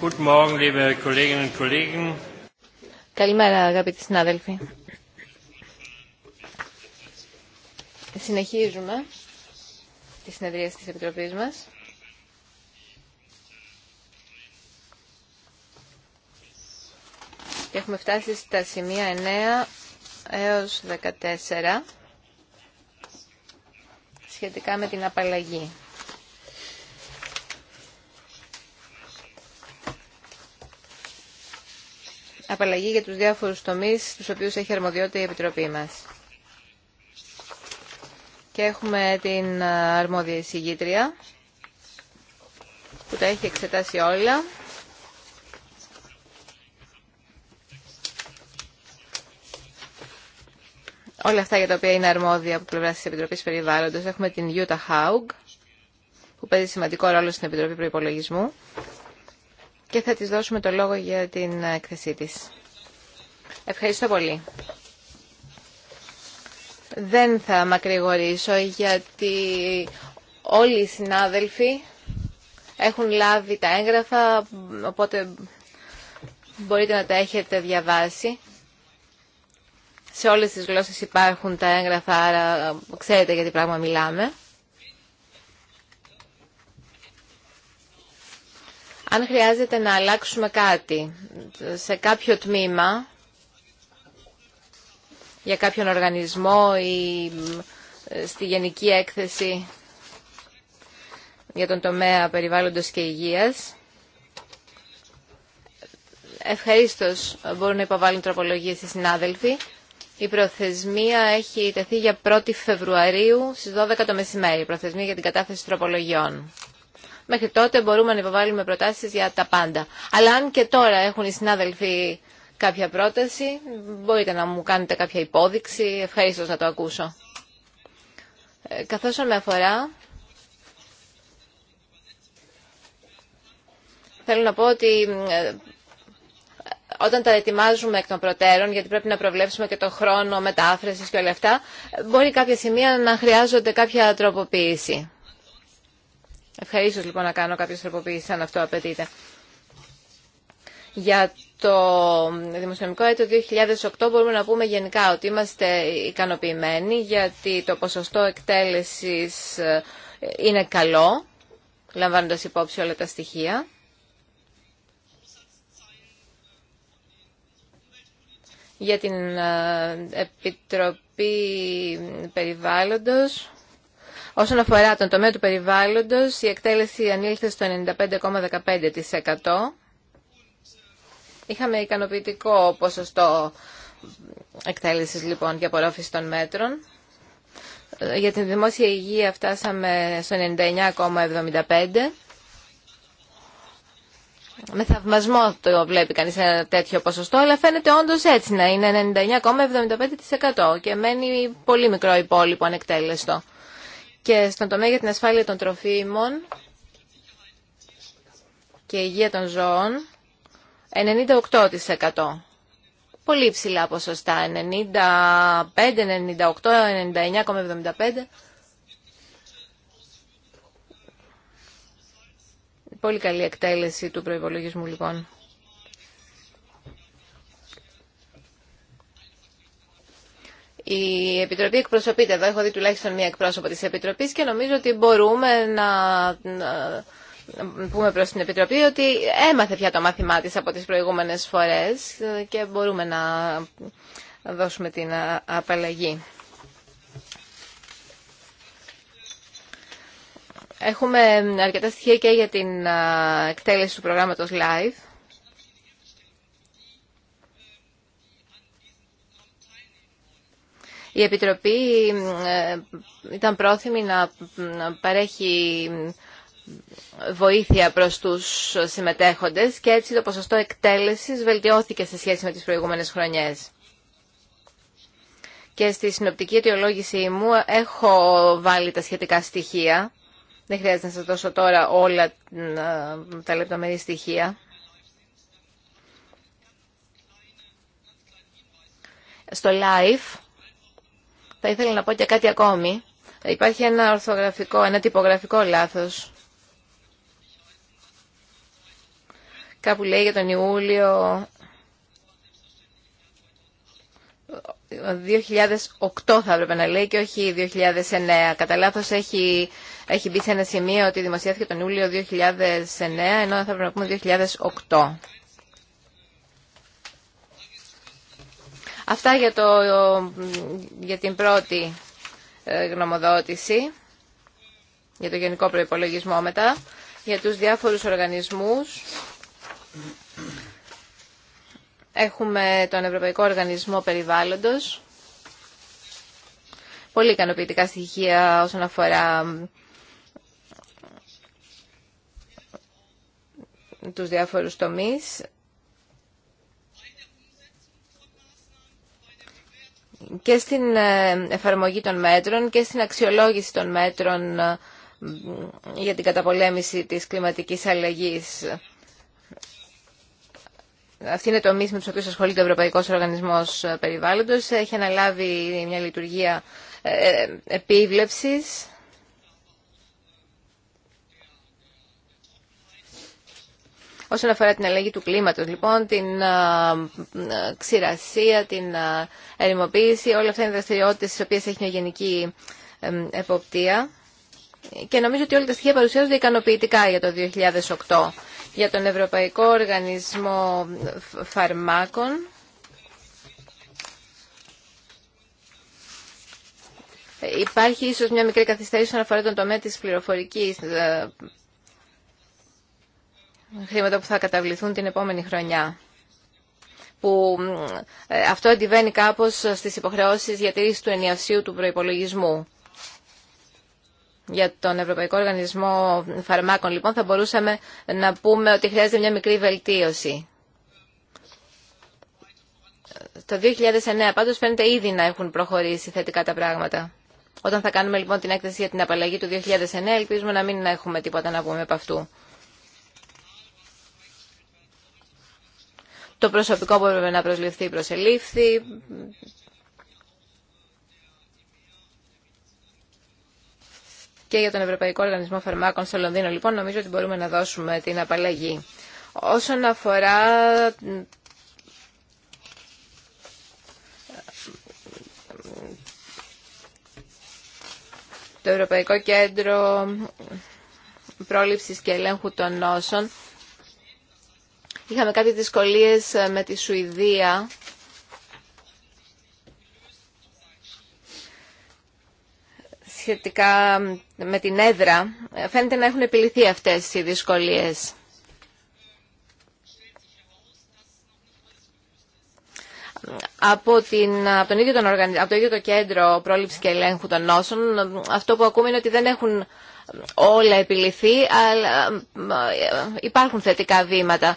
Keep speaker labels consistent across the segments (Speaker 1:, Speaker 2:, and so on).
Speaker 1: Guten Morgen, liebe Kolleginnen und Kollegen.
Speaker 2: Καλημέρα, αγαπητοί συνάδελφοι. Συνεχίζουμε τη συνεδρία της Επιτροπής μας. Και έχουμε φτάσει στα σημεία 9 έως 14 σχετικά με την απαλλαγή. απαλλαγή για τους διάφορους τομείς στους οποίους έχει αρμοδιότητα η Επιτροπή μας. Και έχουμε την αρμόδια εισηγήτρια που τα έχει εξετάσει όλα. Όλα αυτά για τα οποία είναι αρμόδια από πλευρά τη Επιτροπή Περιβάλλοντο έχουμε την Utah Haug, που παίζει σημαντικό ρόλο στην Επιτροπή Προπολογισμού και θα της δώσουμε το λόγο για την έκθεσή της. Ευχαριστώ πολύ. Δεν θα μακρηγορήσω γιατί όλοι οι συνάδελφοι έχουν λάβει τα έγγραφα, οπότε μπορείτε να τα έχετε διαβάσει. Σε όλες τις γλώσσες υπάρχουν τα έγγραφα, άρα ξέρετε γιατί πράγμα μιλάμε. αν χρειάζεται να αλλάξουμε κάτι σε κάποιο τμήμα για κάποιον οργανισμό ή ε, στη γενική έκθεση για τον τομέα περιβάλλοντος και υγείας. Ευχαρίστως μπορούν να υποβάλουν τροπολογίες οι συνάδελφοι. Η προθεσμία έχει τεθεί για 1η Φεβρουαρίου στις 12 το μεσημέρι, προθεσμία για την κατάθεση τροπολογιών μέχρι τότε μπορούμε να υποβάλουμε προτάσεις για τα πάντα. Αλλά αν και τώρα έχουν οι συνάδελφοι κάποια πρόταση, μπορείτε να μου κάνετε κάποια υπόδειξη, ευχαρίστω να το ακούσω. Ε, καθώς με αφορά, θέλω να πω ότι ε, όταν τα ετοιμάζουμε εκ των προτέρων, γιατί πρέπει να προβλέψουμε και το χρόνο μετάφρασης και όλα αυτά, ε, μπορεί κάποια σημεία να χρειάζονται κάποια τροποποίηση. Ευχαρίστω λοιπόν να κάνω κάποιες τροποποίησεις αν αυτό απαιτείται. Για το δημοσιονομικό έτο 2008 μπορούμε να πούμε γενικά ότι είμαστε ικανοποιημένοι γιατί το ποσοστό εκτέλεσης ε, είναι καλό, λαμβάνοντας υπόψη όλα τα στοιχεία. Για την ε, Επιτροπή Περιβάλλοντος Όσον αφορά τον τομέα του περιβάλλοντος, η εκτέλεση ανήλθε στο 95,15%. Είχαμε ικανοποιητικό ποσοστό εκτέλεσης λοιπόν για απορρόφηση των μέτρων. Για την δημόσια υγεία φτάσαμε στο 99,75%. Με θαυμασμό το βλέπει κανείς ένα τέτοιο ποσοστό, αλλά φαίνεται όντως έτσι να είναι 99,75% και μένει πολύ μικρό υπόλοιπο ανεκτέλεστο και στον τομέα για την ασφάλεια των τροφίμων και υγεία των ζώων 98%. Πολύ ψηλά ποσοστά, 95, 98, 99,75. Πολύ καλή εκτέλεση του προϋπολογισμού λοιπόν. Η Επιτροπή εκπροσωπείται εδώ. Έχω δει τουλάχιστον μία εκπρόσωπο της Επιτροπής και νομίζω ότι μπορούμε να πούμε προς την Επιτροπή ότι έμαθε πια το μάθημά της από τις προηγούμενες φορές και μπορούμε να δώσουμε την απαλλαγή. Έχουμε αρκετά στοιχεία και για την εκτέλεση του προγράμματος live. Η Επιτροπή ε, ήταν πρόθυμη να παρέχει βοήθεια προς τους συμμετέχοντες και έτσι το ποσοστό εκτέλεσης βελτιώθηκε σε σχέση με τις προηγούμενες χρονιές. Και στη συνοπτική αιτιολόγηση μου έχω βάλει τα σχετικά στοιχεία. Δεν χρειάζεται να σας δώσω τώρα όλα ε, τα λεπτομερή στοιχεία. Στο live θα ήθελα να πω και κάτι ακόμη. Υπάρχει ένα ορθογραφικό, ένα τυπογραφικό λάθος. Κάπου λέει για τον Ιούλιο 2008 θα έπρεπε να λέει και όχι 2009. Κατά λάθο έχει, έχει μπει σε ένα σημείο ότι δημοσιεύθηκε τον Ιούλιο 2009 ενώ θα έπρεπε να πούμε 2008. Αυτά για, το, για την πρώτη ε, γνωμοδότηση, για το γενικό προϋπολογισμό μετά, για τους διάφορους οργανισμούς. Έχουμε τον Ευρωπαϊκό Οργανισμό Περιβάλλοντος. Πολύ ικανοποιητικά στοιχεία όσον αφορά τους διάφορους τομείς. και στην ε, εφαρμογή των μέτρων και στην αξιολόγηση των μέτρων ε, για την καταπολέμηση της κλιματικής αλλαγής. Αυτή είναι το μίσμα με τους οποίους ασχολείται ο Ευρωπαϊκός Οργανισμός ε, Περιβάλλοντος. Έχει αναλάβει μια λειτουργία επίβλεψης Όσον αφορά την αλλαγή του κλίματος, λοιπόν, την ξηρασία, την ερημοποίηση, όλα αυτά είναι δραστηριότητες στις οποίες έχει μια γενική εποπτεία. Και νομίζω ότι όλα τα στοιχεία παρουσιάζονται ικανοποιητικά για το 2008. Για τον Ευρωπαϊκό Οργανισμό Φαρμάκων, Υπάρχει ίσως μια μικρή καθυστέρηση όσον αφορά τον τομέα της πληροφορικής ε, χρήματα που θα καταβληθούν την επόμενη χρονιά που ε, αυτό αντιβαίνει κάπως στις υποχρεώσεις διατηρήσης του ενιασίου του προϋπολογισμού. Για τον Ευρωπαϊκό Οργανισμό Φαρμάκων, λοιπόν, θα μπορούσαμε να πούμε ότι χρειάζεται μια μικρή βελτίωση. Το 2009, πάντως, φαίνεται ήδη να έχουν προχωρήσει θετικά τα πράγματα. Όταν θα κάνουμε, λοιπόν, την έκθεση για την απαλλαγή του 2009, ελπίζουμε να μην έχουμε τίποτα να πούμε από αυτού. το προσωπικό που έπρεπε να προσληφθεί προσελήφθη. Και για τον Ευρωπαϊκό Οργανισμό Φαρμάκων στο Λονδίνο, λοιπόν, νομίζω ότι μπορούμε να δώσουμε την απαλλαγή. Όσον αφορά το Ευρωπαϊκό Κέντρο Πρόληψης και Ελέγχου των Νόσων, Είχαμε κάποιες δυσκολίες ε, με τη Σουηδία. σχετικά με την έδρα. Ε, φαίνεται να έχουν επιληθεί αυτές οι δυσκολίες. Από, την, από, τον ίδιο τον από το ίδιο το κέντρο πρόληψη και ελέγχου των νόσων, αυτό που ακούμε είναι ότι δεν έχουν όλα επιληθεί, αλλά υπάρχουν θετικά βήματα.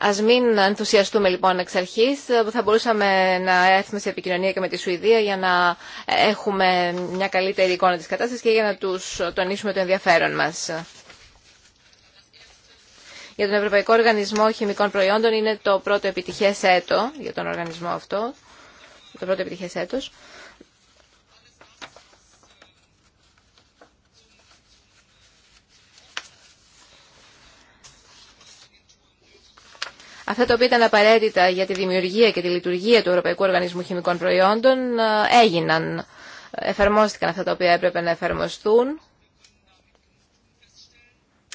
Speaker 2: Ας μην ενθουσιαστούμε λοιπόν εξ αρχής. Θα μπορούσαμε να έρθουμε σε επικοινωνία και με τη Σουηδία για να έχουμε μια καλύτερη εικόνα της κατάστασης και για να τους τονίσουμε το ενδιαφέρον μας. Για τον Ευρωπαϊκό Οργανισμό Χημικών Προϊόντων είναι το πρώτο επιτυχές έτο, για τον οργανισμό αυτό, το πρώτο επιτυχές έτος. αυτά τα ήταν απαραίτητα για τη δημιουργία και τη λειτουργία του Ευρωπαϊκού Οργανισμού Χημικών Προϊόντων ε, έγιναν. Εφαρμόστηκαν αυτά τα οποία έπρεπε να εφαρμοστούν.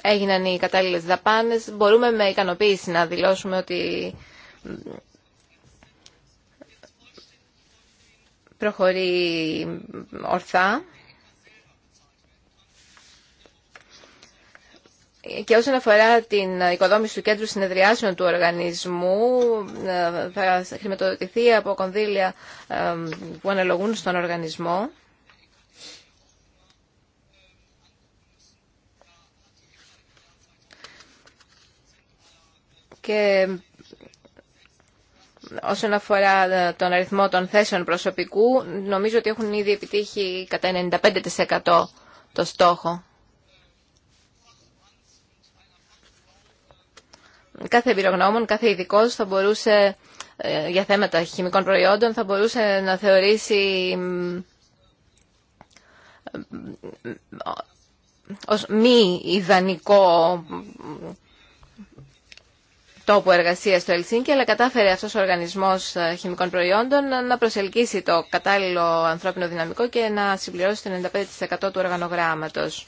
Speaker 2: Έγιναν οι κατάλληλες δαπάνες. Μπορούμε με ικανοποίηση να δηλώσουμε ότι προχωρεί ορθά. και όσον αφορά την οικοδόμηση του κέντρου συνεδριάσεων του οργανισμού, ε, θα χρηματοδοτηθεί από κονδύλια ε, που αναλογούν στον οργανισμό. Και όσον αφορά ε, τον αριθμό των θέσεων προσωπικού, νομίζω ότι έχουν ήδη επιτύχει κατά 95% το στόχο. κάθε εμπειρογνώμων, κάθε ειδικό θα μπορούσε ε, για θέματα χημικών προϊόντων θα μπορούσε να θεωρήσει ως μη ιδανικό τόπο εργασίας στο Ελσίνκι, αλλά κατάφερε αυτός ο οργανισμός ε, χημικών προϊόντων να προσελκύσει το κατάλληλο ανθρώπινο δυναμικό και να συμπληρώσει το 95% του οργανογράμματος.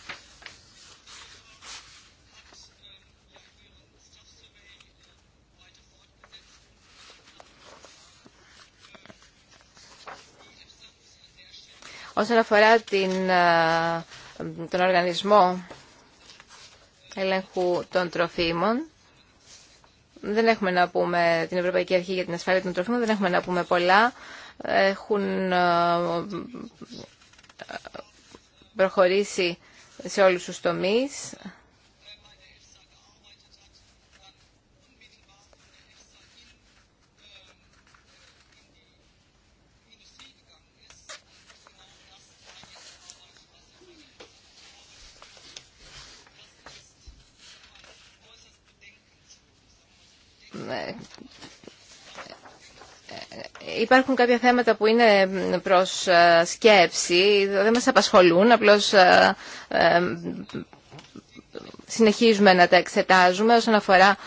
Speaker 2: Όσον αφορά την, ε, τον οργανισμό ελέγχου των τροφίμων, δεν έχουμε να πούμε την Ευρωπαϊκή Αρχή για την Ασφάλεια των Τροφίμων, δεν έχουμε να πούμε πολλά. Έχουν ε, προχωρήσει σε όλους τους τομείς. Υπάρχουν κάποια θέματα που είναι προς ε, σκέψη, δεν μας απασχολούν, απλώς ε, ε, συνεχίζουμε να τα εξετάζουμε όσον αφορά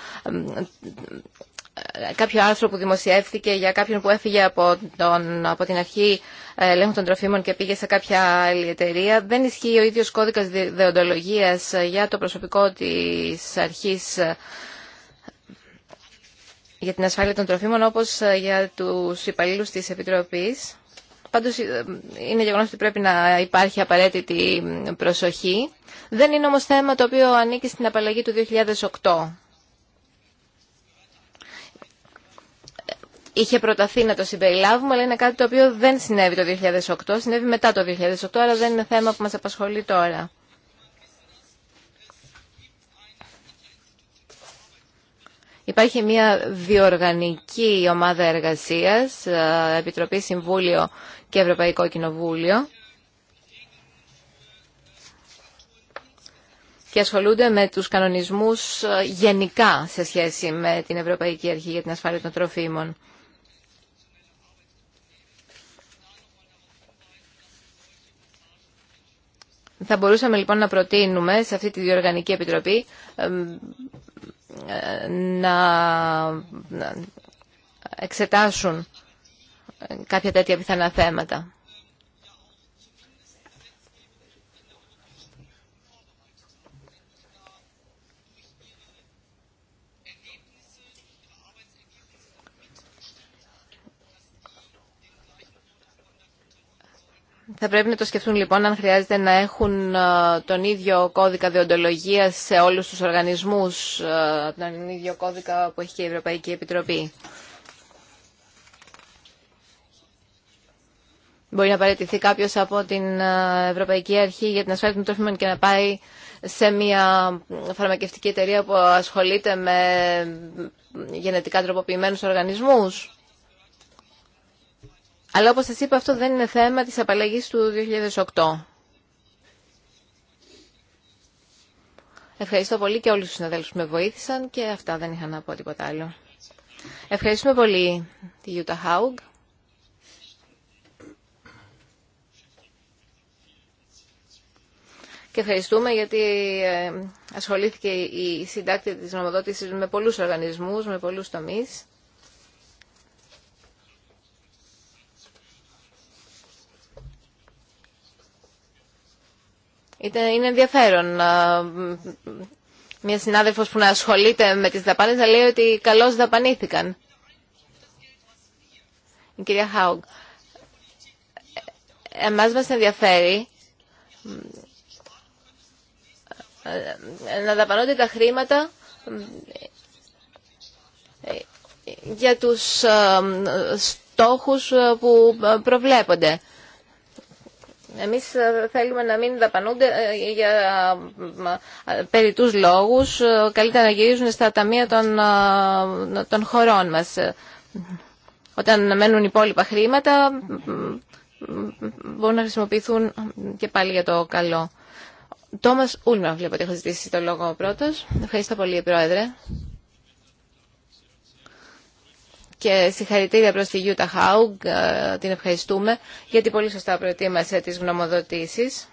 Speaker 2: κάποιο άρθρο που δημοσιεύθηκε για κάποιον που έφυγε από, τον, από την αρχή ελέγχου των τροφίμων και πήγε σε κάποια άλλη εταιρεία. Δεν ισχύει ο ίδιος κώδικας δεοντολογίας για το προσωπικό της αρχής για την ασφάλεια των τροφίμων όπως ε, για τους υπαλλήλου της Επιτροπής. Πάντως ε, είναι γεγονός ότι πρέπει να υπάρχει απαραίτητη προσοχή. Δεν είναι όμως θέμα το οποίο ανήκει στην απαλλαγή του 2008. Είχε προταθεί να το συμπεριλάβουμε, αλλά είναι κάτι το οποίο δεν συνέβη το 2008, συνέβη μετά το 2008, αλλά δεν είναι θέμα που μας απασχολεί τώρα. Υπάρχει μια διοργανική ομάδα εργασίας, ε, Επιτροπή Συμβούλιο και Ευρωπαϊκό Κοινοβούλιο, και ασχολούνται με τους κανονισμούς ε, γενικά σε σχέση με την Ευρωπαϊκή Αρχή για την Ασφάλεια των Τροφίμων. Θα μπορούσαμε λοιπόν να προτείνουμε σε αυτή τη διοργανική επιτροπή να εξετάσουν κάποια τέτοια πιθανά θέματα. Θα πρέπει να το σκεφτούν λοιπόν αν χρειάζεται να έχουν ε, τον ίδιο κώδικα διοντολογία σε όλους τους οργανισμούς, ε, τον ίδιο κώδικα που έχει και η Ευρωπαϊκή Επιτροπή. Μπορεί να παραιτηθεί κάποιο από την ε, Ευρωπαϊκή Αρχή για την ασφάλεια των τρόφιμων και να πάει σε μια φαρμακευτική εταιρεία που ασχολείται με γενετικά τροποποιημένους οργανισμούς. Αλλά όπως σας είπα αυτό δεν είναι θέμα της απαλλαγής του 2008. Ευχαριστώ πολύ και όλους τους συναδέλφους που με βοήθησαν και αυτά δεν είχα να πω τίποτα άλλο. Ευχαριστούμε πολύ τη Γιούτα Χάουγκ. Και ευχαριστούμε γιατί ε, ασχολήθηκε η συντάκτη της νομοδότησης με πολλούς οργανισμούς, με πολλούς τομείς. Είναι ενδιαφέρον ε, μια συνάδελφος που να ασχολείται με τις δαπάνες να λέει ότι καλώς δαπανήθηκαν. Η κυρία Χάουγκ. Ε, εμάς μας ενδιαφέρει ε, να δαπανώνται τα χρήματα για τους στόχους που προβλέπονται. Εμείς ε, θέλουμε να μην δαπανούνται ε, για ε, περιτούς λόγους, καλύτερα να γυρίζουν στα ταμεία των, των χωρών μας. Όταν μένουν υπόλοιπα χρήματα, μπορούν να χρησιμοποιηθούν και πάλι για το καλό. Τόμας Ούλμα βλέπω ότι έχω ζητήσει το λόγο πρώτος. Ευχαριστώ πολύ, Πρόεδρε και συγχαρητήρια προς τη Γιούτα Χάουγκ, ε, την ευχαριστούμε, γιατί πολύ σωστά προετοίμασε τις γνωμοδοτήσεις.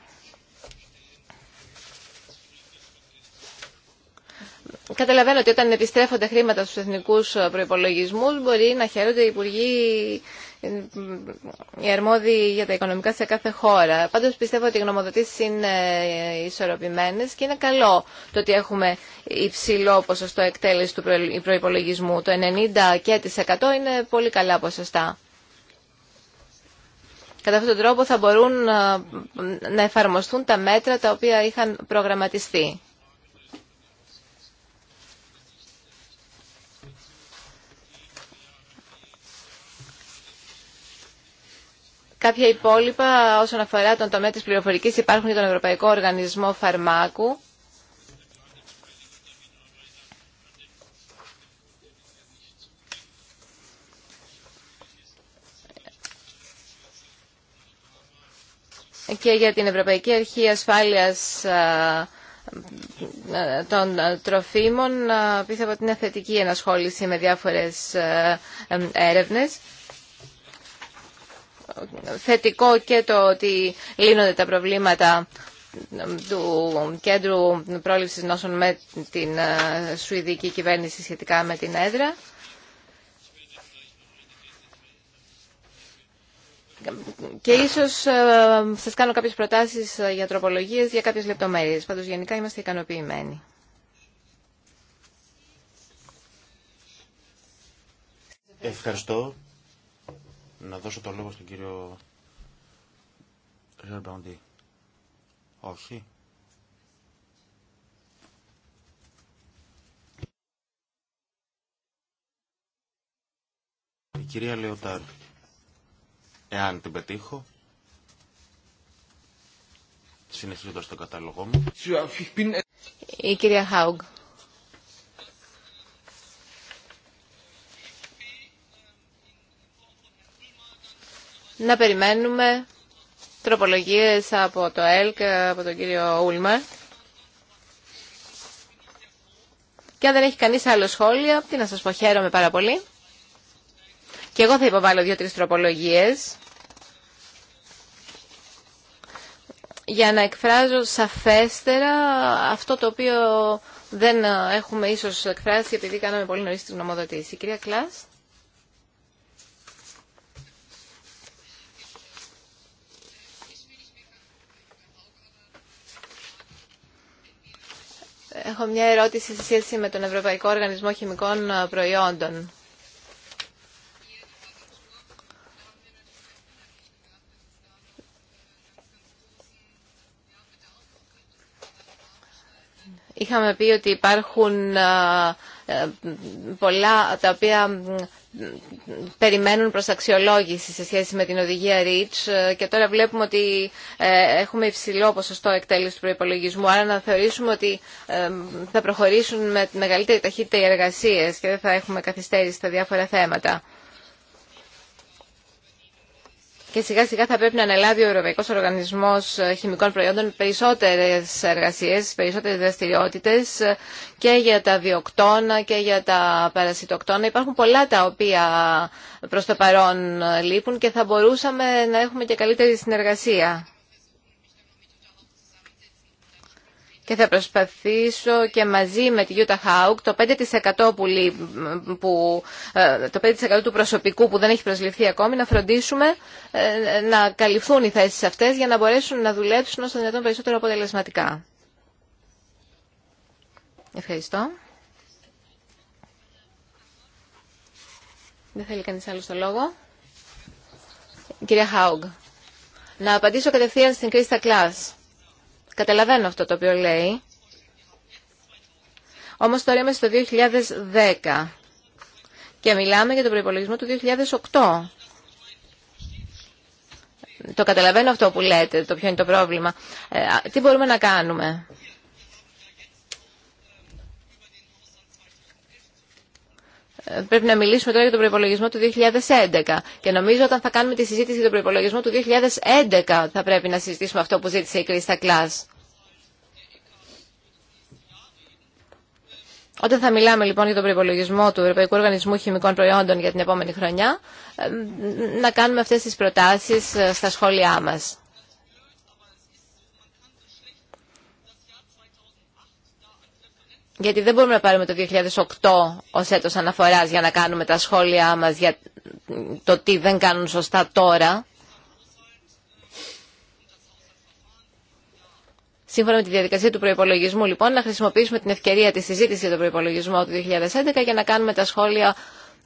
Speaker 2: Καταλαβαίνω ότι όταν επιστρέφονται χρήματα στους εθνικούς προϋπολογισμούς μπορεί να χαίρονται οι υπουργοί οι αρμόδιοι για τα οικονομικά σε κάθε χώρα. Πάντως πιστεύω ότι οι γνωμοδοτήσεις είναι ισορροπημένες και είναι καλό το ότι έχουμε υψηλό ποσοστό εκτέλεση του προϋπολογισμού. Το 90% και 100% είναι πολύ καλά ποσοστά. Κατά αυτόν τον τρόπο θα μπορούν να εφαρμοστούν τα μέτρα τα οποία είχαν προγραμματιστεί. Κάποια υπόλοιπα όσον αφορά τον τομέα της πληροφορικής υπάρχουν για τον Ευρωπαϊκό Οργανισμό Φαρμάκου. και για την Ευρωπαϊκή Αρχή Ασφάλειας των Τροφίμων. Πίσω ότι είναι θετική ενασχόληση με διάφορες έρευνες θετικό και το ότι λύνονται τα προβλήματα του Κέντρου Πρόληψης Νόσων με την ε, Σουηδική Κυβέρνηση σχετικά με την έδρα. Και ίσως ε, σας κάνω κάποιες προτάσεις ε, για τροπολογίες, για κάποιες λεπτομέρειες. Πάντως γενικά είμαστε ικανοποιημένοι.
Speaker 3: Ευχαριστώ. Να δώσω το λόγο στον κύριο Ρεμπαντή. Όχι. Η κυρία Λεωτάρ, εάν την πετύχω, συνεχίζοντας τον κατάλογό
Speaker 4: μου.
Speaker 2: Η κυρία Χάουγκ. να περιμένουμε τροπολογίες από το ΕΛΚ, από τον κύριο Ούλμα Και αν δεν έχει κανείς άλλο σχόλιο, τι να σας πω, χαίρομαι πάρα πολύ. Και εγώ θα υποβάλω δύο-τρεις τροπολογίες για να εκφράζω σαφέστερα αυτό το οποίο δεν έχουμε ίσως εκφράσει επειδή κάναμε πολύ νωρίς την νομοδοτήση. Κυρία Κλάς. Έχω μια ερώτηση σε σχέση με τον Ευρωπαϊκό Οργανισμό Χημικών ε, Προϊόντων. Είχαμε πει ότι υπάρχουν ε, ε, πολλά τα οποία περιμένουν προς αξιολόγηση σε σχέση με την οδηγία REACH ε, και τώρα βλέπουμε ότι ε, έχουμε υψηλό ποσοστό εκτέλεση του προϋπολογισμού άρα να θεωρήσουμε ότι ε, θα προχωρήσουν με μεγαλύτερη ταχύτητα οι εργασίες και δεν θα έχουμε καθυστέρηση στα διάφορα θέματα και σιγά σιγά θα πρέπει να αναλάβει ο Ευρωπαϊκό Οργανισμό Χημικών Προϊόντων περισσότερε εργασίε, περισσότερε δραστηριότητε και για τα βιοκτώνα και για τα παρασιτοκτώνα. Υπάρχουν πολλά τα οποία προ το παρόν λείπουν και θα μπορούσαμε να έχουμε και καλύτερη συνεργασία. και θα προσπαθήσω και μαζί με τη Utah Hawk το 5%, ε, του προσωπικού που δεν έχει προσληφθεί ακόμη να φροντίσουμε ε, να καλυφθούν οι θέσεις αυτές για να μπορέσουν να δουλέψουν όσο δυνατόν περισσότερο αποτελεσματικά. Ευχαριστώ. Δεν θέλει κανείς άλλο το λόγο. Κυρία Χάουγκ, να απαντήσω κατευθείαν στην Κρίστα Κλάς. Καταλαβαίνω αυτό το οποίο λέει. Όμως τώρα είμαστε στο 2010 και μιλάμε για τον προϋπολογισμό του 2008. Το καταλαβαίνω αυτό που λέτε, το ποιο είναι το πρόβλημα. Ε, τι μπορούμε να κάνουμε. πρέπει να μιλήσουμε τώρα για τον προπολογισμό του 2011. Και νομίζω όταν θα κάνουμε τη συζήτηση για τον προπολογισμό του 2011 θα πρέπει να συζητήσουμε αυτό που ζήτησε η Κρίστα Κλάς. Όταν θα μιλάμε λοιπόν για τον προπολογισμό του Ευρωπαϊκού Οργανισμού Χημικών Προϊόντων για την επόμενη χρονιά, να κάνουμε αυτές τις προτάσεις ε, στα σχόλιά μας. γιατί δεν μπορούμε να πάρουμε το 2008 ως έτος αναφοράς για να κάνουμε τα σχόλιά μας για το τι δεν κάνουν σωστά τώρα. Σύμφωνα με τη διαδικασία του προϋπολογισμού, λοιπόν, να χρησιμοποιήσουμε την ευκαιρία της συζήτησης για τον προϋπολογισμό του 2011 για να κάνουμε τα σχόλια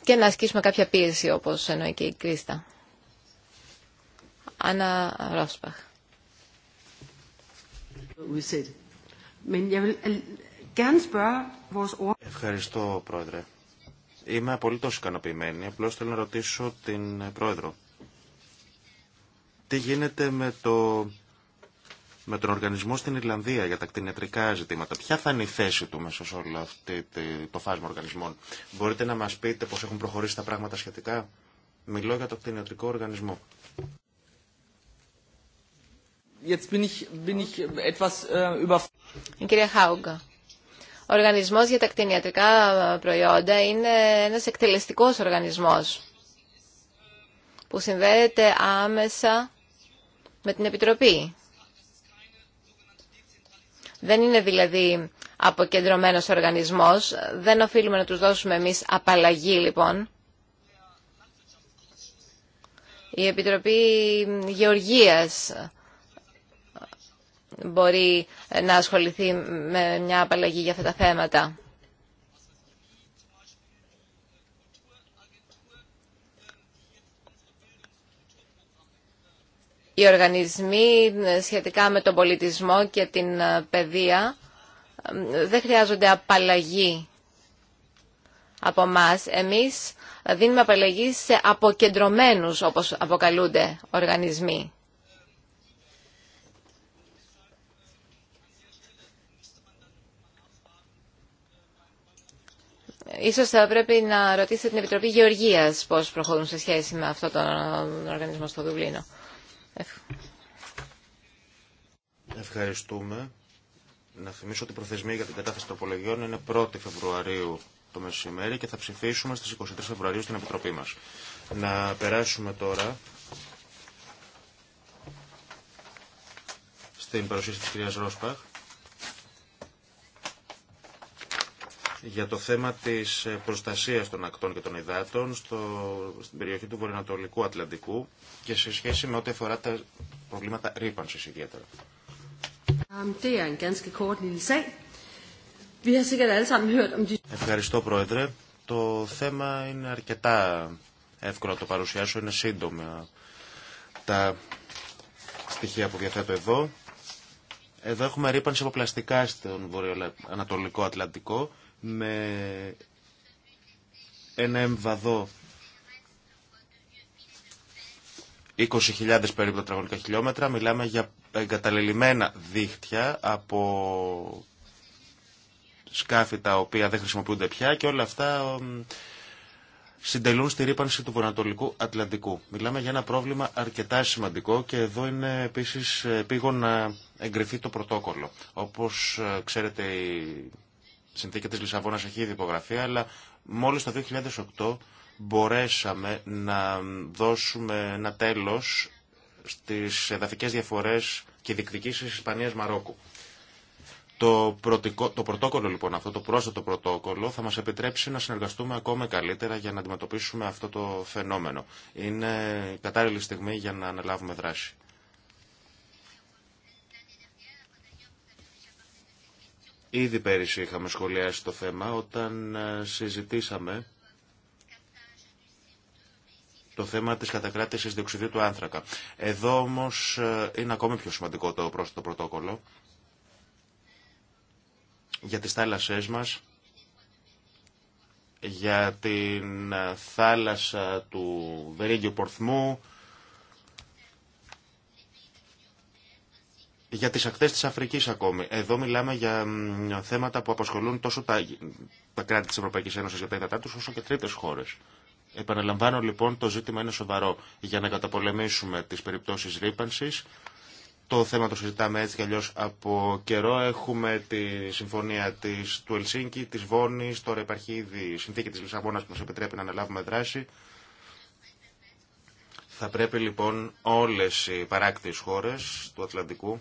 Speaker 2: και να ασκήσουμε κάποια πίεση, όπως εννοεί και η Κρίστα. Άννα Ρόσπαχ.
Speaker 3: Ευχαριστώ, Πρόεδρε. Είμαι απολύτω ικανοποιημένη. Απλώ θέλω να ρωτήσω την Πρόεδρο. Τι γίνεται με, τον οργανισμό στην Ιρλανδία για τα κτηνιατρικά ζητήματα. Ποια θα είναι η θέση του μέσα σε όλο αυτό το φάσμα οργανισμών. Μπορείτε να μας πείτε πώς έχουν προχωρήσει τα πράγματα σχετικά. Μιλώ για το κτηνιατρικό οργανισμό.
Speaker 1: Jetzt
Speaker 2: äh, Χάουγκα, Οργανισμός για τα κτηνιατρικά προϊόντα είναι ένας εκτελεστικός οργανισμός που συνδέεται άμεσα με την Επιτροπή. Δεν είναι δηλαδή αποκεντρωμένος οργανισμός. Δεν οφείλουμε να τους δώσουμε εμείς απαλλαγή λοιπόν. Η Επιτροπή Γεωργίας μπορεί να ασχοληθεί με μια απαλλαγή για αυτά τα θέματα. Οι οργανισμοί σχετικά με τον πολιτισμό και την ε, παιδεία ε, δεν χρειάζονται απαλλαγή από εμά. Εμείς ε, δίνουμε απαλλαγή σε αποκεντρωμένους, όπως αποκαλούνται, οργανισμοί. Ίσως θα πρέπει να ρωτήσετε την Επιτροπή Γεωργίας πώς προχωρούν σε σχέση με αυτό τον οργανισμό στο Δουβλίνο.
Speaker 3: Ευχαριστούμε. Να θυμίσω ότι η προθεσμία για την κατάθεση τροπολογιών είναι 1η Φεβρουαρίου το μεσημέρι και θα ψηφίσουμε στις 23 Φεβρουαρίου στην Επιτροπή μας. Να περάσουμε τώρα στην παρουσίαση της κυρίας Ρόσπαχ για το θέμα της ε, προστασίας των ακτών και των υδάτων στο, στην περιοχή του Βορειοανατολικού Ατλαντικού και σε σχέση με ό,τι αφορά τα προβλήματα ρήπανσης ιδιαίτερα. Ευχαριστώ Πρόεδρε. Το θέμα είναι αρκετά εύκολο να το παρουσιάσω, είναι σύντομα τα στοιχεία που διαθέτω εδώ. Εδώ έχουμε ρήπανση από πλαστικά στον βορειοανατολικό Ατλαντικό με ένα εμβαδό 20.000 περίπου τετραγωνικά χιλιόμετρα. Μιλάμε για εγκαταλελειμμένα δίχτυα από σκάφη τα οποία δεν χρησιμοποιούνται πια και όλα αυτά συντελούν στη ρήπανση του βορειοανατολικού Ατλαντικού. Μιλάμε για ένα πρόβλημα αρκετά σημαντικό και εδώ είναι επίσης πήγον να εγκριθεί το πρωτόκολλο. Όπως ε, ξέρετε η συνθήκη της Λισαβόνας έχει ήδη υπογραφεί, αλλά μόλις το 2008 μπορέσαμε να δώσουμε ένα τέλος στις εδαφικές διαφορές και διεκδικήσεις Ισπανίας-Μαρόκου. Το, το πρωτόκολλο λοιπόν αυτό, το πρόσθετο πρωτόκολλο θα μας επιτρέψει να συνεργαστούμε ακόμα καλύτερα για να αντιμετωπίσουμε αυτό το φαινόμενο. Είναι κατάλληλη στιγμή για να αναλάβουμε δράση. Ήδη πέρυσι είχαμε σχολιάσει το θέμα όταν ε, συζητήσαμε το θέμα της κατακράτησης διοξιδίου του άνθρακα. Εδώ όμως ε, είναι ακόμη πιο σημαντικό το πρόσθετο πρωτόκολλο για τις θάλασσές μας, για την ε, θάλασσα του Βερίγγιου Πορθμού, για τις ακτές της Αφρικής ακόμη. Εδώ μιλάμε για θέματα που απασχολούν τόσο τα, κράτη της Ευρωπαϊκής Ένωσης για τα υδατά τους, όσο και τρίτες χώρες. Επαναλαμβάνω λοιπόν το ζήτημα είναι σοβαρό. Για να καταπολεμήσουμε τις περιπτώσεις ρήπανσης, το θέμα το συζητάμε έτσι κι αλλιώς από καιρό. Έχουμε τη συμφωνία της, του Ελσίνκη, της Βόνης, τώρα υπάρχει ήδη η συνθήκη της Λισαβόνας που μας επιτρέπει να αναλάβουμε δράση. Θα πρέπει λοιπόν όλες οι παράκτιες χώρες του Ατλαντικού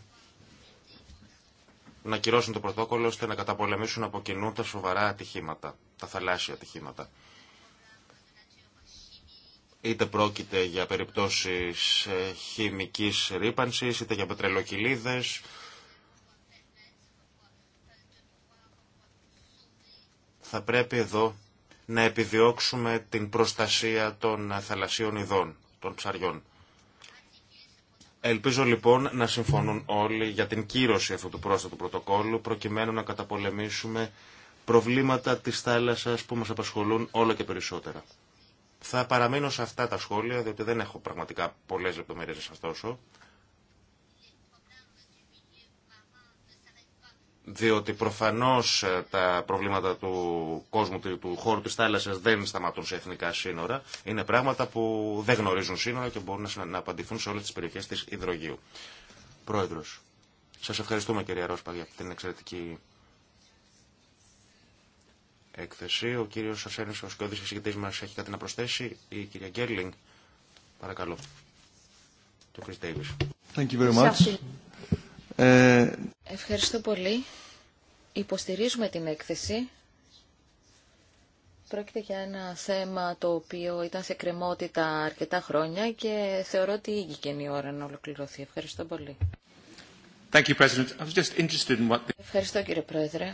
Speaker 3: να κυρώσουν το πρωτόκολλο ώστε να καταπολεμήσουν από κοινού τα σοβαρά ατυχήματα, τα θαλάσσια ατυχήματα. Είτε πρόκειται για περιπτώσεις ε, χημικής ρήπανσης, είτε για πετρελοκυλίδες. Θα πρέπει εδώ να επιδιώξουμε την προστασία των θαλασσίων ειδών, των ψαριών. Ελπίζω λοιπόν να συμφωνούν όλοι για την κύρωση αυτού του πρόσθετου πρωτοκόλλου προκειμένου να καταπολεμήσουμε προβλήματα της θάλασσας που μας απασχολούν όλο και περισσότερα. Θα παραμείνω σε αυτά τα σχόλια διότι δεν έχω πραγματικά πολλές λεπτομέρειες να σας δώσω. διότι προφανώς ε, τα προβλήματα του κόσμου, του χώρου της θάλασσας δεν σταματούν σε εθνικά σύνορα. Είναι πράγματα που δεν γνωρίζουν σύνορα και μπορούν να απαντηθούν σε όλες τις περιοχές της υδρογείου. Πρόεδρος, σας ευχαριστούμε κυρία Ρόσπα για την εξαιρετική έκθεση. Ο κύριος Ασένης, ο σκοδής εισηγητής μας, έχει κάτι να προσθέσει. Η κυρία Γκέρλινγκ, παρακαλώ. Το Chris Davis.
Speaker 4: Thank you very much.
Speaker 5: Ευχαριστώ πολύ. Υποστηρίζουμε την έκθεση. Πρόκειται για ένα θέμα το οποίο ήταν σε κρεμότητα αρκετά χρόνια και θεωρώ ότι ήγηκε η ώρα να ολοκληρωθεί. Ευχαριστώ πολύ.
Speaker 4: Thank you,
Speaker 5: Ευχαριστώ κύριε Πρόεδρε.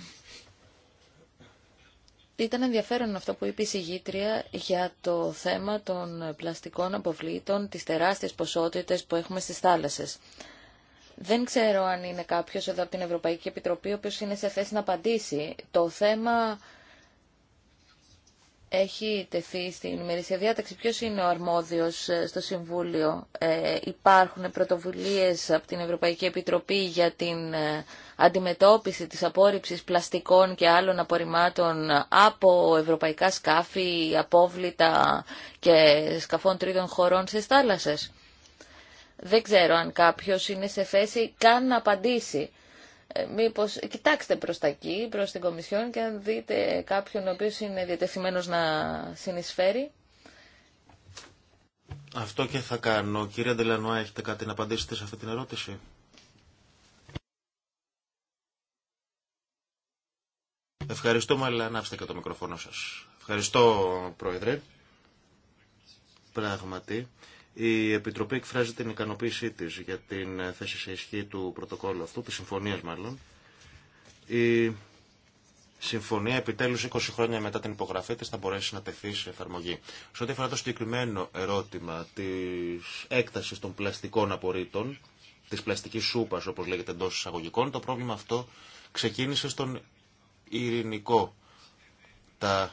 Speaker 5: Ήταν ενδιαφέρον αυτό που είπε η συγγήτρια για το θέμα των πλαστικών αποβλήτων, τις τεράστιες ποσότητες που έχουμε στις θάλασσες. Δεν ξέρω αν είναι κάποιο εδώ από την Ευρωπαϊκή Επιτροπή ο οποίος είναι σε θέση να απαντήσει. Το θέμα έχει τεθεί στην ημερήσια διάταξη. ποιο είναι ο αρμόδιος ε, στο Συμβούλιο. Ε, υπάρχουν πρωτοβουλίες από την Ευρωπαϊκή Επιτροπή για την ε, αντιμετώπιση της απόρριψης πλαστικών και άλλων απορριμμάτων από ευρωπαϊκά σκάφη, απόβλητα και σκαφών τρίτων χωρών στι θάλασσε δεν ξέρω αν κάποιος είναι σε θέση καν να απαντήσει. Ε, μήπως, κοιτάξτε προς τα εκεί, προς την Κομισιόν και αν δείτε κάποιον ο οποίος είναι διατεθειμένος να συνεισφέρει.
Speaker 3: Αυτό και θα κάνω. Κύριε Αντελανουά, έχετε κάτι να απαντήσετε σε αυτή την ερώτηση. Ευχαριστούμε, αλλά ανάψτε και το μικροφόνο σας. Ευχαριστώ, Πρόεδρε. Πράγματι, η Επιτροπή εκφράζει την ικανοποίησή τη για την θέση σε ισχύ του πρωτοκόλλου αυτού, τη συμφωνία μάλλον. Η συμφωνία επιτέλους 20 χρόνια μετά την υπογραφή της θα μπορέσει να τεθεί σε εφαρμογή. Σε ό,τι αφορά το συγκεκριμένο ερώτημα της έκτασης των πλαστικών απορρίτων, της πλαστικής σούπας όπως λέγεται εντό εισαγωγικών, το πρόβλημα αυτό ξεκίνησε στον ειρηνικό. Τα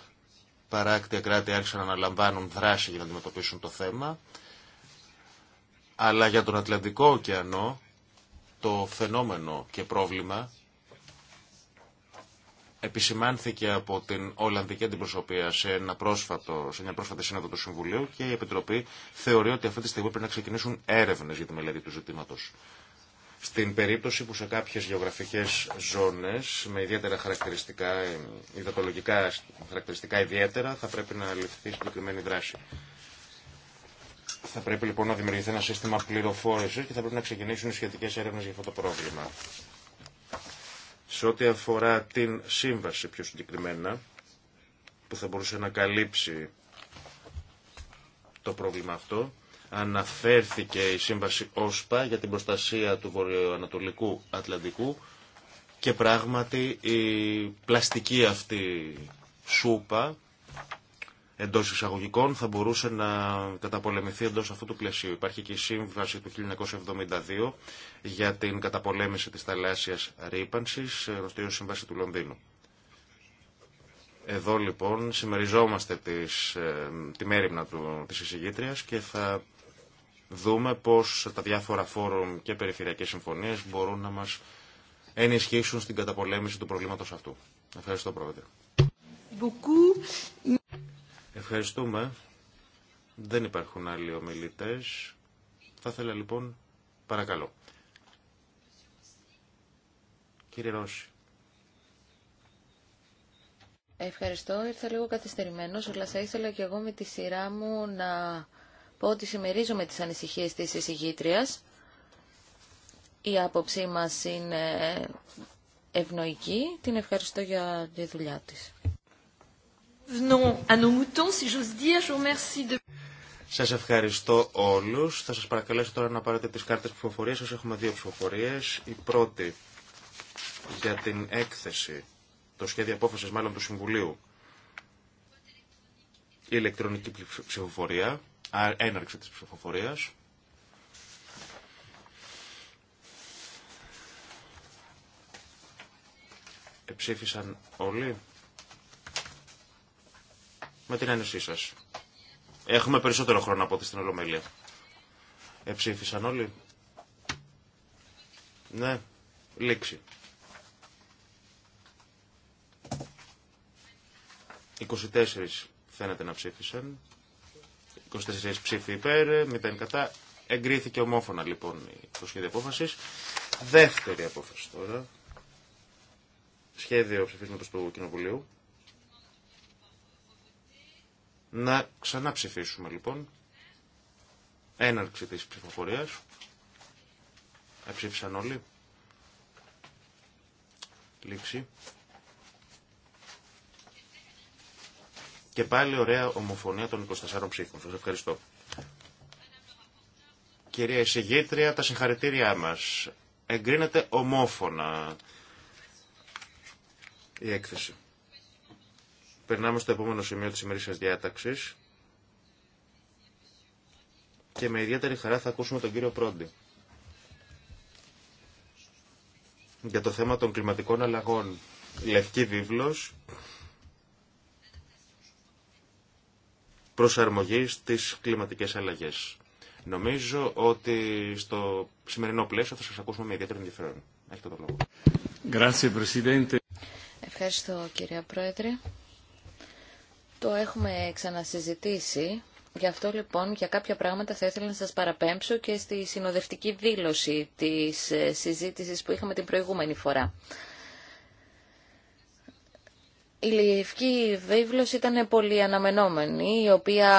Speaker 3: παράκτια κράτη άρχισαν να αναλαμβάνουν δράση για να αντιμετωπίσουν το θέμα. Αλλά για τον Ατλαντικό ωκεανό το φαινόμενο και πρόβλημα επισημάνθηκε από την Ολλανδική Αντιπροσωπεία σε, ένα πρόσφατο, σε μια πρόσφατη σύνοδο του Συμβουλίου και η Επιτροπή θεωρεί ότι αυτή τη στιγμή πρέπει να ξεκινήσουν έρευνες για τη μελέτη του ζητήματος. Στην περίπτωση που σε κάποιες γεωγραφικές ζώνες με ιδιαίτερα χαρακτηριστικά, ε, υδατολογικά χαρακτηριστικά ιδιαίτερα, θα πρέπει να ληφθεί συγκεκριμένη δράση. Θα πρέπει λοιπόν να δημιουργηθεί ένα σύστημα πληροφόρηση και θα πρέπει να ξεκινήσουν οι σχετικέ έρευνε για αυτό το πρόβλημα. Σε ό,τι αφορά την σύμβαση πιο συγκεκριμένα, που θα μπορούσε να καλύψει το πρόβλημα αυτό, αναφέρθηκε η σύμβαση ΟΣΠΑ για την προστασία του βορειοανατολικού Ατλαντικού και πράγματι η πλαστική αυτή σούπα εντό εισαγωγικών θα μπορούσε να καταπολεμηθεί εντό αυτού του πλαισίου. Υπάρχει και η σύμβαση του 1972 για την καταπολέμηση τη θαλάσσια ρήπανση, γνωστή ω Σύμβαση του Λονδίνου. Εδώ λοιπόν συμμεριζόμαστε τις, ε, τη μέρημνα του, της εισηγήτριας και θα δούμε πώς τα διάφορα φόρουμ και περιφερειακές συμφωνίες μπορούν να μας ενισχύσουν στην καταπολέμηση του προβλήματος αυτού. Ευχαριστώ Πρόεδρε. Ευχαριστούμε. Δεν υπάρχουν άλλοι ομιλητές. Θα ήθελα λοιπόν, παρακαλώ. Κύριε Ρώση.
Speaker 5: Ευχαριστώ. Ήρθα λίγο καθυστερημένος, αλλά θα ήθελα και εγώ με τη σειρά μου να πω ότι συμμερίζομαι τις ανησυχίες της εισηγήτριας. Η άποψή μας είναι ευνοϊκή. Την ευχαριστώ για τη δουλειά της.
Speaker 3: Σας ευχαριστώ όλους. Θα σας παρακαλέσω τώρα να πάρετε τις κάρτες ψηφοφορίας. Σας έχουμε δύο ψηφοφορίες. Η πρώτη για την έκθεση, το σχέδιο απόφασης μάλλον του Συμβουλίου. Η ηλεκτρονική ψηφοφορία, έναρξη της ψηφοφορίας. Εψήφισαν όλοι με την ένωσή σα. Έχουμε περισσότερο χρόνο από ό,τι στην Ολομέλεια. Εψήφισαν όλοι. Ναι, λήξη. 24 φαίνεται να ψήφισαν. 24 ψήφοι υπέρ, 0 κατά. Εγκρίθηκε ομόφωνα λοιπόν το σχέδιο απόφαση. Δεύτερη απόφαση τώρα. Σχέδιο ψηφίσματο του Κοινοβουλίου. Να ξαναψηφίσουμε λοιπόν. Έναρξη της ψηφοφορίας. Εψήφισαν όλοι. Λήξη. Και πάλι ωραία ομοφωνία των 24 ψήφων. Σας ευχαριστώ. Κυρία εισηγήτρια, τα συγχαρητήριά μας. Εγκρίνεται ομόφωνα η έκθεση. Περνάμε στο επόμενο σημείο της ημερήσιας διάταξης και με ιδιαίτερη χαρά θα ακούσουμε τον κύριο Πρόντι για το θέμα των κλιματικών αλλαγών. Λευκή βίβλος προσαρμογή στις κλιματικές αλλαγές. Νομίζω ότι στο σημερινό πλαίσιο θα σας ακούσουμε με ιδιαίτερη ενδιαφέρον. Έχετε το
Speaker 6: λόγο.
Speaker 5: Ευχαριστώ κύριε Πρόεδρε. Το έχουμε ξανασυζητήσει. Γι' αυτό λοιπόν για κάποια πράγματα θα ήθελα να σας παραπέμψω και στη συνοδευτική δήλωση της ε, συζήτησης που είχαμε την προηγούμενη φορά η Λευκή Βίβλος ήταν πολύ αναμενόμενη, η οποία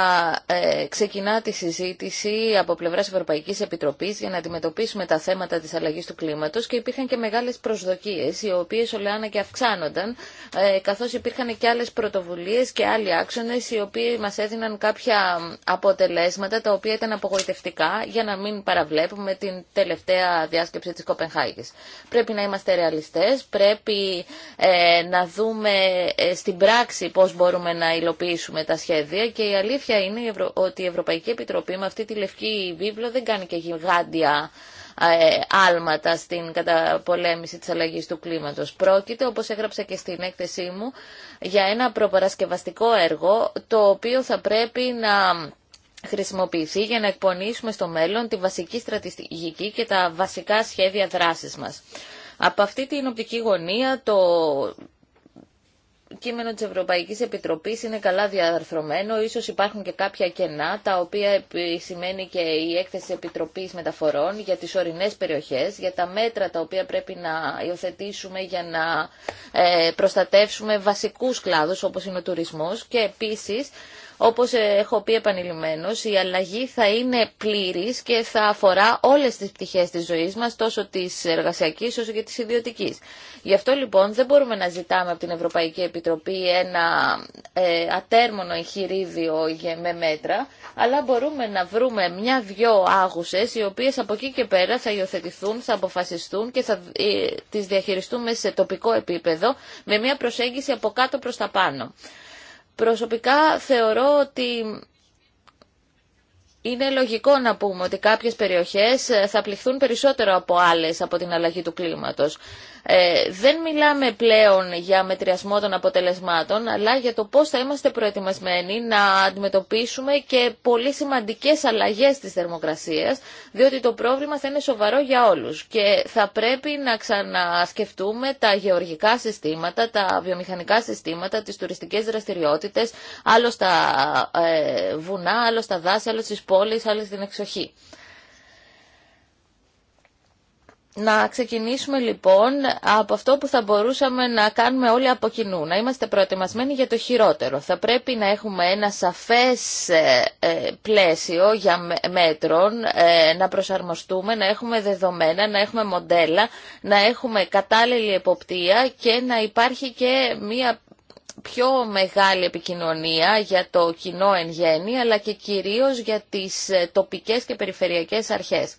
Speaker 5: ε, ξεκινά τη συζήτηση από πλευράς Ευρωπαϊκής Επιτροπής για να αντιμετωπίσουμε τα θέματα της αλλαγής του κλίματος και υπήρχαν και μεγάλες προσδοκίες, οι οποίες ολεάνα και αυξάνονταν, ε, καθώς υπήρχαν και άλλες πρωτοβουλίες και άλλοι άξονες, οι οποίοι μας έδιναν κάποια αποτελέσματα, τα οποία ήταν απογοητευτικά, για να μην παραβλέπουμε την τελευταία διάσκεψη της Κοπενχάγης. Πρέπει να είμαστε ρεαλιστές, πρέπει ε, να δούμε ε, στην πράξη πώς μπορούμε να υλοποιήσουμε τα σχέδια και η αλήθεια είναι ότι η Ευρωπαϊκή Επιτροπή με αυτή τη λευκή βίβλο δεν κάνει και γιγάντια ε, άλματα στην καταπολέμηση της αλλαγής του κλίματος. Πρόκειται, όπως έγραψα και στην έκθεσή μου, για ένα προπαρασκευαστικό έργο το οποίο θα πρέπει να χρησιμοποιηθεί για να εκπονήσουμε στο μέλλον τη βασική στρατηγική και τα βασικά σχέδια δράσης μας. Από αυτή την οπτική γωνία το κείμενο της Ευρωπαϊκής Επιτροπής είναι καλά διαρθρωμένο, ίσως υπάρχουν και κάποια κενά, τα οποία σημαίνει και η έκθεση Επιτροπής Μεταφορών για τις ορεινές περιοχές, για τα μέτρα τα οποία πρέπει να υιοθετήσουμε για να ε, προστατεύσουμε βασικούς κλάδους όπως είναι ο τουρισμός και επίσης όπως ε, έχω πει επανειλημμένως, η αλλαγή θα είναι πλήρης και θα αφορά όλες τις πτυχές της ζωής μας, τόσο της εργασιακής όσο και της ιδιωτικής. Γι' αυτό λοιπόν δεν μπορούμε να ζητάμε από την Ευρωπαϊκή Επιτροπή ένα ε, ατέρμονο εγχειρίδιο με μέτρα, αλλά μπορούμε να βρούμε μια-δυο άγουσες οι οποίες από εκεί και πέρα θα υιοθετηθούν, θα αποφασιστούν και θα ε, διαχειριστούμε σε τοπικό επίπεδο με μια προσέγγιση από κάτω προς τα πάνω. Προσωπικά θεωρώ ότι είναι λογικό να πούμε ότι κάποιες περιοχές θα πληχθούν περισσότερο από άλλες από την αλλαγή του κλίματος. Ε, δεν μιλάμε πλέον για μετριασμό των αποτελεσμάτων, αλλά για το πώς θα είμαστε προετοιμασμένοι να αντιμετωπίσουμε και πολύ σημαντικές αλλαγές της θερμοκρασίας, διότι το πρόβλημα θα είναι σοβαρό για όλους και θα πρέπει να ξανασκεφτούμε τα γεωργικά συστήματα, τα βιομηχανικά συστήματα, τις τουριστικές δραστηριότητες, άλλο στα ε, βουνά, άλλο στα δάση, άλλο στις πόλεις, άλλο στην εξοχή. Να ξεκινήσουμε λοιπόν από αυτό που θα μπορούσαμε να κάνουμε όλοι από κοινού. Να είμαστε προετοιμασμένοι για το χειρότερο. Θα πρέπει να έχουμε ένα σαφές ε, ε, πλαίσιο για μέτρων, ε, να προσαρμοστούμε, να έχουμε δεδομένα, να έχουμε μοντέλα, να έχουμε κατάλληλη εποπτεία και να υπάρχει και μία πιο μεγάλη επικοινωνία για το κοινό εν γέννη, αλλά και κυρίως για τις τοπικές και περιφερειακές αρχές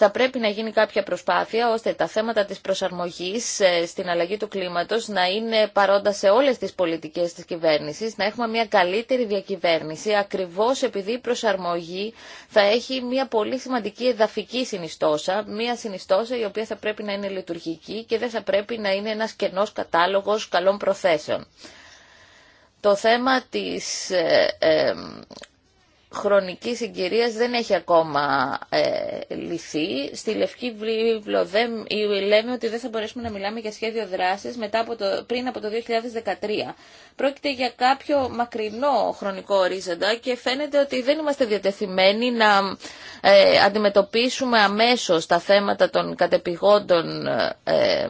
Speaker 5: θα πρέπει να γίνει κάποια προσπάθεια ώστε τα θέματα της προσαρμογής ε, στην αλλαγή του κλίματος να είναι παρόντα σε όλες τις πολιτικές της κυβέρνησης, να έχουμε μια καλύτερη διακυβέρνηση, ακριβώς επειδή η προσαρμογή θα έχει μια πολύ σημαντική εδαφική συνιστόσα, μια συνιστόσα η οποία θα πρέπει να είναι λειτουργική και δεν θα πρέπει να είναι ένας κενός κατάλογος καλών προθέσεων. Το θέμα της ε, ε, χρονική συγκυρία δεν έχει ακόμα ε, λυθεί. Στη Λευκή Βίβλο λέμε ότι δεν θα μπορέσουμε να μιλάμε για σχέδιο δράσης μετά από το, πριν από το 2013. Πρόκειται για κάποιο μακρινό χρονικό ορίζοντα και φαίνεται ότι δεν είμαστε διατεθειμένοι να ε, αντιμετωπίσουμε αμέσως τα θέματα των κατεπηγόντων ε,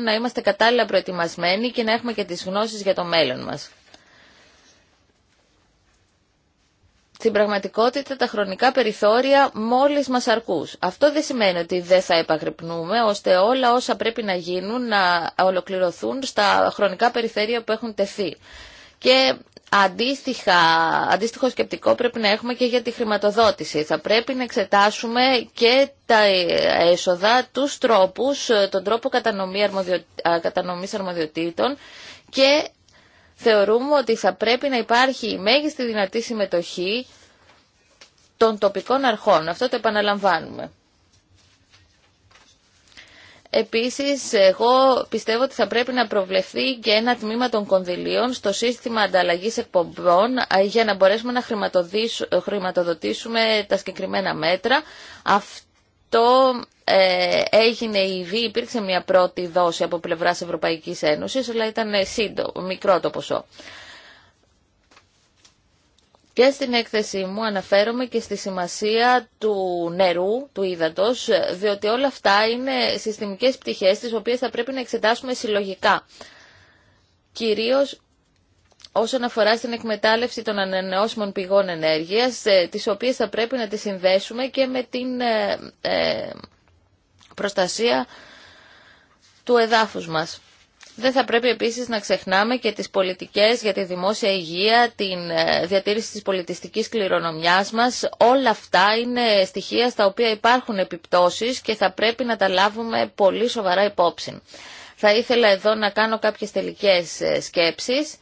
Speaker 5: να είμαστε κατάλληλα προετοιμασμένοι και να έχουμε και τις γνώσεις για το μέλλον μας. Στην πραγματικότητα τα χρονικά περιθώρια μόλις μας αρκούς. Αυτό δεν σημαίνει ότι δεν θα επαγρυπνούμε, ώστε όλα όσα πρέπει να γίνουν να ολοκληρωθούν στα χρονικά περιθώρια που έχουν τεθεί. Και Αντίστοιχα, αντίστοιχο σκεπτικό πρέπει να έχουμε και για τη χρηματοδότηση. Θα πρέπει να εξετάσουμε και τα έσοδα, τους τρόπους, τον τρόπο κατανομής αρμοδιοτήτων και θεωρούμε ότι θα πρέπει να υπάρχει η μέγιστη δυνατή συμμετοχή των τοπικών αρχών. Αυτό το επαναλαμβάνουμε. Επίσης, εγώ πιστεύω ότι θα πρέπει να προβλεφθεί και ένα τμήμα των κονδυλίων στο σύστημα ανταλλαγής εκπομπών για να μπορέσουμε να χρηματοδοτήσουμε τα συγκεκριμένα μέτρα. Αυτό ε, έγινε ήδη, υπήρξε μια πρώτη δόση από πλευράς Ευρωπαϊκής Ένωσης, αλλά ήταν ε, σύντο, μικρό το ποσό. Και στην έκθεσή μου αναφέρομαι και στη σημασία του νερού, του ύδατος, διότι όλα αυτά είναι συστημικές πτυχές τις οποίες θα πρέπει να εξετάσουμε συλλογικά. Κυρίως όσον αφορά στην εκμετάλλευση των ανανεώσιμων πηγών ενέργειας, ε, τις οποίες θα πρέπει να τις συνδέσουμε και με την ε, ε, προστασία του εδάφους μας. Δεν θα πρέπει επίσης να ξεχνάμε και τις πολιτικές για τη δημόσια υγεία, την ε, διατήρηση της πολιτιστικής κληρονομιάς μας. Όλα αυτά είναι στοιχεία στα οποία υπάρχουν επιπτώσεις και θα πρέπει να τα λάβουμε πολύ σοβαρά υπόψη. Θα ήθελα εδώ να κάνω κάποιες τελικές ε, σκέψεις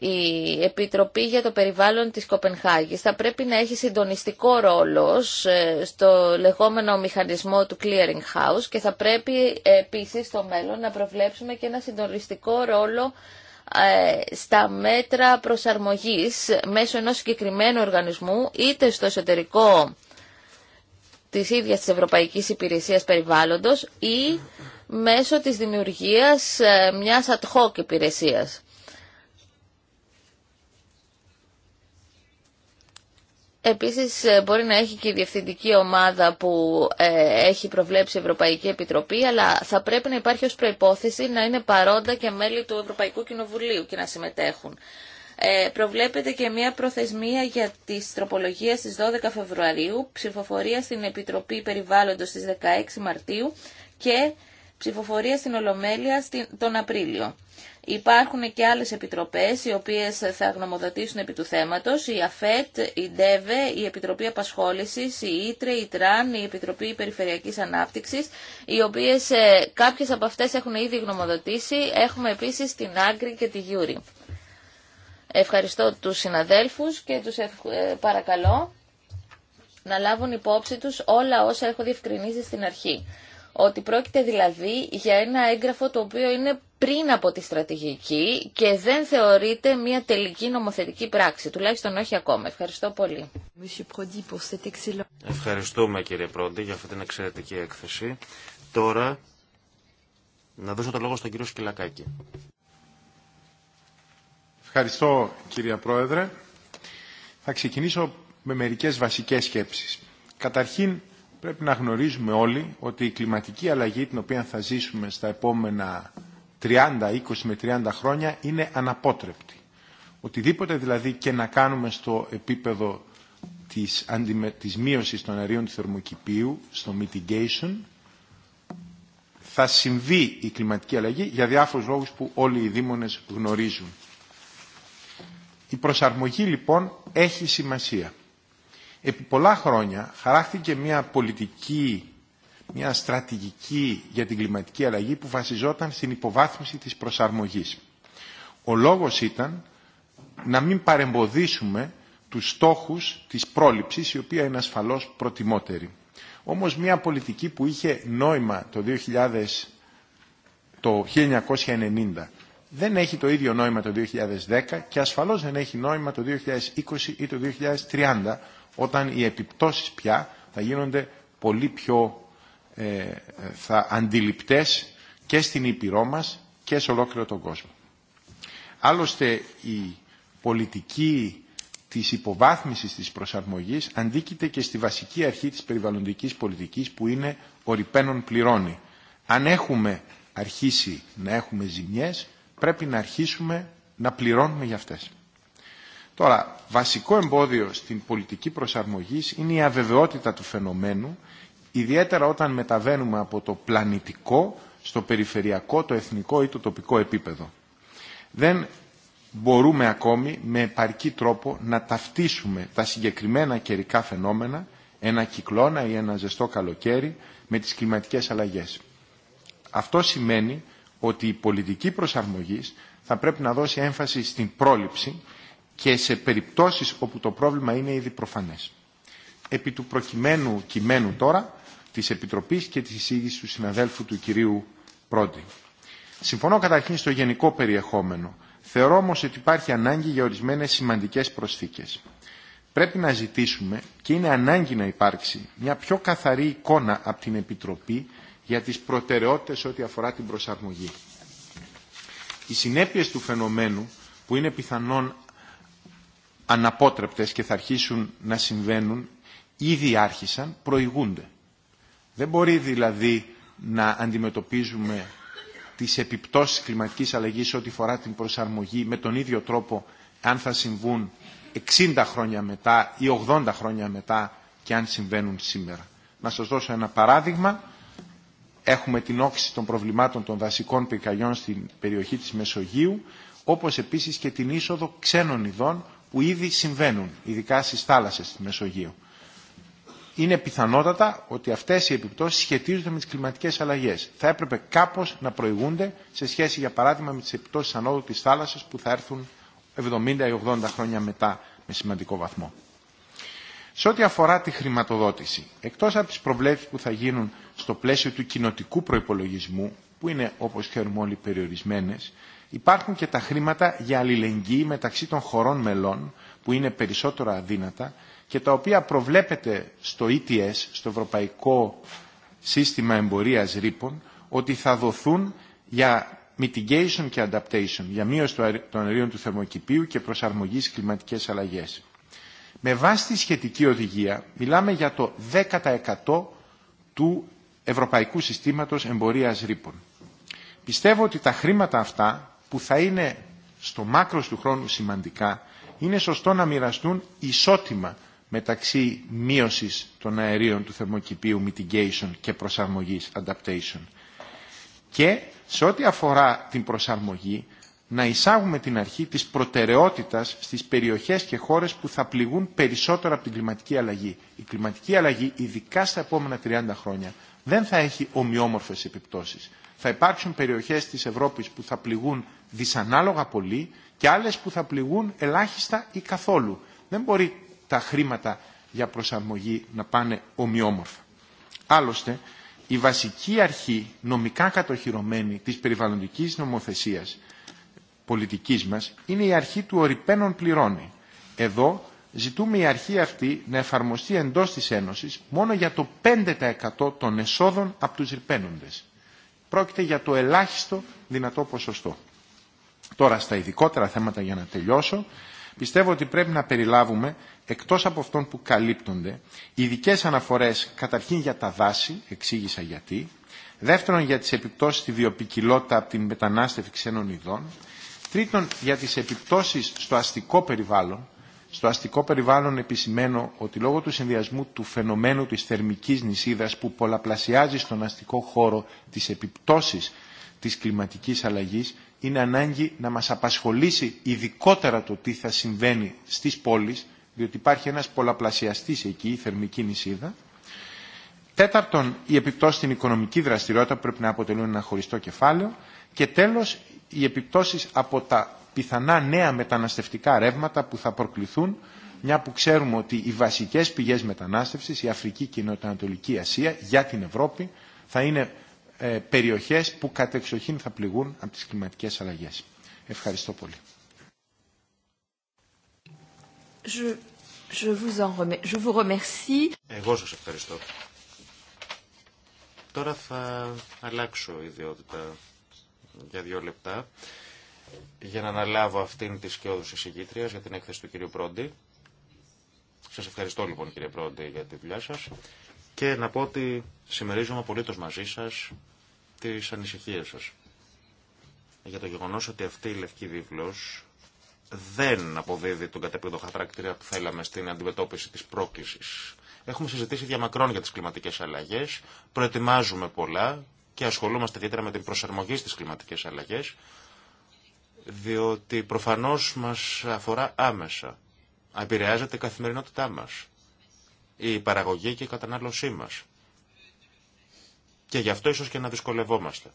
Speaker 5: η Επιτροπή για το Περιβάλλον της Κοπενχάγης θα πρέπει να έχει συντονιστικό ρόλο ε, στο λεγόμενο μηχανισμό του Clearing House και θα πρέπει επίσης στο μέλλον να προβλέψουμε και ένα συντονιστικό ρόλο ε, στα μέτρα προσαρμογής μέσω ενός συγκεκριμένου οργανισμού είτε στο εσωτερικό της ίδιας της Ευρωπαϊκής Υπηρεσίας Περιβάλλοντος ή μέσω της δημιουργίας ε, μιας ad hoc υπηρεσίας. Επίσης ε, μπορεί να έχει και η διευθυντική ομάδα που ε, έχει προβλέψει η Ευρωπαϊκή Επιτροπή, αλλά θα πρέπει να υπάρχει ως προϋπόθεση να είναι παρόντα και μέλη του Ευρωπαϊκού Κοινοβουλίου και να συμμετέχουν. Ε, προβλέπεται και μια προθεσμία για τις τροπολογίες στις 12 Φεβρουαρίου, ψηφοφορία στην Επιτροπή Περιβάλλοντος στις 16 Μαρτίου και ψηφοφορία στην Ολομέλεια τον Απρίλιο. Υπάρχουν και άλλες επιτροπές οι οποίες θα γνωμοδοτήσουν επί του θέματος, η ΑΦΕΤ, η ΝΤΕΒΕ, η Επιτροπή Απασχόλησης, η ΙΤΡΕ, η ΤΡΑΝ, η Επιτροπή Περιφερειακής Ανάπτυξης, οι οποίες ε, κάποιες από αυτές έχουν ήδη γνωμοδοτήσει. Έχουμε επίσης την Άγκρη και τη Γιούρη. Ευχαριστώ τους συναδέλφους και τους ε, παρακαλώ να λάβουν υπόψη τους όλα όσα έχω διευκρινίσει στην αρχή ότι πρόκειται δηλαδή για ένα έγγραφο το οποίο είναι πριν από τη στρατηγική και δεν θεωρείται μια τελική νομοθετική πράξη, τουλάχιστον όχι ακόμα. Ευχαριστώ πολύ.
Speaker 3: Ευχαριστούμε κύριε Πρόντι για αυτή την εξαιρετική έκθεση. Τώρα να δώσω το λόγο στον κύριο Σκυλακάκη.
Speaker 4: Ευχαριστώ κύριε Πρόεδρε. Θα ξεκινήσω με μερικές βασικές σκέψεις. Καταρχήν, πρέπει να γνωρίζουμε όλοι ότι η κλιματική αλλαγή την οποία θα ζήσουμε στα επόμενα 30, 20 με 30 χρόνια είναι αναπότρεπτη. Οτιδήποτε δηλαδή και να κάνουμε στο επίπεδο της, αντιμε... μείωσης των αερίων του θερμοκηπίου, στο mitigation, θα συμβεί η κλιματική αλλαγή για διάφορους λόγους που όλοι οι δήμονες γνωρίζουν. Η προσαρμογή λοιπόν έχει σημασία επί πολλά χρόνια χαράχθηκε μια πολιτική, μια στρατηγική για την κλιματική αλλαγή που βασιζόταν στην υποβάθμιση της προσαρμογής. Ο λόγος ήταν να μην παρεμποδίσουμε τους στόχους της πρόληψης, η οποία είναι ασφαλώς προτιμότερη. Όμως μια πολιτική που είχε νόημα το 2000, το 1990 δεν έχει το ίδιο νόημα το 2010 και ασφαλώς δεν έχει νόημα το 2020 ή το 2030 όταν οι επιπτώσεις πια θα γίνονται πολύ πιο ε, θα αντιληπτές και στην Ήπειρό μας και σε ολόκληρο τον κόσμο. Άλλωστε η πολιτική της υποβάθμισης της προσαρμογής αντίκειται και στη βασική αρχή της περιβαλλοντικής πολιτικής που είναι ο πληρώνει. Αν έχουμε αρχίσει να έχουμε ζημιές πρέπει να αρχίσουμε να πληρώνουμε για αυτές. Τώρα, βασικό εμπόδιο στην πολιτική προσαρμογής είναι η αβεβαιότητα του φαινομένου, ιδιαίτερα όταν μεταβαίνουμε από το πλανητικό στο περιφερειακό, το εθνικό ή το τοπικό επίπεδο. Δεν μπορούμε ακόμη με επαρκή τρόπο να ταυτίσουμε τα συγκεκριμένα καιρικά φαινόμενα, ένα κυκλώνα ή ένα ζεστό καλοκαίρι, με τις κλιματικές αλλαγές. Αυτό σημαίνει ότι η πολιτική προσαρμογής θα πρέπει να δώσει έμφαση στην πρόληψη και σε περιπτώσεις όπου το πρόβλημα είναι ήδη προφανές. Επί του προκειμένου κειμένου τώρα της Επιτροπής και της εισήγησης του συναδέλφου του κυρίου Πρόντι. Συμφωνώ καταρχήν στο γενικό περιεχόμενο. Θεωρώ όμως ότι υπάρχει ανάγκη για ορισμένες σημαντικές προσθήκες. Πρέπει να ζητήσουμε και είναι ανάγκη να υπάρξει μια πιο καθαρή εικόνα από την Επιτροπή για τις προτεραιότητες ό,τι αφορά την προσαρμογή. Οι συνέπειες του φαινομένου που είναι πιθανόν αναπότρεπτες και θα αρχίσουν να συμβαίνουν, ήδη άρχισαν, προηγούνται. Δεν μπορεί δηλαδή να αντιμετωπίζουμε τις επιπτώσεις κλιματικής αλλαγής ό,τι φορά την προσαρμογή με τον ίδιο τρόπο αν θα συμβούν 60 χρόνια μετά ή 80 χρόνια μετά και αν συμβαίνουν σήμερα. Να σας δώσω ένα παράδειγμα. Έχουμε την όξυση των προβλημάτων των δασικών πυρκαγιών στην περιοχή της Μεσογείου, όπως επίσης και την είσοδο ξένων ειδών, που ήδη συμβαίνουν, ειδικά στις θάλασσες στη Μεσογείου. Είναι πιθανότατα ότι αυτές οι επιπτώσεις σχετίζονται με τις κλιματικές αλλαγές. Θα έπρεπε κάπως να προηγούνται σε σχέση, για παράδειγμα, με τις επιπτώσεις ανόδου της θάλασσας που θα έρθουν 70 ή 80 χρόνια μετά με σημαντικό βαθμό. Σε ό,τι αφορά τη χρηματοδότηση, εκτός από τις προβλέψεις που θα γίνουν στο πλαίσιο του κοινοτικού προϋπολογισμού, που είναι όπως ξέρουμε όλοι περιορισμένες, υπάρχουν και τα χρήματα για αλληλεγγύη μεταξύ των χωρών μελών που είναι περισσότερο αδύνατα και τα οποία προβλέπεται στο ETS, στο Ευρωπαϊκό Σύστημα Εμπορίας Ρήπων, ότι θα δοθούν για mitigation και adaptation, για μείωση των αερίων του θερμοκηπίου και προσαρμογή στις κλιματικές αλλαγές. Με βάση τη σχετική οδηγία μιλάμε για το 10% του Ευρωπαϊκού Συστήματος Εμπορίας Ρήπων. Πιστεύω ότι τα χρήματα αυτά που θα είναι στο μάκρος του χρόνου σημαντικά είναι σωστό να μοιραστούν ισότιμα μεταξύ μείωσης των αερίων του θερμοκηπίου mitigation και προσαρμογής adaptation. Και σε ό,τι αφορά την προσαρμογή να εισάγουμε την αρχή της προτεραιότητας στις περιοχές και χώρες που θα πληγούν περισσότερο από την κλιματική αλλαγή. Η κλιματική αλλαγή, ειδικά στα επόμενα 30 χρόνια, δεν θα έχει ομοιόμορφες επιπτώσεις θα υπάρξουν περιοχές της Ευρώπης που θα πληγούν δυσανάλογα πολύ και άλλες που θα πληγούν ελάχιστα ή καθόλου. Δεν μπορεί τα χρήματα για προσαρμογή να πάνε ομοιόμορφα. Άλλωστε, η βασική αρχή νομικά κατοχυρωμένη της περιβαλλοντικής νομοθεσίας πολιτικής μας είναι η αρχή του οριπένων πληρώνει. Εδώ ζητούμε η αρχή αυτή να εφαρμοστεί εντός της Ένωσης μόνο για το 5% των εσόδων από τους ρηπαίνοντες. Πρόκειται για το ελάχιστο δυνατό ποσοστό. Τώρα, στα ειδικότερα θέματα για να τελειώσω, πιστεύω ότι πρέπει να περιλάβουμε, εκτός από αυτών που καλύπτονται, ειδικέ αναφορές καταρχήν για τα δάση, εξήγησα γιατί, δεύτερον για τις επιπτώσεις στη βιοπικιλότητα από την μετανάστευση ξένων ειδών, τρίτον για τις επιπτώσεις στο αστικό περιβάλλον, στο αστικό περιβάλλον επισημαίνω ότι λόγω του συνδυασμού του φαινομένου της θερμικής νησίδας που πολλαπλασιάζει στον αστικό χώρο τις επιπτώσεις της κλιματικής αλλαγής είναι ανάγκη να μας απασχολήσει ειδικότερα το τι θα συμβαίνει στις πόλεις διότι υπάρχει ένας πολλαπλασιαστής εκεί, η θερμική νησίδα. Τέταρτον, η επιπτώση στην οικονομική δραστηριότητα που πρέπει να αποτελούν ένα χωριστό κεφάλαιο. Και τέλος, οι επιπτώσεις από τα πιθανά νέα μεταναστευτικά ρεύματα που θα προκληθούν, μια που ξέρουμε ότι οι βασικές πηγές μετανάστευσης, η Αφρική και η Νοτιοανατολική Ασία, για την Ευρώπη, θα είναι ε, περιοχές που κατεξοχήν θα πληγούν από τις κλιματικές αλλαγές. Ευχαριστώ πολύ.
Speaker 5: Je, je je remercie.
Speaker 3: Εγώ σας ευχαριστώ. Τώρα θα αλλάξω ιδιότητα για δύο λεπτά για να αναλάβω αυτήν τη σκιώδους εισηγήτρια για την έκθεση του κυρίου Πρόντι. σα ευχαριστώ λοιπόν κύριε Πρόντι για τη δουλειά σα. και να πω ότι συμμερίζομαι απολύτω μαζί σα τι ανησυχίε σα. για το γεγονό ότι αυτή η λευκή βίβλος δεν αποδίδει τον κατεπίδο χαρακτήρα που θέλαμε στην αντιμετώπιση τη πρόκληση. Έχουμε συζητήσει διαμακρών για τι κλιματικέ αλλαγέ. προετοιμάζουμε πολλά και ασχολούμαστε ιδιαίτερα με την προσαρμογή στι κλιματικέ αλλαγέ διότι προφανώς μας αφορά άμεσα. Επηρεάζεται η καθημερινότητά μας, η παραγωγή και η κατανάλωσή μας. Και γι' αυτό ίσως και να δυσκολευόμαστε.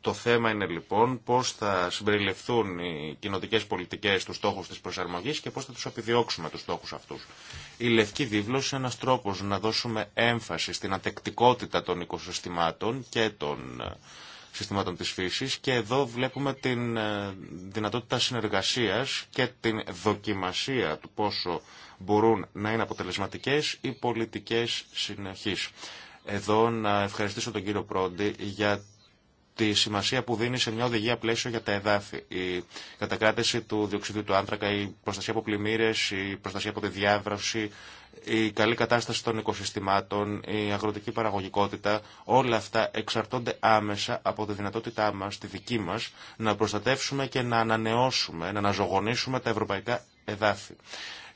Speaker 3: Το θέμα είναι λοιπόν πώς θα συμπεριληφθούν οι κοινοτικές πολιτικές στους στόχους της προσαρμογής και πώς θα τους επιδιώξουμε τους στόχους αυτούς. Η λευκή δίβλωση είναι ένας τρόπος να δώσουμε έμφαση στην ατεκτικότητα των οικοσυστημάτων και των ε, συστημάτων της φύσης και εδώ βλέπουμε την ε, δυνατότητα συνεργασίας και την δοκιμασία του πόσο μπορούν να είναι αποτελεσματικές οι πολιτικές συνεχείς. Εδώ να ευχαριστήσω τον κύριο Πρόντι για τη σημασία που δίνει σε μια οδηγία πλαίσιο για τα εδάφη. Η κατακράτηση του διοξιδίου του άνθρακα, η προστασία από πλημμύρε, η προστασία από τη διάβρωση, η καλή κατάσταση των οικοσυστημάτων, η αγροτική παραγωγικότητα, όλα αυτά εξαρτώνται άμεσα από τη δυνατότητά μα, τη δική μα, να προστατεύσουμε και να ανανεώσουμε, να αναζωογονήσουμε τα ευρωπαϊκά εδάφη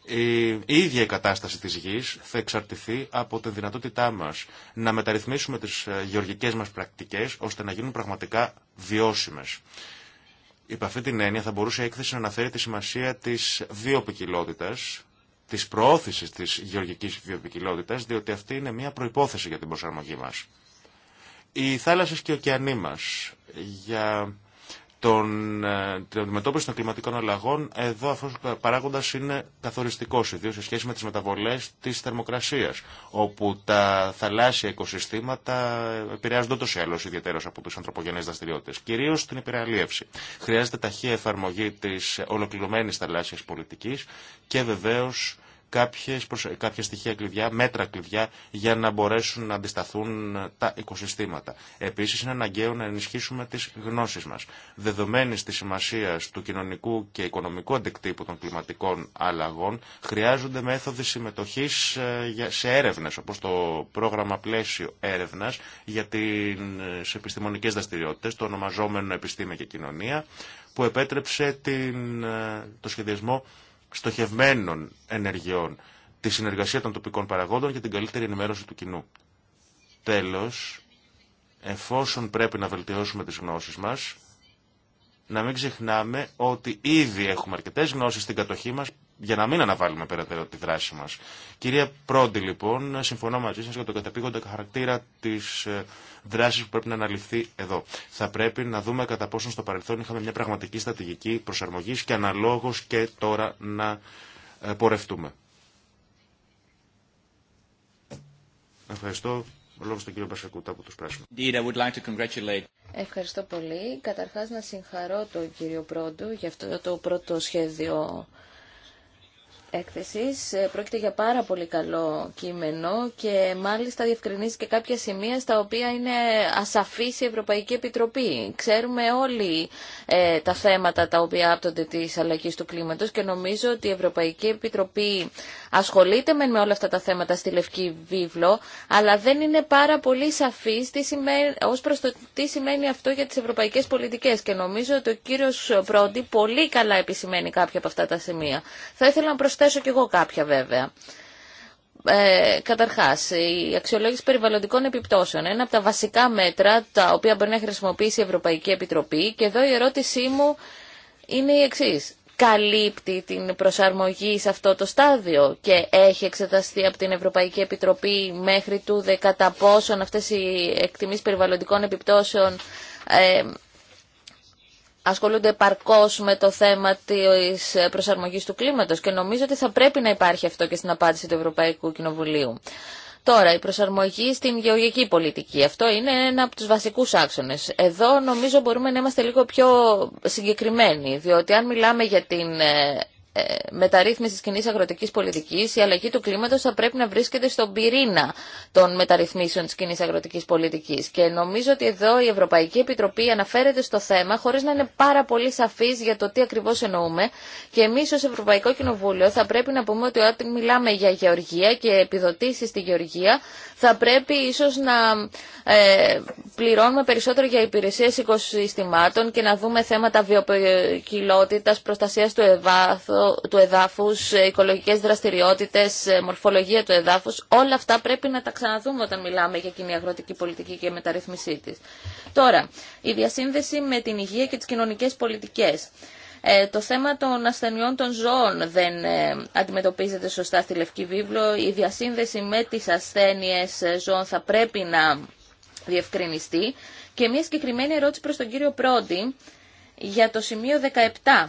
Speaker 3: η, ίδια η κατάσταση της γης θα εξαρτηθεί από τη δυνατότητά μας να μεταρρυθμίσουμε τις ε, γεωργικές μας πρακτικές ώστε να γίνουν πραγματικά βιώσιμες. Υπ' αυτή την έννοια θα μπορούσε η έκθεση να αναφέρει τη σημασία της βιοποικιλότητας, της προώθησης της γεωργικής βιοποικιλότητας, διότι αυτή είναι μια προϋπόθεση για την προσαρμογή μας. Οι θάλασσες και οι ωκεανοί μας για τον, ε, την αντιμετώπιση των κλιματικών αλλαγών, εδώ αυτό ο παράγοντα είναι καθοριστικό, ιδίω σε σχέση με τι μεταβολέ τη θερμοκρασία, όπου τα θαλάσσια οικοσυστήματα επηρεάζονται ούτω ή άλλω ιδιαίτερα από τι ανθρωπογενεί δραστηριότητε, κυρίω την υπεραλίευση. Χρειάζεται ταχεία εφαρμογή τη ολοκληρωμένη θαλάσσια πολιτική και βεβαίω κάποιες, κάποια στοιχεία κλειδιά, μέτρα κλειδιά για να μπορέσουν να αντισταθούν τα οικοσυστήματα. Επίσης είναι αναγκαίο να ενισχύσουμε τις γνώσεις μας. Δεδομένης της σημασίας του κοινωνικού και οικονομικού αντικτύπου των κλιματικών αλλαγών χρειάζονται μέθοδοι συμμετοχής ε, σε έρευνες όπως το πρόγραμμα πλαίσιο έρευνας για τις επιστημονικές δραστηριότητες, το ονομαζόμενο επιστήμη και κοινωνία που επέτρεψε την, ε, το σχεδιασμό στοχευμένων ενεργειών, τη συνεργασία των τοπικών παραγόντων και την καλύτερη ενημέρωση του κοινού. Τέλος, εφόσον πρέπει να βελτιώσουμε τις γνώσεις μας, να μην ξεχνάμε ότι ήδη έχουμε αρκετές γνώσεις στην κατοχή μας για να μην αναβάλουμε περαιτέρω τη δράση μας. Κυρία Πρόντι, λοιπόν, συμφωνώ μαζί σας για τον καταπήγοντα χαρακτήρα της ε, δράσης που πρέπει να αναλυθεί εδώ. Θα πρέπει να δούμε κατά πόσον στο παρελθόν είχαμε μια πραγματική στρατηγική προσαρμογή και αναλόγως και τώρα να ε, πορευτούμε. Ευχαριστώ. Λόγω στον κύριο Μπασακούτα από τους Πράσινους.
Speaker 5: Ευχαριστώ πολύ. Καταρχάς να συγχαρώ τον κύριο Πρόντου για αυτό το πρώτο σχέδιο έκθεσης. Ε, πρόκειται για πάρα πολύ καλό κείμενο και μάλιστα διευκρινίζει και κάποια σημεία στα οποία είναι ασαφής η Ευρωπαϊκή Επιτροπή. Ξέρουμε όλοι ε, τα θέματα τα οποία άπτονται της αλλαγής του κλίματος και νομίζω ότι η Ευρωπαϊκή Επιτροπή ασχολείται με όλα αυτά τα θέματα στη Λευκή Βίβλο, αλλά δεν είναι πάρα πολύ σαφής τι σημαίνει, ως προς το τι σημαίνει αυτό για τις ευρωπαϊκές πολιτικές και νομίζω ότι ο κύριος Πρόντι πολύ καλά επισημαίνει κάποια από αυτά τα σημεία. Θα ήθελα να προσθέσω προσθέσω κι εγώ κάποια βέβαια. Ε, Καταρχά, η αξιολόγηση περιβαλλοντικών επιπτώσεων. Ένα από τα βασικά μέτρα τα οποία μπορεί να χρησιμοποιήσει η Ευρωπαϊκή Επιτροπή. Και εδώ η ερώτησή μου είναι η εξή. Καλύπτει την προσαρμογή σε αυτό το στάδιο και έχει εξεταστεί από την Ευρωπαϊκή Επιτροπή μέχρι τούδε κατά πόσον αυτές οι εκτιμήσεις περιβαλλοντικών επιπτώσεων ε, ασχολούνται παρκώς με το θέμα της προσαρμογής του κλίματος και νομίζω ότι θα πρέπει να υπάρχει αυτό και στην απάντηση του Ευρωπαϊκού Κοινοβουλίου. Τώρα, η προσαρμογή στην γεωργική πολιτική. Αυτό είναι ένα από τους βασικούς άξονες. Εδώ νομίζω μπορούμε να είμαστε λίγο πιο συγκεκριμένοι, διότι αν μιλάμε για την ε, ε, μεταρρύθμιση κοινή αγροτική πολιτική, η αλλαγή του κλίματο θα πρέπει να βρίσκεται στον πυρήνα των μεταρρυθμίσεων τη κοινή αγροτική πολιτική. Και νομίζω ότι εδώ η Ευρωπαϊκή Επιτροπή αναφέρεται στο θέμα χωρί να είναι πάρα πολύ σαφή για το τι ακριβώ εννοούμε. Και εμεί ω Ευρωπαϊκό Κοινοβούλιο θα πρέπει να πούμε ότι όταν μιλάμε για γεωργία και επιδοτήσει στη γεωργία, θα πρέπει ίσω να ε, πληρώνουμε περισσότερο για υπηρεσίε οικοσυστημάτων και να δούμε θέματα βιοποικιλότητα, προστασία του του εδάφους, ε, οικολογικές δραστηριότητες, ε, μορφολογία του εδάφους, όλα αυτά πρέπει να τα ξαναδούμε όταν μιλάμε για κοινή αγροτική πολιτική και μεταρρυθμισή της. Τώρα, η διασύνδεση με την υγεία και τις κοινωνικές πολιτικές. Ε, το θέμα των ασθενειών των ζώων δεν αντιμετωπίζεται σωστά στη Λευκή Βίβλο. Η διασύνδεση με τις ασθένειες ζώων θα πρέπει να διευκρινιστεί. Και μια συγκεκριμένη ερώτηση προς τον κύριο Πρόντι για το σημείο 17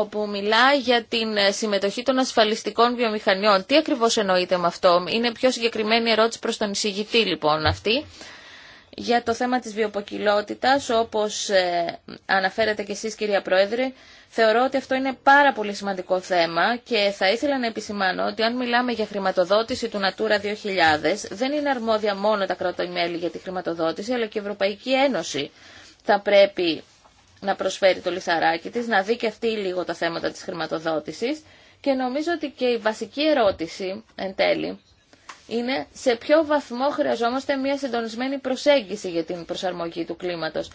Speaker 5: όπου μιλά για την ε, συμμετοχή των ασφαλιστικών βιομηχανιών. Τι ακριβώς εννοείται με αυτό. Είναι πιο συγκεκριμένη ερώτηση προς τον εισηγητή λοιπόν αυτή. Για το θέμα της βιοποκυλότητας, όπως ε, αναφέρατε και εσείς κυρία Πρόεδρε, θεωρώ ότι αυτό είναι πάρα πολύ σημαντικό θέμα και θα ήθελα να επισημάνω ότι αν μιλάμε για χρηματοδότηση του Natura 2000, δεν είναι αρμόδια μόνο τα κρατομέλη για τη χρηματοδότηση, αλλά και η Ευρωπαϊκή Ένωση θα πρέπει να προσφέρει το λιθαράκι της, να δει και αυτή λίγο τα θέματα της χρηματοδότησης και νομίζω ότι και η βασική ερώτηση εν τέλει είναι σε ποιο βαθμό χρειαζόμαστε μια συντονισμένη προσέγγιση για την προσαρμογή του κλίματος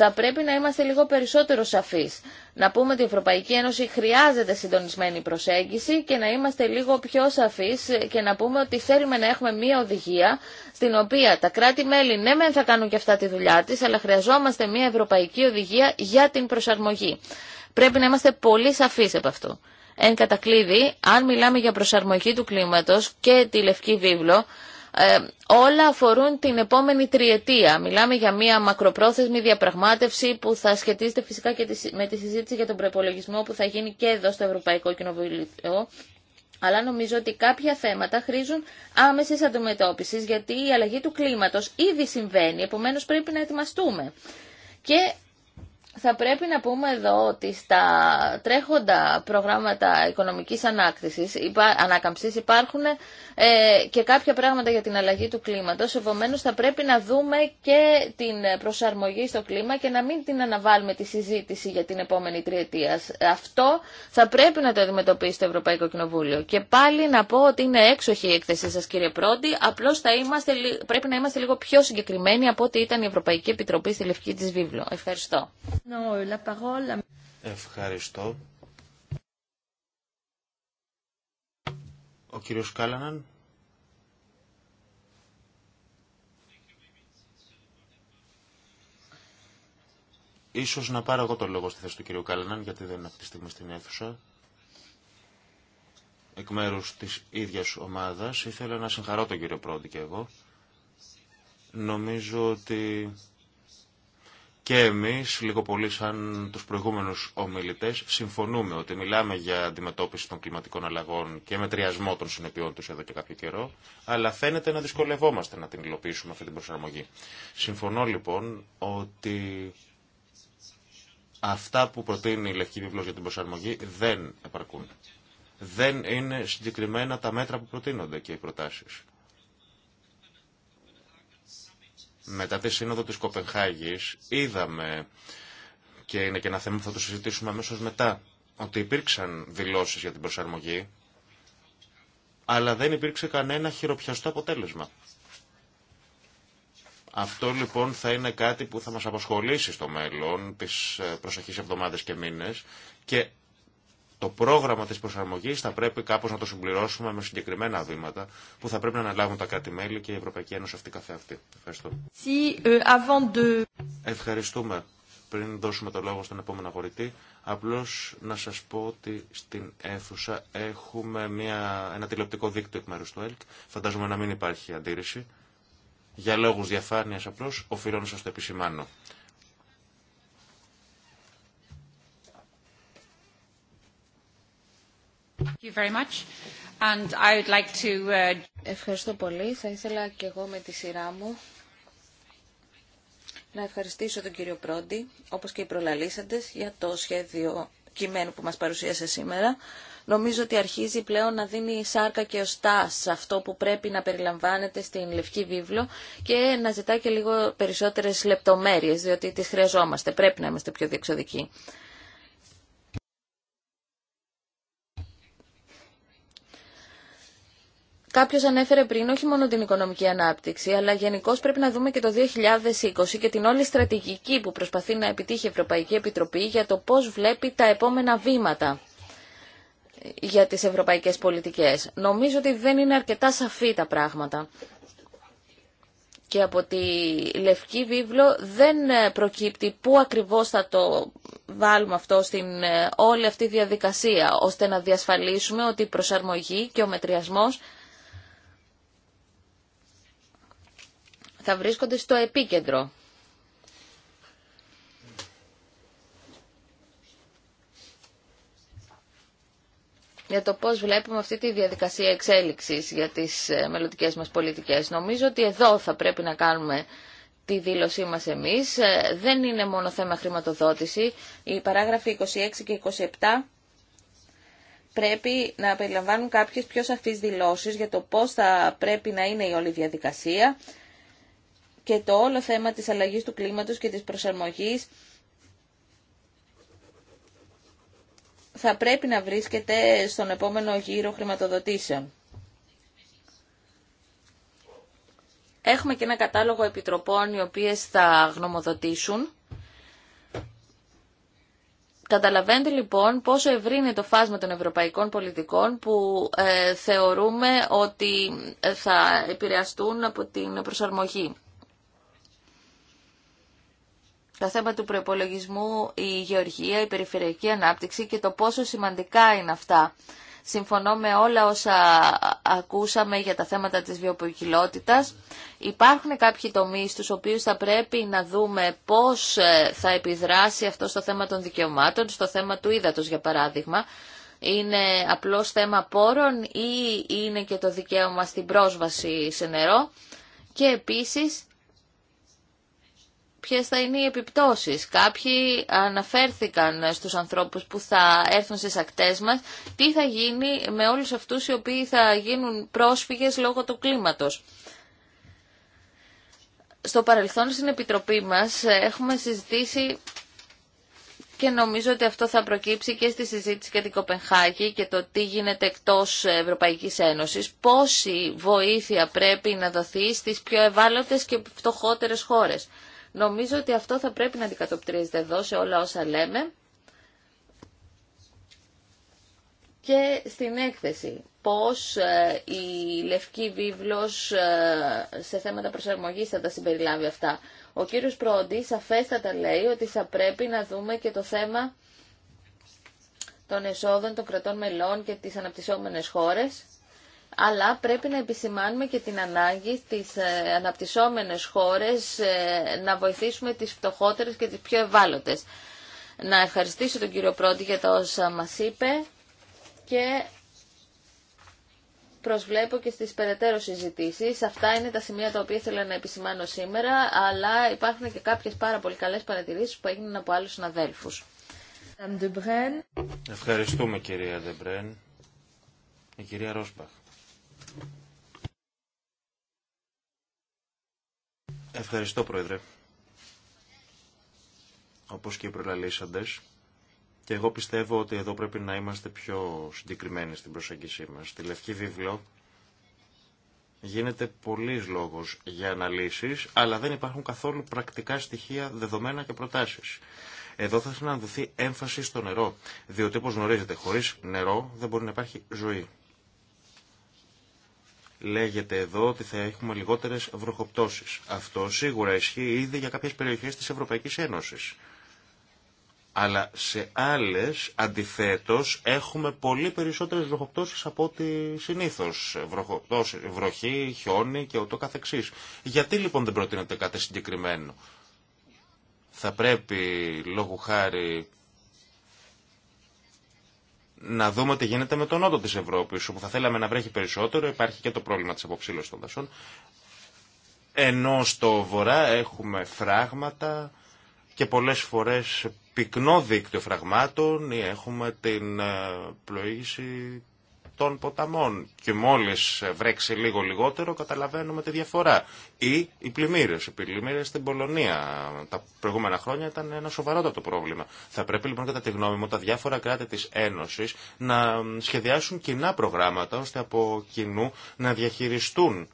Speaker 5: θα πρέπει να είμαστε λίγο περισσότερο σαφείς. Να πούμε ότι η Ευρωπαϊκή Ένωση χρειάζεται συντονισμένη προσέγγιση και να είμαστε λίγο πιο σαφείς και να πούμε ότι θέλουμε να έχουμε μία οδηγία στην οποία τα κράτη-μέλη ναι μεν θα κάνουν και αυτά τη δουλειά της, αλλά χρειαζόμαστε μία ευρωπαϊκή οδηγία για την προσαρμογή. Πρέπει να είμαστε πολύ σαφείς από αυτό. Εν κατακλείδη, αν μιλάμε για προσαρμογή του κλίματος και τη Λευκή Βίβλο, ε, όλα αφορούν την επόμενη τριετία. Μιλάμε για μια μακροπρόθεσμη διαπραγμάτευση που θα σχετίζεται φυσικά και με τη συζήτηση για τον προπολογισμό που θα γίνει και εδώ στο Ευρωπαϊκό Κοινοβουλίο. Αλλά νομίζω ότι κάποια θέματα χρήζουν άμεση αντιμετώπιση γιατί η αλλαγή του κλίματο ήδη συμβαίνει, επομένω πρέπει να ετοιμαστούμε. Και θα πρέπει να πούμε εδώ ότι στα τρέχοντα προγράμματα οικονομικής ανάκτησης, ανάκαμψης υπάρχουν ε, και κάποια πράγματα για την αλλαγή του κλίματος. επομένω θα πρέπει να δούμε και την προσαρμογή στο κλίμα και να μην την αναβάλουμε τη συζήτηση για την επόμενη τριετία. Αυτό θα πρέπει να το αντιμετωπίσει το Ευρωπαϊκό Κοινοβούλιο. Και πάλι να πω ότι είναι έξοχη η έκθεσή σα, κύριε Πρόντι, απλώ πρέπει να είμαστε λίγο πιο συγκεκριμένοι από ό,τι ήταν η Ευρωπαϊκή Επιτροπή στη Λευκή τη Βίβλο. Ευχαριστώ.
Speaker 3: Ευχαριστώ. Ο κύριος Κάλαναν. Ίσως να πάρω εγώ το λόγο στη θέση του κύριου Κάλαναν, γιατί δεν είναι αυτή τη στιγμή στην αίθουσα. Εκ μέρους της ίδιας ομάδας ήθελα να συγχαρώ τον κύριο Πρόντι και εγώ. Νομίζω ότι και εμείς, λίγο πολύ σαν τους προηγούμενους ομιλητές, συμφωνούμε ότι μιλάμε για αντιμετώπιση των κλιματικών αλλαγών και μετριασμό των συνεπειών τους εδώ και κάποιο καιρό, αλλά φαίνεται να δυσκολευόμαστε να την υλοποιήσουμε αυτή την προσαρμογή. Συμφωνώ λοιπόν ότι αυτά που προτείνει η Λευκή Βιβλός για την προσαρμογή δεν επαρκούν. Δεν είναι συγκεκριμένα τα μέτρα που προτείνονται και οι προτάσεις. Μετά τη σύνοδο της Κοπενχάγης είδαμε, και είναι και ένα θέμα που θα το συζητήσουμε αμέσω μετά, ότι υπήρξαν δηλώσεις για την προσαρμογή, αλλά δεν υπήρξε κανένα χειροπιαστό αποτέλεσμα. Αυτό λοιπόν θα είναι κάτι που θα μας απασχολήσει στο μέλλον, τις ε, προσεχείς εβδομάδες και μήνες και το πρόγραμμα της προσαρμογής θα πρέπει κάπως να το συμπληρώσουμε με συγκεκριμένα βήματα που θα πρέπει να αναλάβουν τα κράτη-μέλη και η Ευρωπαϊκή Ένωση αυτή καθεαυτή. Ευχαριστώ.
Speaker 5: Euh,
Speaker 3: Ευχαριστούμε. Πριν δώσουμε το λόγο στον επόμενο αγορητή, απλώς να σας πω ότι στην αίθουσα έχουμε μια, ένα τηλεοπτικό δίκτυο εκ μέρους του ΕΛΚ. Φαντάζομαι να μην υπάρχει αντίρρηση. Για λόγους διαφάνειας απλώς οφείλω να σας το επισημάνω.
Speaker 5: Uh, Ευχαριστώ πολύ. Θα ήθελα και εγώ με τη σειρά μου να ευχαριστήσω τον κύριο Πρόντι, όπως και οι προλαλήσαντες, για το σχέδιο κειμένου που μας παρουσίασε σήμερα. Νομίζω ότι αρχίζει πλέον να δίνει σάρκα και οστά σε αυτό που πρέπει να περιλαμβάνεται στην Λευκή Βίβλο και να ζητάει και λίγο περισσότερες λεπτομέρειες, διότι τις χρειαζόμαστε. Πρέπει να είμαστε πιο διεξοδικοί. Κάποιος ανέφερε πριν όχι μόνο την οικονομική ανάπτυξη, αλλά γενικώ πρέπει να δούμε και το 2020 και την όλη στρατηγική που προσπαθεί να επιτύχει η Ευρωπαϊκή Επιτροπή για το πώς βλέπει τα επόμενα βήματα για τις ευρωπαϊκές πολιτικές. Νομίζω ότι δεν είναι αρκετά σαφή τα πράγματα. Και από τη Λευκή Βίβλο δεν προκύπτει πού ακριβώς θα το βάλουμε αυτό στην ε, όλη αυτή διαδικασία, ώστε να διασφαλίσουμε ότι η προσαρμογή και ο μετριασμός θα βρίσκονται στο επίκεντρο. για το πώς βλέπουμε αυτή τη διαδικασία εξέλιξης για τις ε, μελλοντικές μας πολιτικές. Νομίζω ότι εδώ θα πρέπει να κάνουμε τη δήλωσή μας εμείς. Ε, δεν είναι μόνο θέμα χρηματοδότηση. Οι παράγραφοι 26 και 27 πρέπει να περιλαμβάνουν κάποιες πιο σαφείς δηλώσεις για το πώς θα πρέπει να είναι η όλη διαδικασία και το όλο θέμα της αλλαγής του κλίματος και της προσαρμογής θα πρέπει να βρίσκεται στον επόμενο γύρο χρηματοδοτήσεων. Έχουμε και ένα κατάλογο επιτροπών οι οποίες θα γνωμοδοτήσουν. Καταλαβαίνετε λοιπόν πόσο ευρύ είναι το φάσμα των ευρωπαϊκών πολιτικών που ε, θεωρούμε ότι ε, θα επηρεαστούν από την προσαρμογή τα θέματα του προπολογισμού, η γεωργία, η περιφερειακή ανάπτυξη και το πόσο σημαντικά είναι αυτά. Συμφωνώ με όλα όσα ακούσαμε για τα θέματα της βιοποικιλότητας. Υπάρχουν κάποιοι τομείς στους οποίους θα πρέπει να δούμε πώς ε, θα επιδράσει αυτό στο θέμα των δικαιωμάτων, στο θέμα του ύδατος για παράδειγμα. Είναι απλώς θέμα πόρων ή είναι και το δικαίωμα στην πρόσβαση σε νερό. Και επίσης ποιες θα είναι οι επιπτώσεις. Κάποιοι αναφέρθηκαν στους ανθρώπους που θα έρθουν στις ακτές μας τι θα γίνει με όλους αυτούς οι οποίοι θα γίνουν πρόσφυγες λόγω του κλίματος. Στο παρελθόν στην Επιτροπή μας έχουμε συζητήσει και νομίζω ότι αυτό θα προκύψει και στη συζήτηση για την Κοπενχάγη και το τι γίνεται εκτός Ευρωπαϊκής Ένωσης. Πόση βοήθεια πρέπει να δοθεί στις πιο ευάλωτες και φτωχότερες χώρες. Νομίζω ότι αυτό θα πρέπει να αντικατοπτρίζεται εδώ σε όλα όσα λέμε και στην έκθεση πώς ε, η Λευκή Βίβλος ε, σε θέματα προσαρμογής θα τα συμπεριλάβει αυτά. Ο κύριος Πρόντι σαφέστατα λέει ότι θα πρέπει να δούμε και το θέμα των εσόδων των κρατών μελών και τις αναπτυσσόμενες χώρες αλλά πρέπει να επισημάνουμε και την ανάγκη στις ε, αναπτυσσόμενες χώρες ε, να βοηθήσουμε τις φτωχότερες και τις πιο ευάλωτες. Να ευχαριστήσω τον κύριο Πρόντι για τα όσα μας είπε και προσβλέπω και στις περαιτέρω συζητήσεις. Αυτά είναι τα σημεία τα οποία ήθελα να επισημάνω σήμερα, αλλά υπάρχουν και κάποιες πάρα πολύ καλές παρατηρήσεις που έγιναν από άλλους συναδέλφους.
Speaker 3: Ευχαριστούμε κυρία Δεμπρέν. Η κυρία Ρόσπαχ. Ευχαριστώ, Πρόεδρε. Όπως και οι προλαλήσαντες, και εγώ πιστεύω ότι εδώ πρέπει να είμαστε πιο συγκεκριμένοι στην προσέγγιση μας. Στη Λευκή Βίβλο γίνεται πολλή λόγος για αναλύσεις, αλλά δεν υπάρχουν καθόλου πρακτικά στοιχεία, δεδομένα και προτάσεις. Εδώ θα να δοθεί έμφαση στο νερό, διότι όπως γνωρίζετε, χωρίς νερό δεν μπορεί να υπάρχει ζωή. Λέγεται εδώ ότι θα έχουμε λιγότερες βροχοπτώσεις. Αυτό σίγουρα ισχύει ήδη για κάποιες περιοχές της Ευρωπαϊκής Ένωσης. Αλλά σε άλλες, αντιθέτως, έχουμε πολύ περισσότερες βροχοπτώσεις από ό,τι συνήθως. βροχή, χιόνι και ούτω καθεξής. Γιατί λοιπόν δεν προτείνεται κάτι συγκεκριμένο. Θα πρέπει λόγου χάρη να δούμε τι γίνεται με τον νότο της Ευρώπης, όπου θα θέλαμε να βρέχει περισσότερο, υπάρχει και το πρόβλημα της αποψήλωση των δασών. Ενώ στο βορρά έχουμε φράγματα και πολλές φορές πυκνό δίκτυο φραγμάτων ή έχουμε την ε, πλοήγηση των ποταμών και μόλις βρέξει λίγο λιγότερο καταλαβαίνουμε τη διαφορά. Ή οι πλημμύρες. Οι πλημμύρες στην Πολωνία τα προηγούμενα χρόνια ήταν ένα σοβαρότατο πρόβλημα. Θα πρέπει λοιπόν κατά τη γνώμη μου τα διάφορα κράτη της Ένωσης να σχεδιάσουν κοινά προγράμματα ώστε από κοινού να διαχειριστούν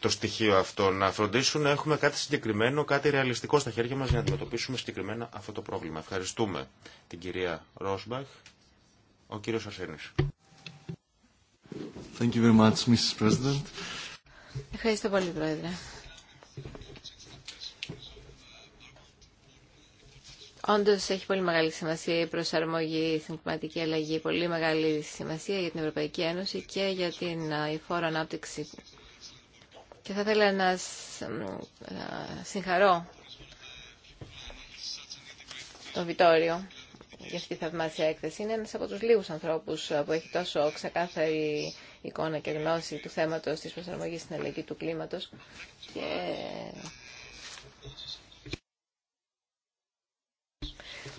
Speaker 3: το στοιχείο αυτό, να φροντίσουν να έχουμε κάτι συγκεκριμένο, κάτι ρεαλιστικό στα χέρια μας για να αντιμετωπίσουμε συγκεκριμένα αυτό το πρόβλημα. Ευχαριστούμε την κυρία Ρόσμπαχ. Ο κύριος Ασένης.
Speaker 2: Ευχαριστώ πολύ, Πρόεδρε. Όντω έχει πολύ μεγάλη σημασία η προσαρμογή στην κλιματική αλλαγή, πολύ μεγάλη σημασία για την Ευρωπαϊκή Ένωση και για την υφόρο ανάπτυξη. Και θα ήθελα να συγχαρώ τον Βιτόριο για αυτή τη θαυμάσια έκθεση. Είναι ένα από τους λίγους ανθρώπους ε, που έχει τόσο ξεκάθαρη εικόνα και γνώση του θέματος τη προσαρμογή στην αλλαγή του κλίματος και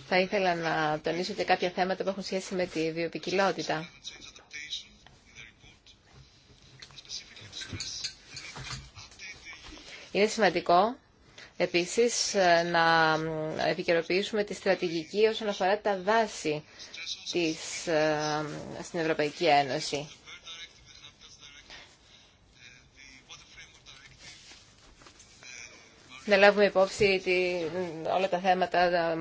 Speaker 2: θα ήθελα να τονίσω και κάποια θέματα που έχουν σχέση με τη βιοπικιλότητα. Είναι σημαντικό Επίσης, να επικαιροποιήσουμε τη στρατηγική όσον αφορά τα δάση της, ε, στην Ευρωπαϊκή Ένωση. να λάβουμε υπόψη όλα τα θέματα, ε,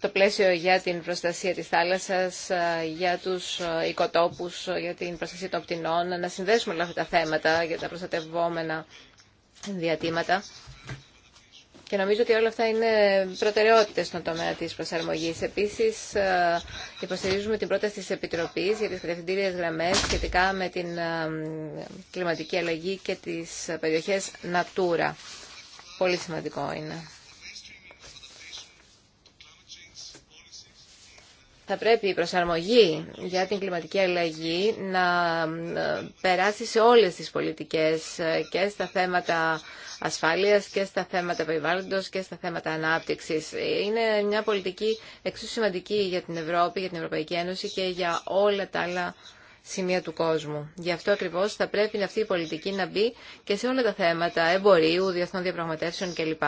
Speaker 2: το πλαίσιο για την προστασία της θάλασσας, ε, για τους οικοτόπους, για την προστασία των πτηνών, να συνδέσουμε όλα αυτά τα θέματα για τα προστατευόμενα διατήματα και νομίζω ότι όλα αυτά είναι προτεραιότητε στον τομέα τη προσαρμογή. Επίση, ε, υποστηρίζουμε την πρόταση τη Επιτροπή για τι κατευθυντήριε γραμμέ σχετικά με την ε, κλιματική αλλαγή και τι περιοχέ Natura. Πολύ σημαντικό είναι. θα πρέπει η προσαρμογή για την κλιματική αλλαγή να ε, περάσει σε όλες τις πολιτικές ε, και στα θέματα ασφάλειας και στα θέματα περιβάλλοντος και στα θέματα ανάπτυξης. Είναι μια πολιτική εξουσιαστική σημαντική για την Ευρώπη, για την Ευρωπαϊκή Ένωση και για όλα τα άλλα σημεία του κόσμου. Γι' αυτό ακριβώς θα πρέπει αυτή η πολιτική να μπει και σε όλα τα θέματα εμπορίου, διεθνών διαπραγματεύσεων κλπ.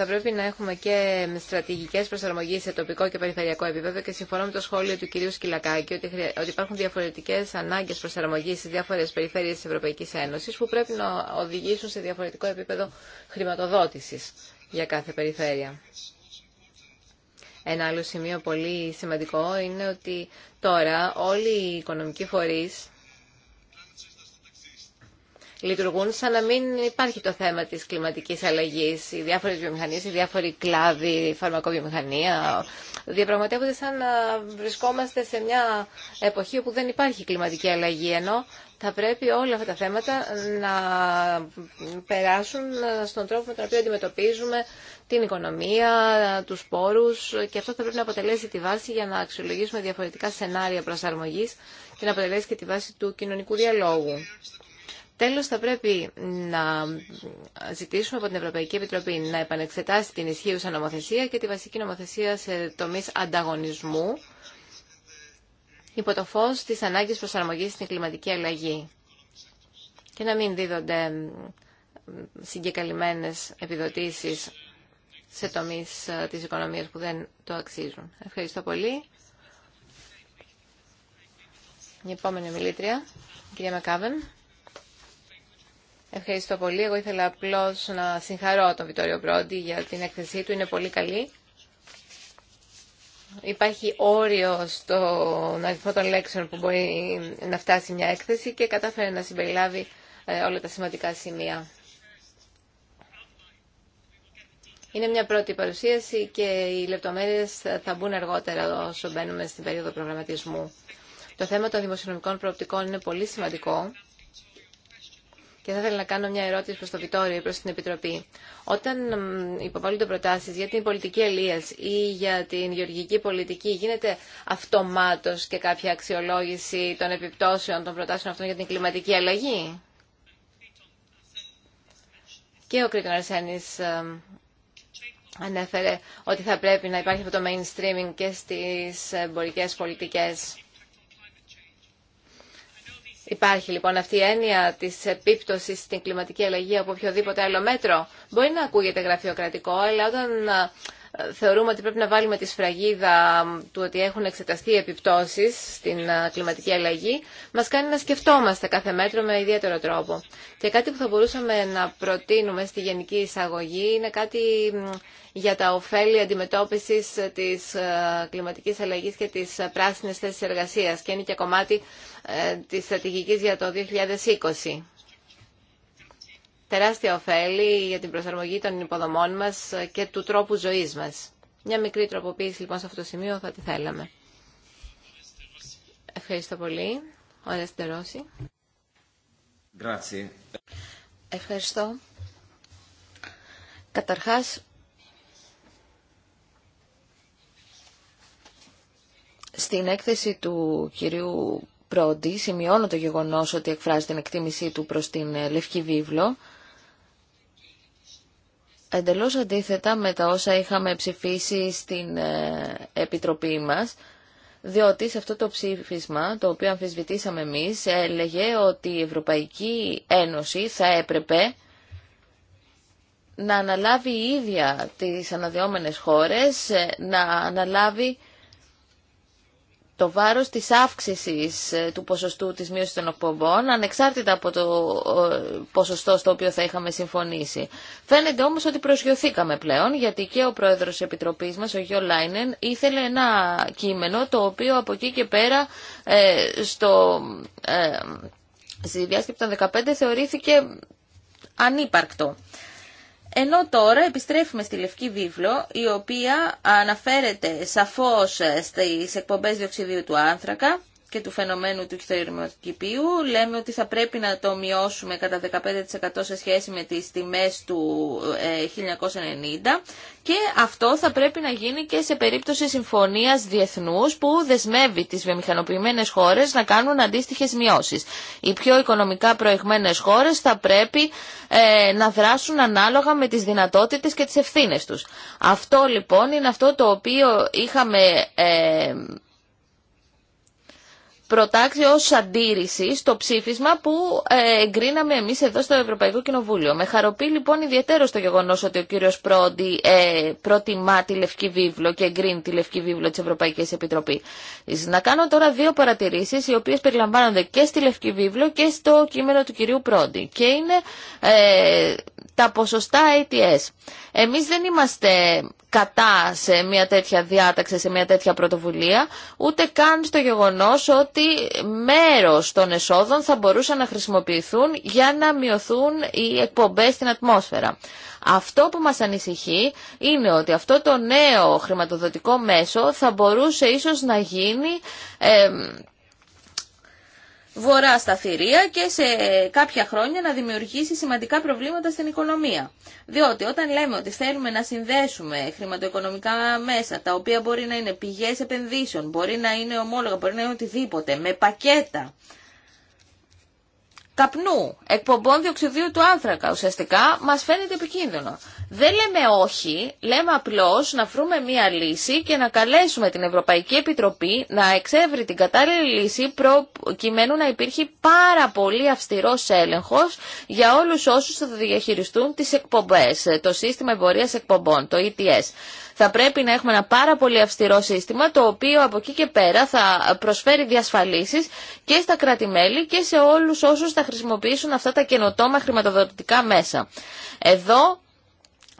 Speaker 2: θα πρέπει να έχουμε και στρατηγικές προσαρμογής σε τοπικό και περιφερειακό επίπεδο και συμφωνώ με το σχόλιο του κυρίου Σκυλακάκη ότι, υπάρχουν διαφορετικές ανάγκες προσαρμογής σε διάφορες περιφέρειες της ευρωπαϊκή Ένωσης που πρέπει να οδηγήσουν σε διαφορετικό επίπεδο χρηματοδότησης για κάθε περιφέρεια. Ένα άλλο σημείο πολύ σημαντικό είναι ότι τώρα όλοι οι οικονομικοί φορείς λειτουργούν σαν να μην υπάρχει το θέμα της κλιματικής αλλαγής. Οι διάφορες βιομηχανίες, οι διάφοροι κλάδοι, η φαρμακοβιομηχανία διαπραγματεύονται σαν να βρισκόμαστε σε μια εποχή όπου δεν υπάρχει κλιματική αλλαγή, ενώ θα πρέπει όλα αυτά τα θέματα να περάσουν στον τρόπο με τον οποίο αντιμετωπίζουμε την οικονομία, τους πόρους και αυτό θα πρέπει να αποτελέσει τη βάση για να αξιολογήσουμε διαφορετικά σενάρια προσαρμογής και να αποτελέσει και τη βάση του κοινωνικού διαλόγου. Τέλος, θα πρέπει να ζητήσουμε από την Ευρωπαϊκή Επιτροπή να επανεξετάσει την ισχύουσα νομοθεσία και τη βασική νομοθεσία σε τομείς ανταγωνισμού υπό το φως της ανάγκης προσαρμογής στην κλιματική αλλαγή και να μην δίδονται συγκεκαλυμμένες επιδοτήσεις σε τομείς ε, της οικονομίας που δεν το αξίζουν. Ευχαριστώ πολύ. Η επόμενη μιλήτρια, κυρία Μακάβεν. Ευχαριστώ πολύ. Εγώ ήθελα απλώ να συγχαρώ τον Βιτόριο Πρόντι για την έκθεσή του. Είναι πολύ καλή. Υπάρχει όριο στον αριθμό των λέξεων που μπορεί να φτάσει μια έκθεση και κατάφερε να συμπεριλάβει ε, όλα τα σημαντικά σημεία. Είναι μια πρώτη παρουσίαση και οι λεπτομέρειες θα μπουν αργότερα όσο μπαίνουμε στην περίοδο προγραμματισμού. Το θέμα των δημοσιονομικών προοπτικών είναι πολύ σημαντικό και θα ήθελα να κάνω μια ερώτηση προ το Βιτόριο ή προ την Επιτροπή. Όταν υποβάλλονται προτάσει για την πολιτική ελεία ή για την γεωργική πολιτική, γίνεται αυτομάτως και κάποια αξιολόγηση των επιπτώσεων των προτάσεων αυτών για την κλιματική αλλαγή. Και ο Κρήτον Αρσένη ε, ανέφερε ότι θα πρέπει να υπάρχει αυτό το mainstreaming και στι εμπορικέ πολιτικέ. Υπάρχει λοιπόν αυτή η έννοια της επίπτωσης στην κλιματική αλλαγή από οποιοδήποτε άλλο μέτρο. Μπορεί να ακούγεται γραφειοκρατικό, αλλά όταν θεωρούμε ότι πρέπει να βάλουμε τη σφραγίδα του ότι έχουν εξεταστεί επιπτώσεις στην κλιματική αλλαγή, μας κάνει να σκεφτόμαστε κάθε μέτρο με ιδιαίτερο τρόπο. Και κάτι που θα μπορούσαμε να προτείνουμε στη γενική εισαγωγή είναι κάτι για τα ωφέλη αντιμετώπισης της κλιματικής αλλαγής και της πράσινης θέσης εργασίας και είναι και κομμάτι ε, της στρατηγικής για το 2020 τεράστια ωφέλη για την προσαρμογή των υποδομών μας και του τρόπου ζωής μας. Μια μικρή τροποποίηση λοιπόν σε αυτό το σημείο θα τη θέλαμε. Ευχαριστώ πολύ. Ωραία
Speaker 1: Grazie.
Speaker 5: Ευχαριστώ. Καταρχάς, στην έκθεση του κυρίου Πρόντι σημειώνω το γεγονός ότι εκφράζει την εκτίμησή του προς την Λευκή Βίβλο εντελώς αντίθετα με τα όσα είχαμε ψηφίσει στην ε, Επιτροπή μας, διότι σε αυτό το ψήφισμα, το οποίο αμφισβητήσαμε εμείς, έλεγε ότι η Ευρωπαϊκή Ένωση θα έπρεπε να αναλάβει η ίδια τις αναδυόμενες χώρες, ε, να αναλάβει το βάρος της αύξησης ε, του ποσοστού της μείωσης των εκπομπών ανεξάρτητα από το ε, ποσοστό στο οποίο θα είχαμε συμφωνήσει. Φαίνεται όμως ότι προσγειωθήκαμε πλέον γιατί και ο πρόεδρος της Επιτροπής μας, ο Γιώ Λάινεν, ήθελε ένα κείμενο το οποίο από εκεί και πέρα ε, στο, ε, στη διάσκεψη των 15 θεωρήθηκε ανύπαρκτο. Ενώ τώρα επιστρέφουμε στη Λευκή Βίβλο, η οποία αναφέρεται σαφώς ε, στις εκπομπές διοξιδίου του άνθρακα και του φαινομένου του θερμοκηπίου. Λέμε ότι θα πρέπει να το μειώσουμε κατά 15% σε σχέση με τις τιμές του 1990 ε, και αυτό θα πρέπει να γίνει και σε περίπτωση συμφωνίας διεθνούς που δεσμεύει τις βιομηχανοποιημένες χώρες να κάνουν αντίστοιχες μειώσεις. Οι πιο οικονομικά προηγμένες χώρες θα πρέπει ε, να δράσουν ανάλογα με τις δυνατότητες και τις ευθύνες τους. Αυτό λοιπόν είναι αυτό το οποίο είχαμε ε, προτάξει ω αντίρρηση στο ψήφισμα που ε, εγκρίναμε εμείς εδώ στο Ευρωπαϊκό Κοινοβούλιο. Με χαροποιεί λοιπόν ιδιαίτερο το γεγονός ότι ο κύριος Πρόντι ε, προτιμά τη Λευκή Βίβλο και εγκρίνει τη Λευκή Βίβλο τη Ευρωπαϊκή Επιτροπή. Να κάνω τώρα δύο παρατηρήσεις οι οποίες περιλαμβάνονται και στη Λευκή Βίβλο και στο κείμενο του κυρίου Πρόντι και είναι ε, τα ποσοστά ATS. Εμείς δεν είμαστε κατά σε μια τέτοια διάταξη, σε μια τέτοια πρωτοβουλία, ούτε καν στο γεγονός ότι μέρος των εσόδων θα μπορούσαν να χρησιμοποιηθούν για να μειωθούν οι εκπομπές στην ατμόσφαιρα. Αυτό που μας ανησυχεί είναι ότι αυτό το νέο χρηματοδοτικό μέσο θα μπορούσε ίσως να γίνει βορρά στα θηρία και σε κάποια χρόνια να δημιουργήσει σημαντικά προβλήματα στην οικονομία. Διότι όταν λέμε ότι θέλουμε να συνδέσουμε χρηματοοικονομικά μέσα, τα οποία μπορεί να είναι πηγές επενδύσεων, μπορεί να είναι ομόλογα, μπορεί να είναι οτιδήποτε, με πακέτα καπνού, εκπομπών διοξιδίου του άνθρακα ουσιαστικά μας φαίνεται επικίνδυνο. Δεν λέμε όχι, λέμε απλώς να βρούμε μία λύση και να καλέσουμε την Ευρωπαϊκή Επιτροπή να εξεύρει την κατάλληλη λύση προκειμένου να υπήρχε πάρα πολύ αυστηρός έλεγχος για όλους όσους θα διαχειριστούν τις εκπομπές, το σύστημα εμπορίας εκπομπών, το ETS. Θα πρέπει να έχουμε ένα πάρα πολύ αυστηρό σύστημα το οποίο από εκεί και πέρα θα προσφέρει διασφαλίσεις και στα κρατη και σε όλους όσους θα χρησιμοποιήσουν αυτά τα καινοτόμα χρηματοδοτικά μέσα. Εδώ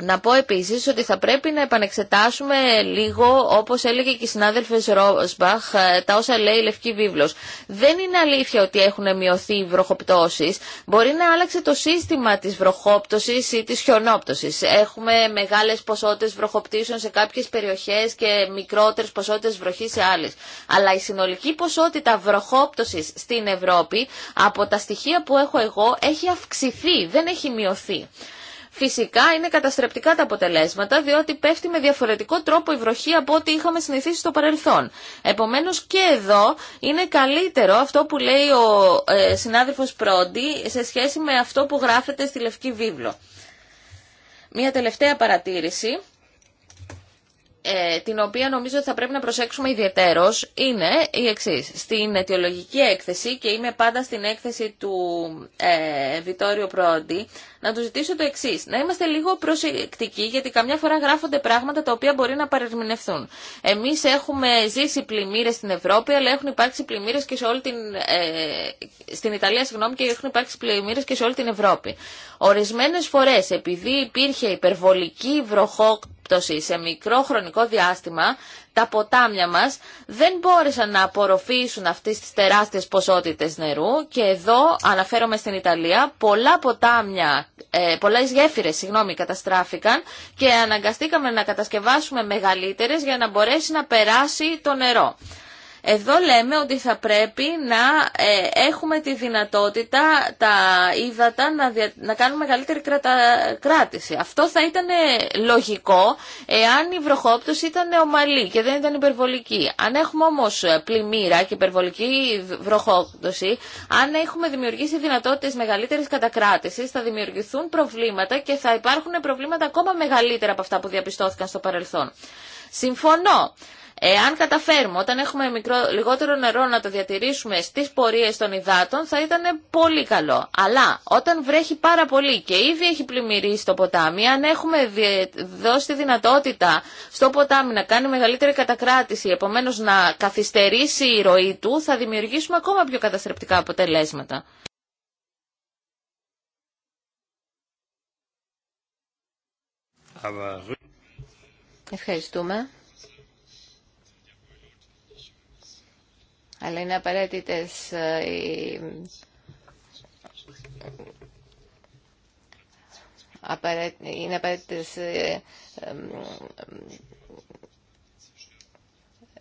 Speaker 5: να πω επίσης ότι θα πρέπει να επανεξετάσουμε λίγο, όπως έλεγε και η συνάδελφες Ρόσμπαχ, ε, τα όσα λέει η Λευκή Βίβλος. Δεν είναι αλήθεια ότι έχουν μειωθεί οι βροχοπτώσεις. Μπορεί να άλλαξε το σύστημα της βροχόπτωσης ή της χιονόπτωσης. Έχουμε μεγάλες ποσότητες βροχοπτήσεων σε κάποιες περιοχές και μικρότερες ποσότητες βροχή σε άλλες. Αλλά η συνολική ποσότητα βροχόπτωσης στην Ευρώπη, από τα στοιχεία που έχω εγώ, έχει αυξηθεί, δεν έχει μειωθεί. Φυσικά είναι καταστρεπτικά τα αποτελέσματα, διότι πέφτει με διαφορετικό τρόπο η βροχή από ό,τι είχαμε συνηθίσει στο παρελθόν. Επομένω και εδώ είναι καλύτερο αυτό που λέει ο ε, συνάδελφο Πρόντι σε σχέση με αυτό που γράφεται στη Λευκή Βίβλο. Μία τελευταία παρατήρηση ε, την οποία νομίζω ότι θα πρέπει να προσέξουμε ιδιαιτέρως είναι η εξή Στην αιτιολογική έκθεση και είμαι πάντα στην έκθεση του ε, Βιτόριο Πρόντι να του ζητήσω το εξή. Να είμαστε λίγο προσεκτικοί, γιατί καμιά φορά γράφονται πράγματα τα οποία μπορεί να παρερμηνευθούν. Εμεί έχουμε ζήσει πλημμύρε στην Ευρώπη, αλλά έχουν υπάρξει πλημμύρε και σε όλη την. Ε, στην Ιταλία, συγγνώμη, και έχουν υπάρξει πλημμύρε και σε όλη την Ευρώπη. Ορισμένε φορέ, επειδή υπήρχε υπερβολική βροχό περίπτωση σε μικρό χρονικό διάστημα τα ποτάμια μας δεν μπόρεσαν να απορροφήσουν αυτές τις τεράστιες ποσότητες νερού και εδώ αναφέρομαι στην Ιταλία πολλά ποτάμια, ε, πολλές γέφυρες συγγνώμη, καταστράφηκαν και αναγκαστήκαμε να κατασκευάσουμε μεγαλύτερες για να μπορέσει να περάσει το νερό. Εδώ λέμε ότι θα πρέπει να ε, έχουμε τη δυνατότητα τα ύδατα να, να κάνουν μεγαλύτερη κρατα... κράτηση. Αυτό θα ήταν λογικό εάν η βροχόπτωση ήταν ομαλή και δεν ήταν υπερβολική. Αν έχουμε όμως πλημμύρα και υπερβολική βροχόπτωση, αν έχουμε δημιουργήσει δυνατότητες μεγαλύτερης κατακράτησης, θα δημιουργηθούν προβλήματα και θα υπάρχουν προβλήματα ακόμα μεγαλύτερα από αυτά που διαπιστώθηκαν στο παρελθόν. Συμφωνώ Εάν καταφέρουμε όταν έχουμε μικρό, λιγότερο νερό να το διατηρήσουμε στις πορείες των υδάτων θα ήταν πολύ καλό. Αλλά όταν βρέχει πάρα πολύ και ήδη έχει πλημμυρίσει το ποτάμι, αν έχουμε δώσει τη δυνατότητα στο ποτάμι να κάνει μεγαλύτερη κατακράτηση, επομένως να καθυστερήσει η ροή του, θα δημιουργήσουμε ακόμα πιο καταστρεπτικά αποτελέσματα.
Speaker 2: Ευχαριστούμε. αλλά είναι απαραίτητες ε, οι είναι απαραίτητες ε,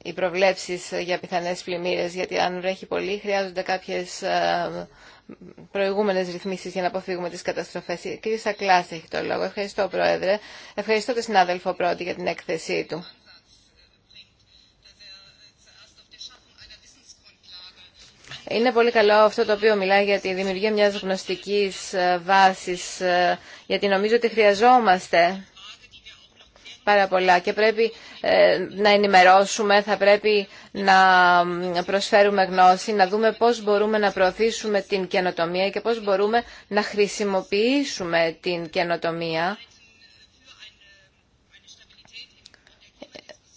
Speaker 2: οι προβλέψεις για πιθανές πλημμύρες, γιατί αν βρέχει πολύ χρειάζονται κάποιες ε, προηγούμενες ρυθμίσεις για να αποφύγουμε τις καταστροφές. Κύριε Σακλάς έχει το λόγο. Ευχαριστώ, Πρόεδρε. Ευχαριστώ τον συνάδελφο πρώτη για την έκθεσή του. Είναι πολύ καλό αυτό το οποίο μιλάει για τη δημιουργία μιας γνωστικής ε, βάσης, ε, γιατί νομίζω ότι χρειαζόμαστε πάρα πολλά και πρέπει ε, να ενημερώσουμε, θα πρέπει να προσφέρουμε γνώση, να δούμε πώς μπορούμε να προωθήσουμε την καινοτομία και πώς μπορούμε να χρησιμοποιήσουμε την καινοτομία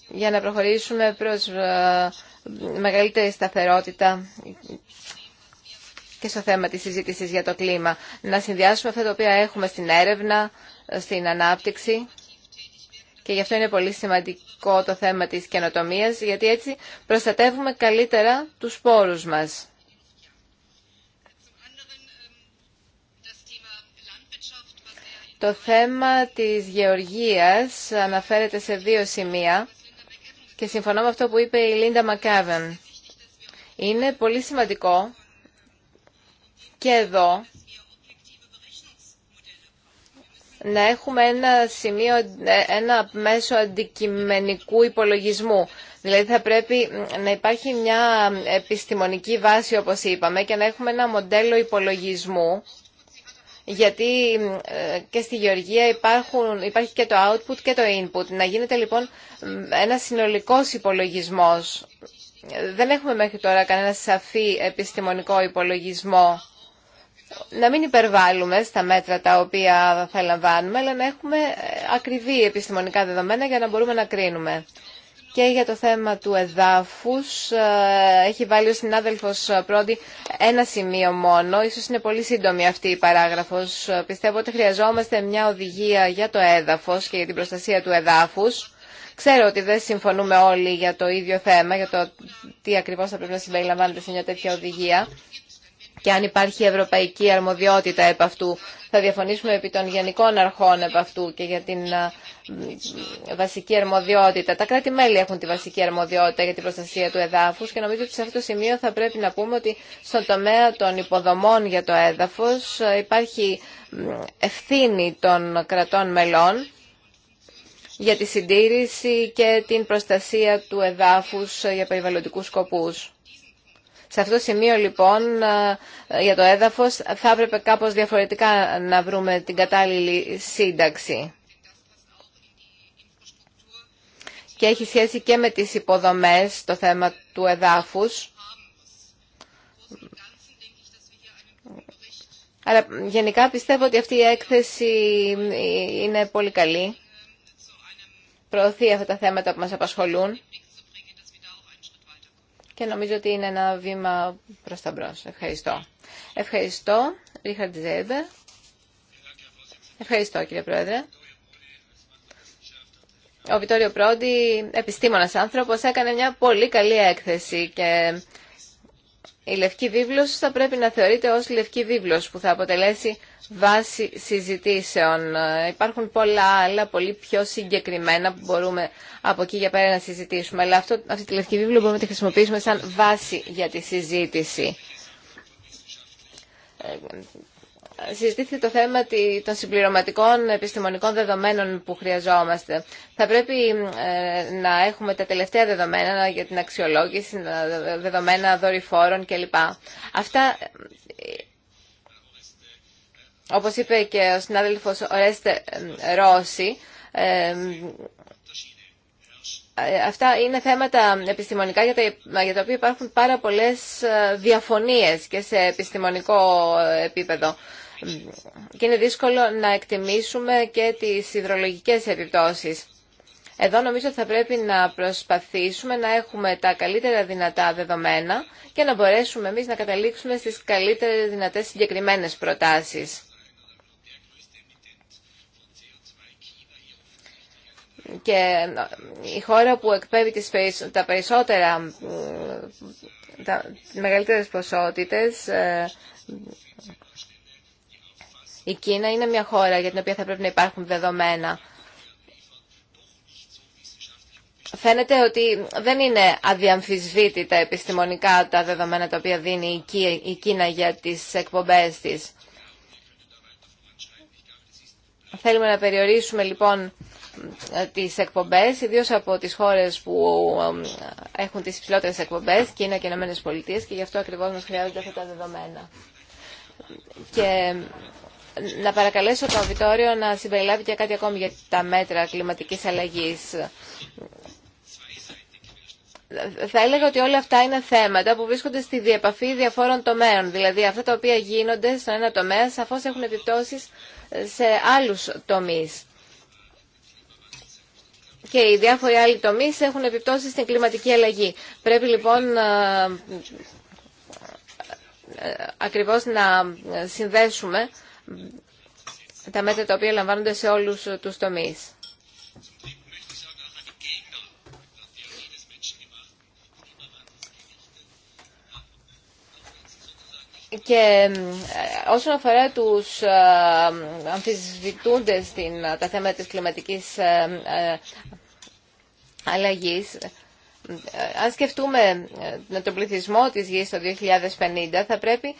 Speaker 2: για να προχωρήσουμε προς μεγαλύτερη σταθερότητα και στο θέμα της συζήτηση για το κλίμα. Να συνδυάσουμε αυτά τα οποία έχουμε στην έρευνα, στην ανάπτυξη και γι' αυτό είναι πολύ σημαντικό το θέμα της καινοτομίας, γιατί έτσι προστατεύουμε καλύτερα τους πόρους μας. Το θέμα της γεωργίας αναφέρεται σε δύο σημεία και συμφωνώ με αυτό που είπε η Λίντα Μακάβεν. Είναι πολύ σημαντικό και εδώ να έχουμε ένα σημείο, ένα μέσο αντικειμενικού υπολογισμού. Δηλαδή θα πρέπει να υπάρχει μια επιστημονική βάση όπως είπαμε και να έχουμε ένα μοντέλο υπολογισμού γιατί ε, και στη γεωργία υπάρχουν, υπάρχει και το output και το input. Να γίνεται λοιπόν ένα συνολικός υπολογισμός. Δεν έχουμε μέχρι τώρα κανένα σαφή επιστημονικό υπολογισμό. Να μην υπερβάλλουμε στα μέτρα τα οποία θα λαμβάνουμε, αλλά να έχουμε ε, ακριβή επιστημονικά δεδομένα για να μπορούμε να κρίνουμε και για το θέμα του εδάφους ε, έχει βάλει ο συνάδελφος πρώτη ένα σημείο μόνο. Ίσως είναι πολύ σύντομη αυτή η παράγραφος. Ε, πιστεύω ότι χρειαζόμαστε μια οδηγία για το έδαφος και για την προστασία του εδάφους. Ξέρω ότι δεν συμφωνούμε όλοι για το ίδιο θέμα, για το τι ακριβώς θα πρέπει να συμπεριλαμβάνεται σε μια τέτοια οδηγία και αν υπάρχει ευρωπαϊκή αρμοδιότητα επ' αυτού. Θα διαφωνήσουμε επί των γενικών αρχών επ' αυτού και για την βασική αρμοδιότητα. Τα κράτη-μέλη έχουν τη βασική αρμοδιότητα για την προστασία του εδάφου και νομίζω ότι σε αυτό το σημείο θα πρέπει να πούμε ότι στον τομέα των υποδομών για το έδαφο υπάρχει ευθύνη των κρατών μελών για τη συντήρηση και την προστασία του εδάφους για περιβαλλοντικούς σκοπούς. Σε αυτό το σημείο λοιπόν για το έδαφος θα έπρεπε κάπως διαφορετικά να βρούμε την κατάλληλη σύνταξη. Και έχει σχέση και με τις υποδομές το θέμα του εδάφους. Αλλά γενικά πιστεύω ότι αυτή η έκθεση είναι πολύ καλή. Προωθεί αυτά τα θέματα που μας απασχολούν και νομίζω ότι είναι ένα βήμα προς τα μπρος. Ευχαριστώ. Ευχαριστώ, Ρίχαρτ Ζέιμπερ. Ευχαριστώ, κύριε Πρόεδρε. Ο Βιτόριο Πρόντι, επιστήμονας άνθρωπος, έκανε μια πολύ καλή έκθεση και η Λευκή Βίβλος θα πρέπει να θεωρείται ως Λευκή Βίβλος που θα αποτελέσει βάση συζητήσεων. Υπάρχουν πολλά άλλα, πολύ πιο συγκεκριμένα που μπορούμε από εκεί για πέρα να συζητήσουμε. Αλλά αυτό, αυτή τη Λευκή Βίβλο μπορούμε να τη χρησιμοποιήσουμε σαν βάση για τη συζήτηση. Ε, συζητήθηκε το θέμα των συμπληρωματικών επιστημονικών δεδομένων που χρειαζόμαστε. Θα πρέπει ε, να έχουμε τα τελευταία δεδομένα για την αξιολόγηση, δεδομένα δορυφόρων κλπ. Αυτά, ε, όπως είπε και ο συνάδελφος Ορέστε ε, Ρώση, αυτά είναι θέματα επιστημονικά για τα, για οποία υπάρχουν πάρα πολλές διαφωνίες και σε επιστημονικό επίπεδο και είναι δύσκολο να εκτιμήσουμε και τις υδρολογικές επιπτώσεις. Εδώ νομίζω ότι θα πρέπει να προσπαθήσουμε να έχουμε τα καλύτερα δυνατά δεδομένα και να μπορέσουμε εμείς να καταλήξουμε στις καλύτερες δυνατές συγκεκριμένες προτάσεις. Και η χώρα που εκπέμπει τις, τα περισσότερα, τα μεγαλύτερες ποσότητες ε, η Κίνα είναι μια χώρα για την οποία θα πρέπει να υπάρχουν δεδομένα. Φαίνεται ότι δεν είναι αδιαμφισβήτητα επιστημονικά τα δεδομένα τα οποία δίνει η Κίνα για τις εκπομπές της. Θέλουμε να περιορίσουμε λοιπόν τις εκπομπές, ιδίως από τις χώρες που έχουν τις υψηλότερες εκπομπές, Κίνα και Ηνωμένες Πολιτείες, και γι' αυτό ακριβώς μας χρειάζονται αυτά τα δεδομένα. Και να παρακαλέσω τον Βιτόριο να συμπεριλάβει και κάτι ακόμη για τα μέτρα κλιματικής αλλαγής. Θα έλεγα ότι όλα αυτά είναι θέματα που βρίσκονται στη διεπαφή διαφόρων τομέων. Δηλαδή αυτά τα οποία γίνονται στον ένα τομέα σαφώς έχουν επιπτώσεις σε άλλους τομείς. Και οι διάφοροι άλλοι τομείς έχουν επιπτώσεις στην κλιματική αλλαγή. Πρέπει λοιπόν ε, ε, ε, ακριβώς να συνδέσουμε τα μέτρα τα οποία λαμβάνονται σε όλους τους τομείς. Και όσον αφορά τους ε, αμφισβητούντες στην, τα θέματα της κλιματικής ε, ε, αλλαγής, αν σκεφτούμε ε, τον πληθυσμό της γης το 2050, θα πρέπει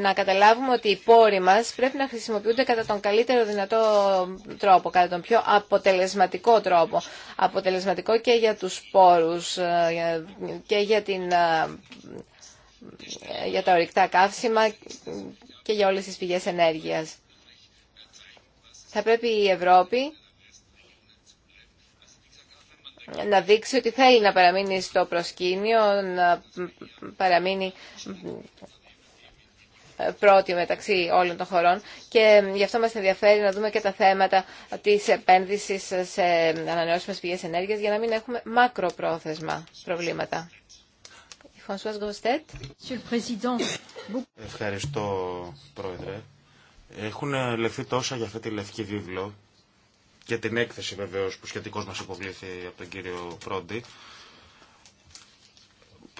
Speaker 2: να καταλάβουμε ότι οι πόροι μας πρέπει να χρησιμοποιούνται κατά τον καλύτερο δυνατό τρόπο, κατά τον πιο αποτελεσματικό τρόπο. Αποτελεσματικό και για τους πόρους ε, και για, την, ε, για τα ορυκτά καύσιμα και για όλες τις πηγές ενέργειας. Θα πρέπει η Ευρώπη να δείξει ότι θέλει να παραμείνει στο προσκήνιο, να παραμείνει πρώτη μεταξύ όλων των χωρών και γι' αυτό μας ενδιαφέρει να δούμε και τα θέματα της επένδυσης σε ανανεώσιμες πηγές ενέργειας για να μην έχουμε μακροπρόθεσμα προβλήματα.
Speaker 3: Ευχαριστώ, Πρόεδρε. Έχουν λεφθεί τόσα για αυτή τη λευκή βίβλο και την έκθεση βεβαίως που σχετικώ μα υποβλήθη από τον κύριο Πρόντι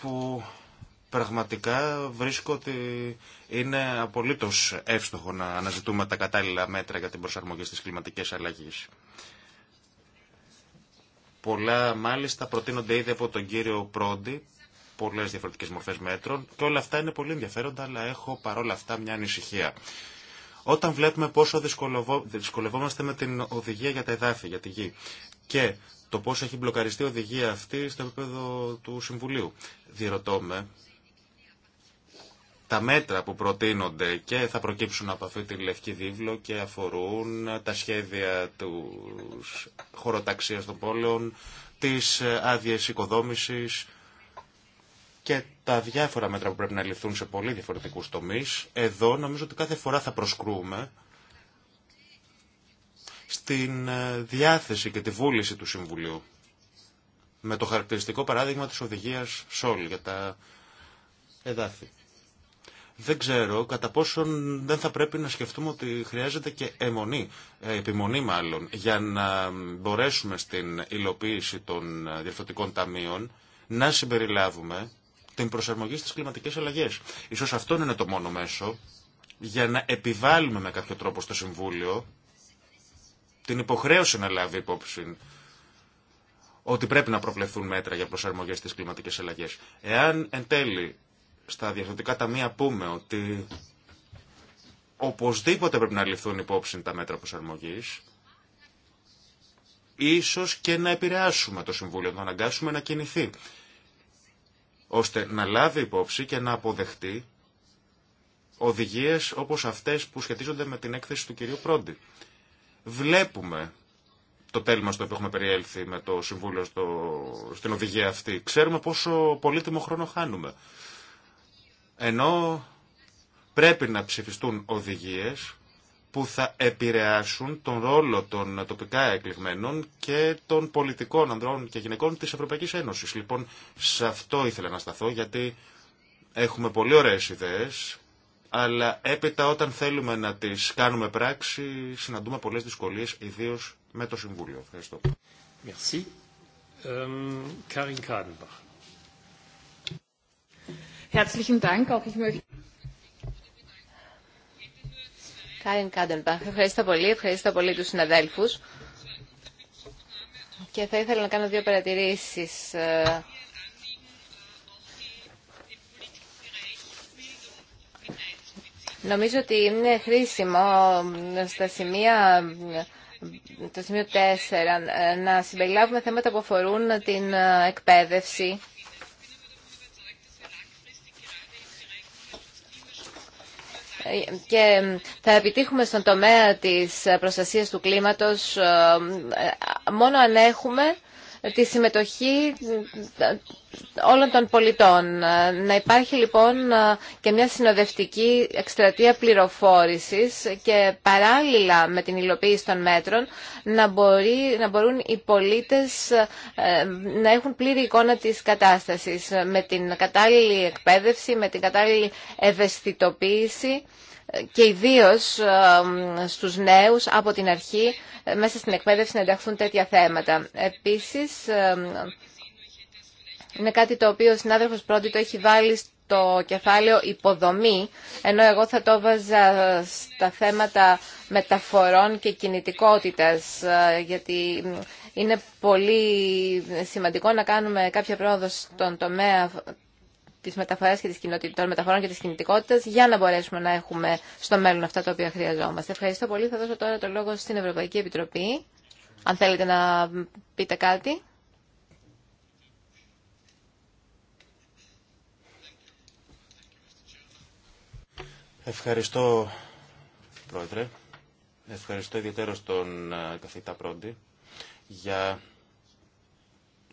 Speaker 3: που πραγματικά βρίσκω ότι είναι απολύτως εύστοχο να αναζητούμε τα κατάλληλα μέτρα για την προσαρμογή στις κλιματικές αλλαγές. Πολλά μάλιστα προτείνονται ήδη από τον κύριο Πρόντι, πολλές διαφορετικές μορφές μέτρων και όλα αυτά είναι πολύ ενδιαφέροντα αλλά έχω παρόλα αυτά μια ανησυχία. Όταν βλέπουμε πόσο δυσκολευόμαστε με την οδηγία για τα εδάφη, για τη γη και το πόσο έχει μπλοκαριστεί η οδηγία αυτή στο επίπεδο του Συμβουλίου. Διερωτώ τα μέτρα που προτείνονται και θα προκύψουν από αυτή τη Λευκή Δίβλο και αφορούν τα σχέδια του χωροταξίας των πόλεων, τις άδειες οικοδόμησης, και τα διάφορα μέτρα που πρέπει να ληφθούν σε πολύ διαφορετικούς τομείς. Εδώ νομίζω ότι κάθε φορά θα προσκρούμε στην ε, διάθεση και τη βούληση του Συμβουλίου. Με το χαρακτηριστικό παράδειγμα της οδηγίας ΣΟΛ για τα εδάφη. Δεν ξέρω κατά πόσον δεν θα πρέπει να σκεφτούμε ότι χρειάζεται και αιμονή, ε, επιμονή μάλλον, για να μπορέσουμε στην υλοποίηση των ε, διευθυντικών ταμείων να συμπεριλάβουμε την προσαρμογή στις κλιματικές αλλαγές. Ίσως αυτό είναι το μόνο μέσο για να επιβάλλουμε με κάποιο τρόπο στο Συμβούλιο την υποχρέωση να λάβει υπόψη ότι πρέπει να προβλεφθούν μέτρα για προσαρμογές στις κλιματικές αλλαγές. Εάν εν τέλει στα διαφορετικά ταμεία πούμε ότι οπωσδήποτε πρέπει να ληφθούν υπόψη τα μέτρα προσαρμογής, ίσως και να επηρεάσουμε το Συμβούλιο, να αναγκάσουμε να κινηθεί ώστε να λάβει υπόψη και να αποδεχτεί οδηγίες όπως αυτές που σχετίζονται με την έκθεση του κυρίου Πρόντι. Βλέπουμε το τέλμα στο οποίο έχουμε περιέλθει με το Συμβούλιο στο, στην οδηγία αυτή. Ξέρουμε πόσο πολύτιμο χρόνο χάνουμε. Ενώ πρέπει να ψηφιστούν οδηγίες που θα επηρεάσουν τον ρόλο των τοπικά εκλεγμένων και των πολιτικών ανδρών και γυναικών της Ευρωπαϊκής Ένωσης. Λοιπόν, σε αυτό ήθελα να σταθώ, γιατί έχουμε πολύ ωραίες ιδέες, αλλά έπειτα όταν θέλουμε να τις κάνουμε πράξη, συναντούμε πολλές δυσκολίες, ιδίως με το Συμβούλιο. Ευχαριστώ. Merci. Karin Kadenbach.
Speaker 2: Herzlichen Dank. Auch ich möchte... Ευχαριστώ πολύ. Ευχαριστώ πολύ τους συναδέλφους. Και θα ήθελα να κάνω δύο παρατηρήσεις. Νομίζω ότι είναι χρήσιμο στα σημεία το σημείο 4 να συμπεριλάβουμε θέματα που αφορούν την εκπαίδευση και θα επιτύχουμε στον τομέα της προστασίας του κλίματος ε, ε, μόνο αν έχουμε τη συμμετοχή όλων των πολιτών. Να υπάρχει λοιπόν και μια συνοδευτική εκστρατεία πληροφόρησης και παράλληλα με την υλοποίηση των μέτρων να, μπορεί, να μπορούν οι πολίτες ε, να έχουν πλήρη εικόνα της κατάστασης με την κατάλληλη εκπαίδευση, με την κατάλληλη ευαισθητοποίηση και ιδίω στους νέους από την αρχή μέσα στην εκπαίδευση να ενταχθούν τέτοια θέματα. Επίσης, είναι κάτι το οποίο ο συνάδελφος πρώτη το έχει βάλει στο κεφάλαιο υποδομή, ενώ εγώ θα το βάζα στα θέματα μεταφορών και κινητικότητας, ε, γιατί είναι πολύ σημαντικό να κάνουμε κάποια πρόοδο στον τομέα της μεταφοράς και των μεταφορών και τη κινητικότητας για να μπορέσουμε να έχουμε στο μέλλον αυτά τα οποία χρειαζόμαστε. Ευχαριστώ πολύ. Θα δώσω τώρα το λόγο στην Ευρωπαϊκή Επιτροπή. Αν θέλετε να πείτε κάτι.
Speaker 3: Ευχαριστώ, Πρόεδρε. Ευχαριστώ ιδιαίτερα τον ε, καθηγητά Πρόντι για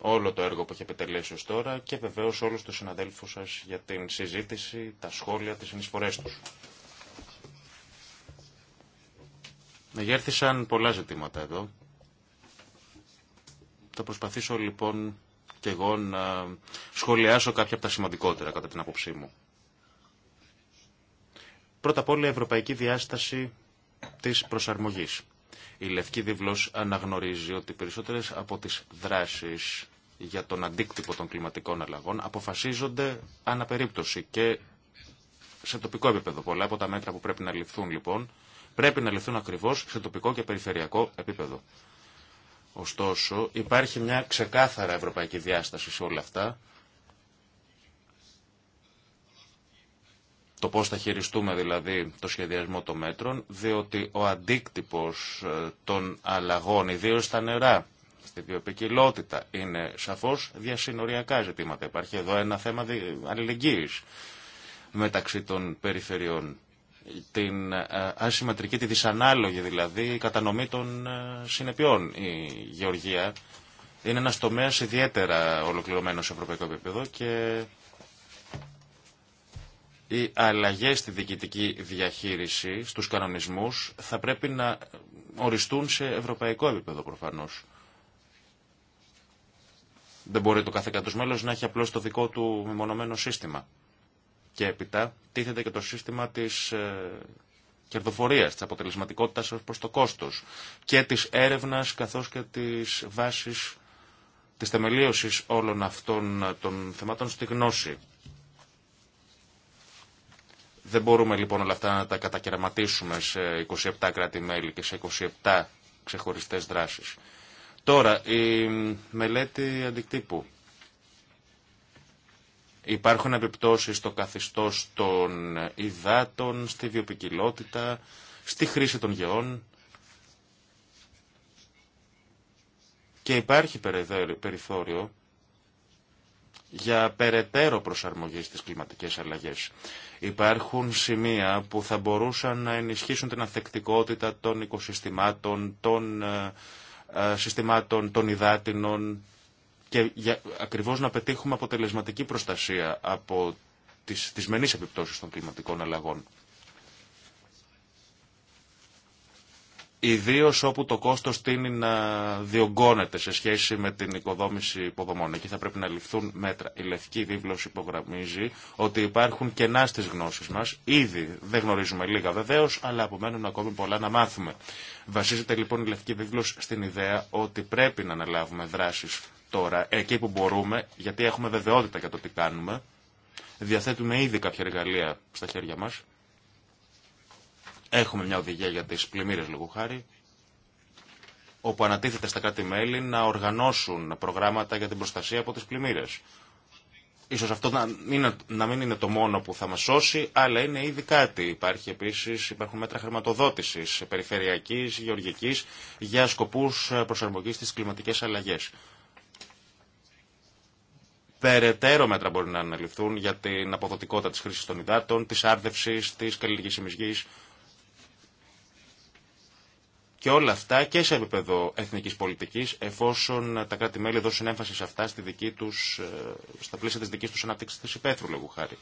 Speaker 3: όλο το έργο που έχει επιτελέσει ως τώρα και βεβαίως όλους τους συναδέλφους σας για την συζήτηση, τα σχόλια, τις συνεισφορές τους. Μεγέρθησαν πολλά ζητήματα εδώ. Θα προσπαθήσω λοιπόν και εγώ να σχολιάσω κάποια από τα σημαντικότερα κατά την άποψή μου. Πρώτα απ' όλα η ευρωπαϊκή διάσταση της προσαρμογής. Η Λευκή Διβλός αναγνωρίζει ότι περισσότερες από τις δράσεις για τον αντίκτυπο των κλιματικών αλλαγών αποφασίζονται αναπερίπτωση και σε τοπικό επίπεδο. Πολλά από τα μέτρα που πρέπει να ληφθούν λοιπόν πρέπει να ληφθούν ακριβώς σε τοπικό και περιφερειακό επίπεδο. Ωστόσο υπάρχει μια ξεκάθαρα ευρωπαϊκή διάσταση σε όλα αυτά. Το πώς θα χειριστούμε δηλαδή το σχεδιασμό των μέτρων, διότι ο αντίκτυπος ε, των αλλαγών, ιδίως στα νερά, στη βιοπικιλότητα. Είναι σαφώς διασυνοριακά ζητήματα. Υπάρχει εδώ ένα θέμα αλληλεγγύης μεταξύ των περιφερειών. Την ε, ασυμμετρική, τη δυσανάλογη δηλαδή κατανομή των ε, συνεπειών. Η Γεωργία είναι ένας τομέας ιδιαίτερα ολοκληρωμένο σε ευρωπαϊκό επίπεδο και οι αλλαγές στη διοικητική διαχείριση, στους κανονισμούς, θα πρέπει να οριστούν σε ευρωπαϊκό επίπεδο προφανώς. Δεν μπορεί το κάθε κράτο να έχει απλώ το δικό του μεμονωμένο σύστημα. Και έπειτα τίθεται και το σύστημα τη ε, κερδοφορία, τη αποτελεσματικότητα ω προ το κόστο και τη έρευνα καθώ και τη βάση τη θεμελίωση όλων αυτών ε, των θεμάτων στη γνώση. Δεν μπορούμε λοιπόν όλα αυτά να τα κατακαιρματίσουμε σε 27 κράτη-μέλη και σε 27 ξεχωριστές δράσεις. Τώρα, η μελέτη αντικτύπου. Υπάρχουν επιπτώσεις στο καθιστός των υδάτων, στη βιοπικιλότητα, στη χρήση των γεών. Και υπάρχει περιθώριο για περαιτέρω προσαρμογή στις κλιματικές αλλαγές. Υπάρχουν σημεία που θα μπορούσαν να ενισχύσουν την αθεκτικότητα των οικοσυστημάτων, των ε, ε, συστημάτων των υδάτινων και για, ακριβώς να πετύχουμε αποτελεσματική προστασία από τις, τις μενείς επιπτώσεις των κλιματικών αλλαγών. Ιδίω όπου το κόστο τίνει να διωγγώνεται σε σχέση με την οικοδόμηση υποδομών. Εκεί θα πρέπει να ληφθούν μέτρα. Η Λευκή Βίβλος υπογραμμίζει ότι υπάρχουν κενά στι γνώσει μα. Ήδη δεν γνωρίζουμε λίγα βεβαίω, αλλά απομένουν ακόμη πολλά να μάθουμε. Βασίζεται λοιπόν η Λευκή Βίβλος στην ιδέα ότι πρέπει να αναλάβουμε δράσει τώρα, εκεί που μπορούμε, γιατί έχουμε βεβαιότητα για το τι κάνουμε. Διαθέτουμε ήδη κάποια εργαλεία στα χέρια μα. Έχουμε μια οδηγία για τις πλημμύρες λόγω χάρη, όπου ανατίθεται στα κράτη-μέλη να οργανώσουν προγράμματα για την προστασία από τις πλημμύρες. Ίσως αυτό να, μην είναι το μόνο που θα μας σώσει, αλλά είναι ήδη κάτι. Υπάρχει επίσης, υπάρχουν μέτρα χρηματοδότησης περιφερειακής, γεωργικής, για σκοπούς προσαρμογής στις κλιματικές αλλαγές. Περαιτέρω μέτρα μπορεί να αναλυθούν για την αποδοτικότητα της χρήσης των υδάτων, της άρδευσης, της καλλιεργήσιμης γης, και όλα αυτά και σε επίπεδο εθνική πολιτική, εφόσον τα κράτη-μέλη δώσουν έμφαση σε αυτά στη δική τους, ε, στα πλαίσια τη δική του ανάπτυξη τη υπαίθρου, λόγου χάρη.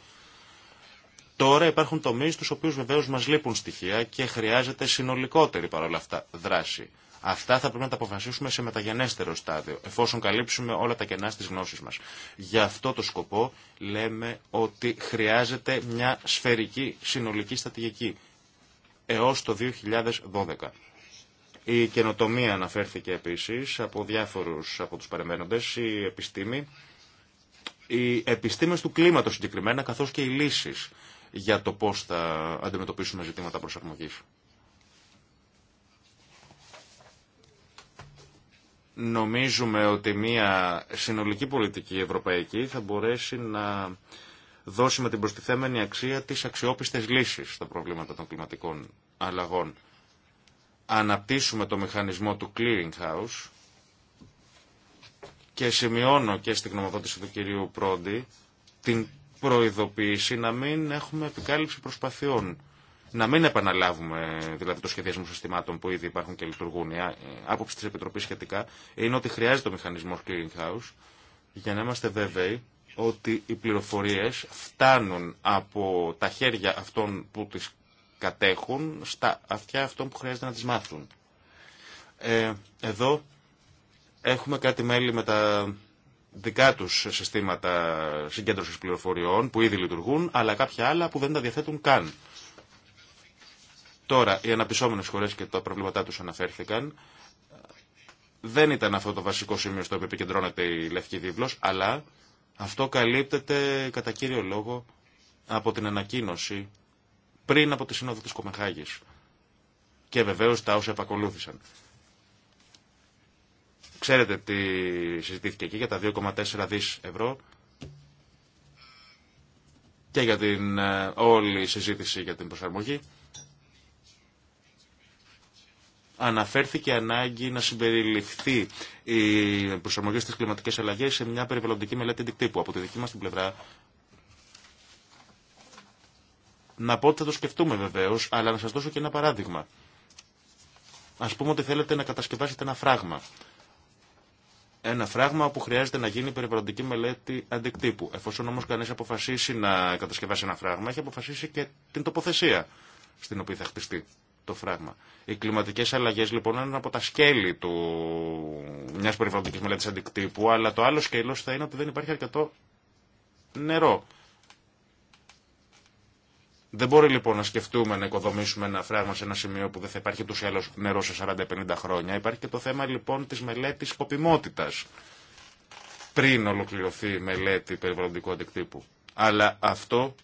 Speaker 3: Τώρα υπάρχουν τομεί στου οποίου βεβαίω μα λείπουν στοιχεία και χρειάζεται συνολικότερη παρόλα αυτά δράση. Αυτά θα πρέπει να τα αποφασίσουμε σε μεταγενέστερο στάδιο, εφόσον καλύψουμε όλα τα κενά στις γνώσει μα. Γι' αυτό το σκοπό λέμε ότι χρειάζεται μια σφαιρική συνολική στρατηγική έω το 2012. Η καινοτομία αναφέρθηκε επίσης από διάφορους από τους παρεμβαίνοντες, η επιστήμη, οι επιστήμες του κλίματος συγκεκριμένα, καθώς και οι λύσεις για το πώς θα αντιμετωπίσουμε ζητήματα προσαρμογής. Νομίζουμε ότι μια συνολική πολιτική ευρωπαϊκή θα μπορέσει να δώσει με την προστιθέμενη αξία τις αξιόπιστες λύσεις στα προβλήματα των κλιματικών αλλαγών αναπτύσσουμε το μηχανισμό του clearing house και σημειώνω και στην γνωμοδότηση του κυρίου Πρόντι την προειδοποίηση να μην έχουμε επικάλυψη προσπαθειών. Να μην επαναλάβουμε δηλαδή το σχεδιασμό συστημάτων που ήδη υπάρχουν και λειτουργούν. Η άποψη τη Επιτροπή σχετικά είναι ότι χρειάζεται ο μηχανισμό clearing house για να είμαστε βέβαιοι ότι οι πληροφορίε φτάνουν από τα χέρια αυτών που τι κατέχουν στα αυτιά αυτών που χρειάζεται να τις μάθουν. Ε, εδώ έχουμε κάτι μέλη με τα δικά τους συστήματα συγκέντρωσης πληροφοριών που ήδη λειτουργούν, αλλά κάποια άλλα που δεν τα διαθέτουν καν. Τώρα, οι αναπτυσσόμενες χώρε και τα προβλήματά τους αναφέρθηκαν. Δεν ήταν αυτό το βασικό σημείο στο οποίο επικεντρώνεται η Λευκή Δίβλος, αλλά αυτό καλύπτεται κατά κύριο λόγο από την ανακοίνωση πριν από τη Σύνοδο της Κομεχάγης Και βεβαίως τα όσα επακολούθησαν. Ξέρετε τι συζητήθηκε εκεί για τα 2,4 δις ευρώ και για την ε, όλη συζήτηση για την προσαρμογή. Αναφέρθηκε ανάγκη να συμπεριληφθεί η προσαρμογή στις κλιματικές αλλαγές σε μια περιβαλλοντική μελέτη εντυκτύπου. Από τη δική μας την πλευρά να πω ότι θα το σκεφτούμε βεβαίω, αλλά να σα δώσω και ένα παράδειγμα. Α πούμε ότι θέλετε να κατασκευάσετε ένα φράγμα. Ένα φράγμα που χρειάζεται να γίνει περιβαλλοντική μελέτη αντικτύπου. Εφόσον όμω κανεί αποφασίσει να κατασκευάσει ένα φράγμα, έχει αποφασίσει και την τοποθεσία στην οποία θα χτιστεί το φράγμα. Οι κλιματικέ αλλαγέ λοιπόν είναι από τα σκέλη του... μια περιβαλλοντική μελέτη αντικτύπου, αλλά το άλλο σκέλο θα είναι ότι δεν υπάρχει αρκετό νερό. Δεν μπορεί λοιπόν να σκεφτούμε να οικοδομήσουμε ένα φράγμα σε ένα σημείο που δεν θα υπάρχει του άλλου νερό σε 40-50 χρόνια. Υπάρχει και το θέμα λοιπόν τη μελέτη σκοπιμότητα πριν ολοκληρωθεί η μελέτη περιβαλλοντικού αντικτύπου. Αλλά αυτό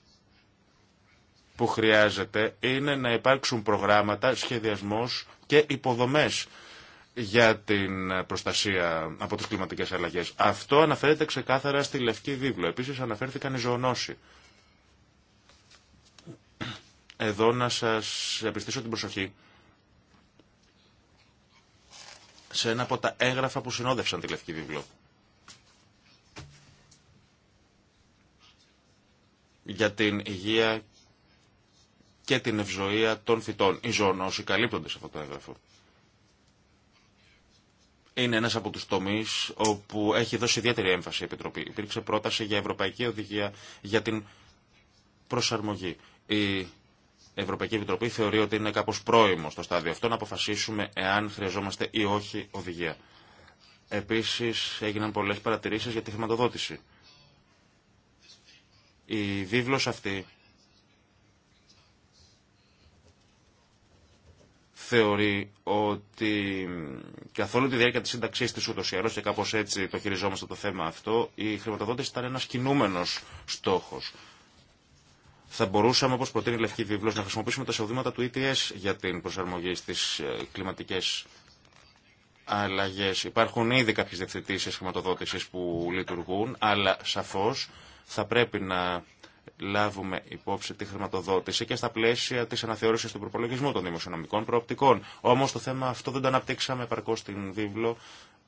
Speaker 3: που χρειάζεται είναι να υπάρξουν προγράμματα, σχεδιασμός και υποδομές για την προστασία από τις κλιματικές αλλαγές. Αυτό αναφέρεται ξεκάθαρα στη Λευκή Βίβλο. Επίσης αναφέρθηκαν οι ζωονόσοι εδώ να σας επιστήσω την προσοχή σε ένα από τα έγγραφα που συνόδευσαν τη Λευκή Βίβλο. Για την υγεία και την ευζοία των φυτών. Οι ζώνος, καλύπτονται σε αυτό το έγγραφο. Είναι ένας από τους τομείς όπου έχει δώσει ιδιαίτερη έμφαση η Επιτροπή. Υπήρξε πρόταση για Ευρωπαϊκή Οδηγία για την προσαρμογή. Η Ευρωπαϊκή Επιτροπή θεωρεί ότι είναι κάπως πρόημο στο στάδιο αυτό να αποφασίσουμε εάν χρειαζόμαστε ή όχι οδηγία. Επίσης έγιναν πολλές παρατηρήσεις για τη χρηματοδότηση. Η δίβλος αυτή θεωρεί ότι καθ' όλη τη διάρκεια της σύνταξής της ούτω ή άλλω και κάπω έτσι το χειριζόμαστε το θέμα αυτό, η και κάπως ήταν ένα κινούμενο ένας κινούμενος στόχος. Θα μπορούσαμε, όπω προτείνει η Λευκή Βίβλο, να χρησιμοποιήσουμε τα εισοδήματα του ETS για την προσαρμογή στι ε, κλιματικέ αλλαγέ. Υπάρχουν ήδη κάποιε διευθετήσει χρηματοδότηση που λειτουργούν, αλλά σαφώ θα πρέπει να λάβουμε υπόψη τη χρηματοδότηση και στα πλαίσια τη αναθεώρηση του προπολογισμού των δημοσιονομικών προοπτικών. Όμω το θέμα αυτό δεν το αναπτύξαμε επαρκώ στην βίβλο,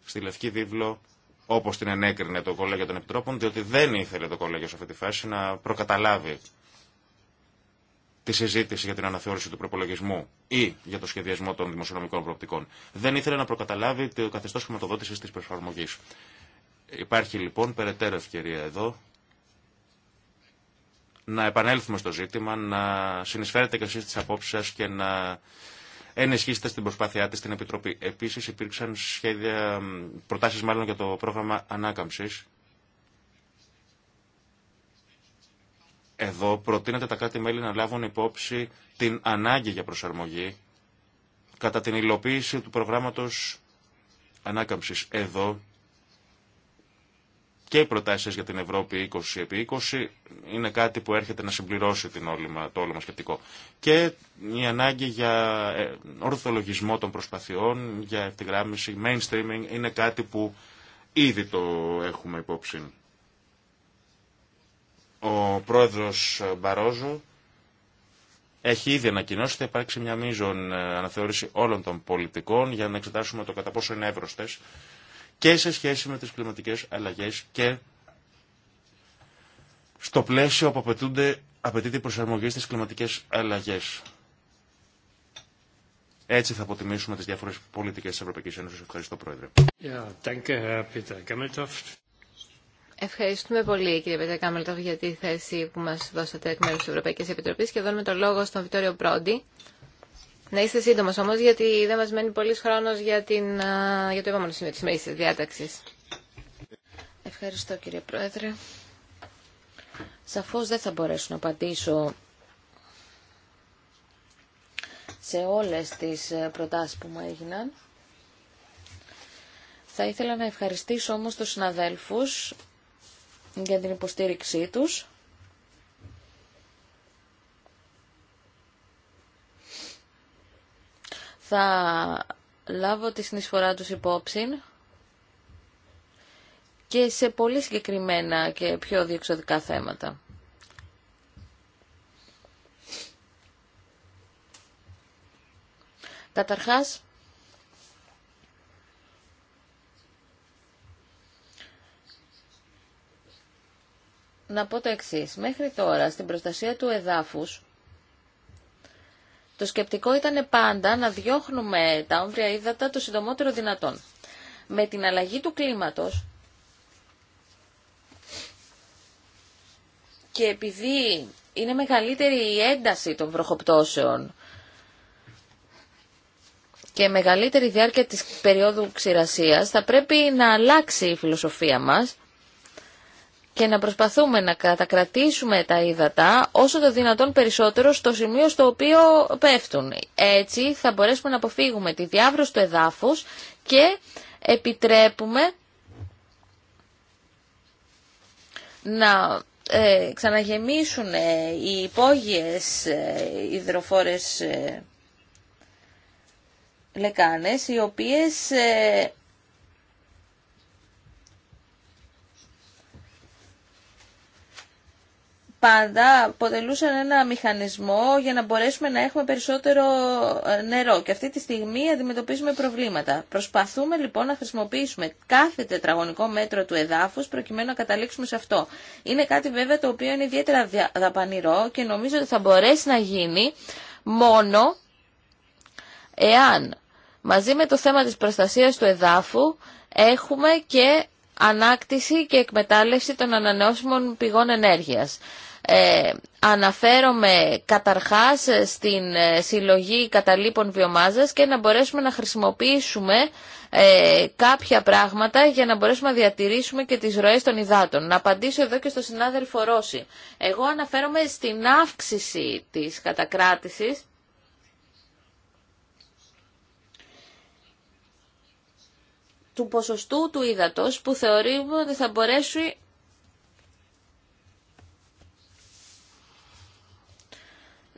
Speaker 3: στη Λευκή Βίβλο, όπω την ενέκρινε το κολέγιο των Επιτρόπων, διότι δεν ήθελε το κολέγιο σε αυτή τη φάση να προκαταλάβει τη συζήτηση για την αναθεώρηση του προπολογισμού ή για το σχεδιασμό των δημοσιονομικών προοπτικών. Δεν ήθελε να προκαταλάβει το καθεστώ χρηματοδότηση τη προσαρμογή. Υπάρχει λοιπόν περαιτέρω ευκαιρία εδώ να επανέλθουμε στο ζήτημα, να συνεισφέρετε και εσεί τι απόψει σα και να ενισχύσετε στην προσπάθειά τη στην Επιτροπή. Επίση, υπήρξαν σχέδια, προτάσεις μάλλον για το πρόγραμμα ανάκαμψη. Εδώ προτείνεται τα κράτη-μέλη να λάβουν υπόψη την ανάγκη για προσαρμογή κατά την υλοποίηση του προγράμματος ανάκαμψης. Εδώ και οι προτάσεις για την Ευρώπη επί είναι κάτι που έρχεται να συμπληρώσει την το όλο μας σκεπτικό. Και η ανάγκη για ε, ορθολογισμό των προσπαθειών, για ευθυγράμμιση, mainstreaming, είναι κάτι που ήδη το έχουμε υπόψη. Ο πρόεδρος Μπαρόζου έχει ήδη ανακοινώσει ότι θα υπάρξει μια μείζον ε, αναθεώρηση όλων των πολιτικών για να εξετάσουμε το κατά πόσο είναι εύρωστες και σε σχέση με τις κλιματικές αλλαγές και στο πλαίσιο που απαιτούνται, απαιτείται η προσαρμογή στις κλιματικές αλλαγές. Έτσι θα αποτιμήσουμε τις διάφορες πολιτικές της Ευρωπαϊκής Ένωσης. Ευχαριστώ, Πρόεδρε. Peter
Speaker 2: Ευχαριστούμε πολύ κύριε Πετρακάμελτοφ για τη θέση που μας δώσατε εκ μέρους της Ευρωπαϊκής Επιτροπής και δώνουμε το λόγο στον Βιτόριο Πρόντι. Να είστε σύντομο όμω, γιατί δεν μα μένει πολύ χρόνο για, για το επόμενο σημείο τη μέση διάταξη.
Speaker 5: Ευχαριστώ κύριε Πρόεδρε. Σαφώς δεν θα μπορέσω να απαντήσω σε όλες τις ε, προτάσεις που μου έγιναν. Θα ήθελα να ευχαριστήσω όμως τους συναδέλφους για την υποστήριξή τους. Θα λάβω τη συνεισφορά τους υπόψη και σε πολύ συγκεκριμένα και πιο διεξοδικά θέματα. Καταρχάς, να πω το εξή Μέχρι τώρα, στην προστασία του εδάφους, το σκεπτικό ήταν πάντα να διώχνουμε τα όμβρια ύδατα το συντομότερο δυνατόν. Με την αλλαγή του κλίματος και επειδή είναι μεγαλύτερη η ένταση των βροχοπτώσεων και μεγαλύτερη διάρκεια της περίοδου ξηρασίας, θα πρέπει να αλλάξει η φιλοσοφία μας και να προσπαθούμε να κατακρατήσουμε τα ύδατα όσο το δυνατόν περισσότερο στο σημείο στο οποίο πέφτουν. Έτσι θα μπορέσουμε να αποφύγουμε τη διάβρωση του εδάφους και επιτρέπουμε να ε, ξαναγεμίσουν ε, οι υπόγειες ε, υδροφόρες ε, λεκάνες οι οποίες ε, πάντα αποτελούσαν ένα μηχανισμό για να μπορέσουμε να έχουμε περισσότερο ε, νερό και αυτή τη στιγμή αντιμετωπίζουμε προβλήματα. Προσπαθούμε λοιπόν να χρησιμοποιήσουμε κάθε τετραγωνικό μέτρο του εδάφους προκειμένου να καταλήξουμε σε αυτό. Είναι κάτι βέβαια το οποίο είναι ιδιαίτερα δαπανηρό και νομίζω ότι θα μπορέσει να γίνει μόνο εάν μαζί με το θέμα της προστασίας του εδάφου έχουμε και ανάκτηση και εκμετάλλευση των ανανεώσιμων πηγών ενέργειας. Ε, αναφέρομαι καταρχάς στην ε, συλλογή καταλήπων βιομάζας και να μπορέσουμε να χρησιμοποιήσουμε ε, κάποια πράγματα για να μπορέσουμε να διατηρήσουμε και τις ροές των υδάτων. Να απαντήσω εδώ και στο συνάδελφο Ρώση. Εγώ αναφέρομαι στην αύξηση της κατακράτησης του ποσοστού του ύδατος που θεωρούμε ότι θα μπορέσει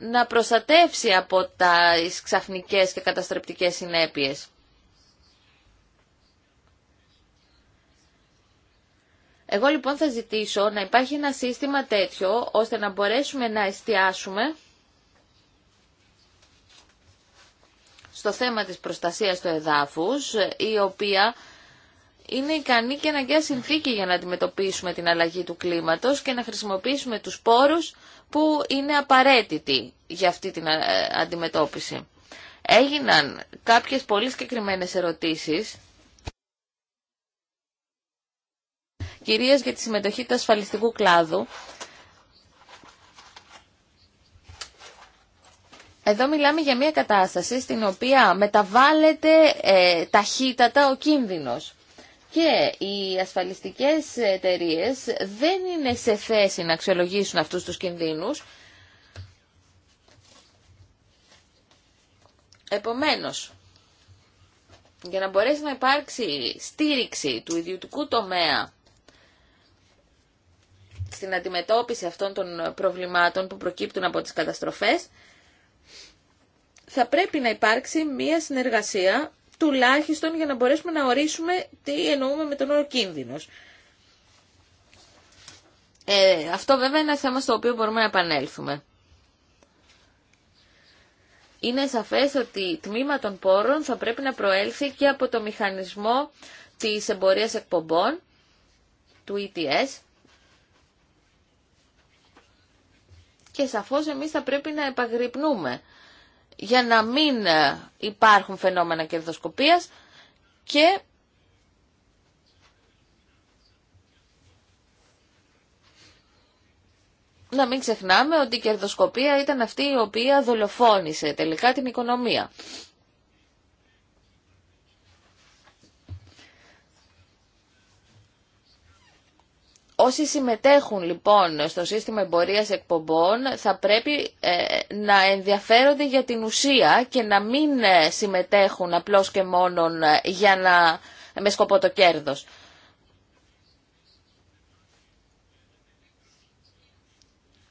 Speaker 5: να προστατεύσει από τα ξαφνικές και καταστρεπτικές συνέπειες. Εγώ λοιπόν θα ζητήσω να υπάρχει ένα σύστημα τέτοιο, ώστε να μπορέσουμε να εστιάσουμε στο θέμα της προστασίας του εδάφους, η οποία είναι ικανή και αναγκαία συνθήκη για να αντιμετωπίσουμε την αλλαγή του κλίματος και να χρησιμοποιήσουμε τους πόρους που είναι απαραίτητη για αυτή την ε, αντιμετώπιση. Έγιναν κάποιες πολύ συγκεκριμένε ερωτήσεις, κυρίως για τη συμμετοχή του ασφαλιστικού κλάδου. Εδώ μιλάμε για μια κατάσταση στην οποία μεταβάλλεται ε, ταχύτατα ο κίνδυνος και οι ασφαλιστικές εταιρείε δεν είναι σε θέση να αξιολογήσουν αυτούς τους κινδύνους. Επομένως, για να μπορέσει να υπάρξει στήριξη του ιδιωτικού τομέα στην αντιμετώπιση αυτών των προβλημάτων που προκύπτουν από τις καταστροφές, θα πρέπει να υπάρξει μία συνεργασία τουλάχιστον για να μπορέσουμε να ορίσουμε τι εννοούμε με τον όρο ε, αυτό βέβαια είναι ένα θέμα στο οποίο μπορούμε να επανέλθουμε. Είναι σαφές ότι τμήμα των πόρων θα πρέπει να προέλθει και από το μηχανισμό της εμπορίας εκπομπών, του ETS, και σαφώς εμείς θα πρέπει να επαγρυπνούμε για να μην ε, υπάρχουν φαινόμενα κερδοσκοπίας και να μην ξεχνάμε ότι η κερδοσκοπία ήταν αυτή η οποία δολοφόνησε τελικά την οικονομία. Όσοι συμμετέχουν λοιπόν στο σύστημα εμπορίας εκπομπών θα πρέπει ε, να ενδιαφέρονται για την ουσία και να μην ε, συμμετέχουν απλώς και μόνον ε, για να, με σκοπό το κέρδος.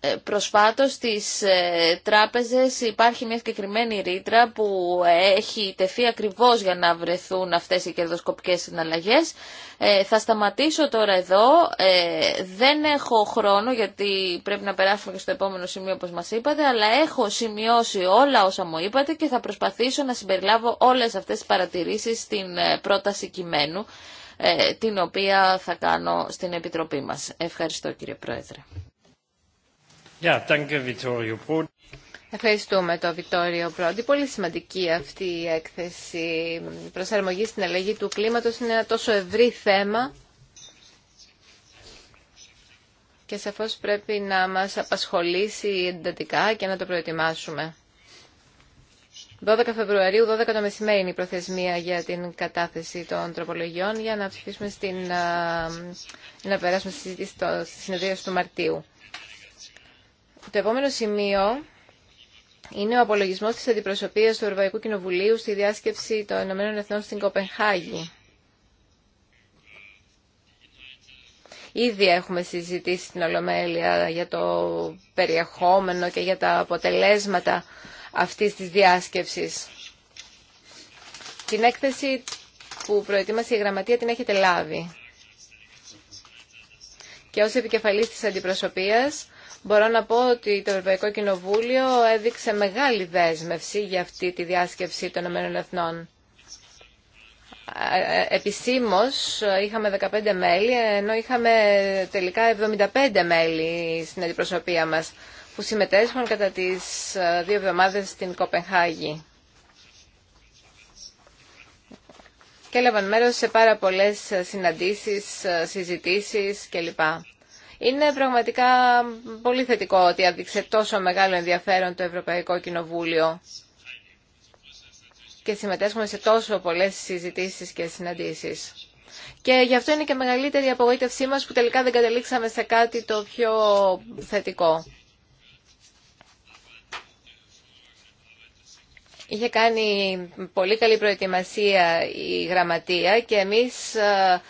Speaker 5: Ε, προσφάτως στις ε, τράπεζες υπάρχει μια συγκεκριμένη ρήτρα που έχει τεθεί ακριβώς για να βρεθούν αυτές οι κερδοσκοπικές συναλλαγές. Ε, θα σταματήσω τώρα εδώ. δεν έχω χρόνο γιατί πρέπει να περάσουμε και στο επόμενο σημείο όπως μας είπατε, αλλά έχω σημειώσει όλα όσα μου είπατε και θα προσπαθήσω να συμπεριλάβω όλες αυτές τις παρατηρήσεις στην πρόταση κειμένου την οποία θα κάνω στην Επιτροπή μας. Ευχαριστώ κύριε Πρόεδρε.
Speaker 2: Ευχαριστούμε το Βιτόριο Πρόντι. Πολύ σημαντική αυτή η έκθεση. προσαρμογή στην αλλαγή του κλίματος είναι ένα τόσο ευρύ θέμα και σαφώς πρέπει να μας απασχολήσει εντατικά και να το προετοιμάσουμε. 12 Φεβρουαρίου, 12 το μεσημέρι είναι η προθεσμία για την κατάθεση των τροπολογιών για να στην, να περάσουμε στη συζήτηση στη του Μαρτίου. Το επόμενο σημείο είναι ο απολογισμός της αντιπροσωπείας του Ευρωπαϊκού Κοινοβουλίου στη διάσκεψη των Ηνωμένων Εθνών στην Κοπενχάγη. Ήδη έχουμε συζητήσει στην Ολομέλεια για το περιεχόμενο και για τα αποτελέσματα αυτής της διάσκεψης. Την έκθεση που προετοίμασε η Γραμματεία την έχετε λάβει. Και ως επικεφαλής της αντιπροσωπείας Μπορώ να πω ότι το Ευρωπαϊκό Κοινοβούλιο έδειξε μεγάλη δέσμευση για αυτή τη διάσκεψη των ΗΕ. Ε, επισήμως είχαμε 15 μέλη, ενώ είχαμε τελικά 75 μέλη στην αντιπροσωπεία μας που συμμετέσχουν κατά τις ε, δύο εβδομάδες στην Κοπενχάγη. Και έλαβαν μέρος σε πάρα πολλές συναντήσεις, ε, συζητήσεις κλπ. Είναι πραγματικά πολύ θετικό ότι άδειξε τόσο μεγάλο ενδιαφέρον το Ευρωπαϊκό Κοινοβούλιο και συμμετέσχουμε σε τόσο πολλές συζητήσεις και συναντήσεις. Και γι' αυτό είναι και μεγαλύτερη η απογοήτευσή μας που τελικά δεν καταλήξαμε σε κάτι το πιο θετικό. Είχε κάνει πολύ καλή προετοιμασία η γραμματεία και εμείς ε,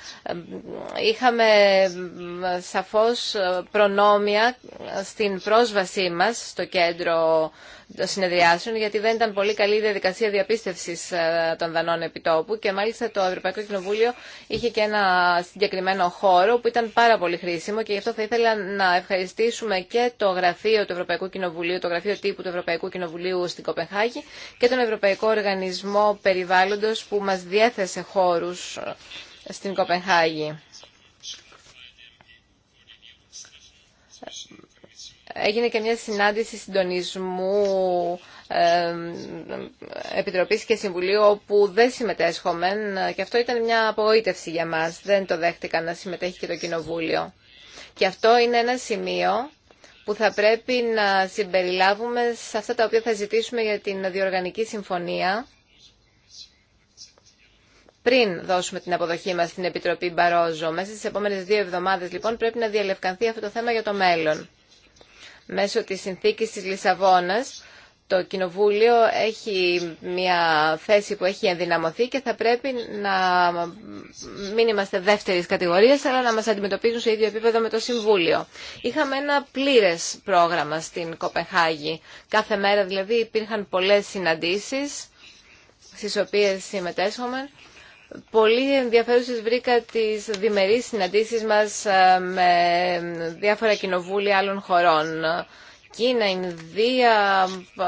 Speaker 2: είχαμε ε, σαφώς ε, προνόμια στην πρόσβασή μας στο κέντρο γιατί δεν ήταν πολύ καλή η διαδικασία διαπίστευση ε, των δανών επιτόπου και μάλιστα το Ευρωπαϊκό Κοινοβούλιο είχε και ένα συγκεκριμένο χώρο που ήταν πάρα πολύ χρήσιμο και γι' αυτό θα ήθελα να ευχαριστήσουμε και το γραφείο του Ευρωπαϊκού Κοινοβουλίου, το γραφείο τύπου του Ευρωπαϊκού Κοινοβουλίου στην Κοπενχάγη και τον Ευρωπαϊκό Οργανισμό Περιβάλλοντο που μα διέθεσε χώρου ε, στην Κοπενχάγη. έγινε και μια συνάντηση συντονισμού Επιτροπής και Συμβουλίου όπου δεν συμμετέσχομεν και αυτό ήταν μια απογοήτευση για μας. Δεν το δέχτηκαν να συμμετέχει και το Κοινοβούλιο. Και αυτό είναι ένα σημείο που θα πρέπει να συμπεριλάβουμε σε αυτά τα οποία θα ζητήσουμε για την διοργανική συμφωνία πριν δώσουμε την αποδοχή μας στην Επιτροπή Μπαρόζο. Μέσα στις επόμενες δύο εβδομάδες λοιπόν πρέπει να διαλευκανθεί αυτό το θέμα για το μέλλον. Μέσω της συνθήκης της Λισαβόνας, το Κοινοβούλιο έχει μια θέση που έχει ενδυναμωθεί και θα πρέπει να μην είμαστε δεύτερης κατηγορίας, αλλά να μας αντιμετωπίζουν σε ίδιο επίπεδο με το Συμβούλιο. Είχαμε ένα πλήρες πρόγραμμα στην Κοπεχάγη. Κάθε μέρα δηλαδή υπήρχαν πολλές συναντήσεις, στις οποίες συμμετέσχομαι Πολύ ενδιαφέρουσες βρήκα τις διμερείς συναντήσεις μας ε, με διάφορα κοινοβούλια άλλων χωρών. Κίνα, Ινδία, ε,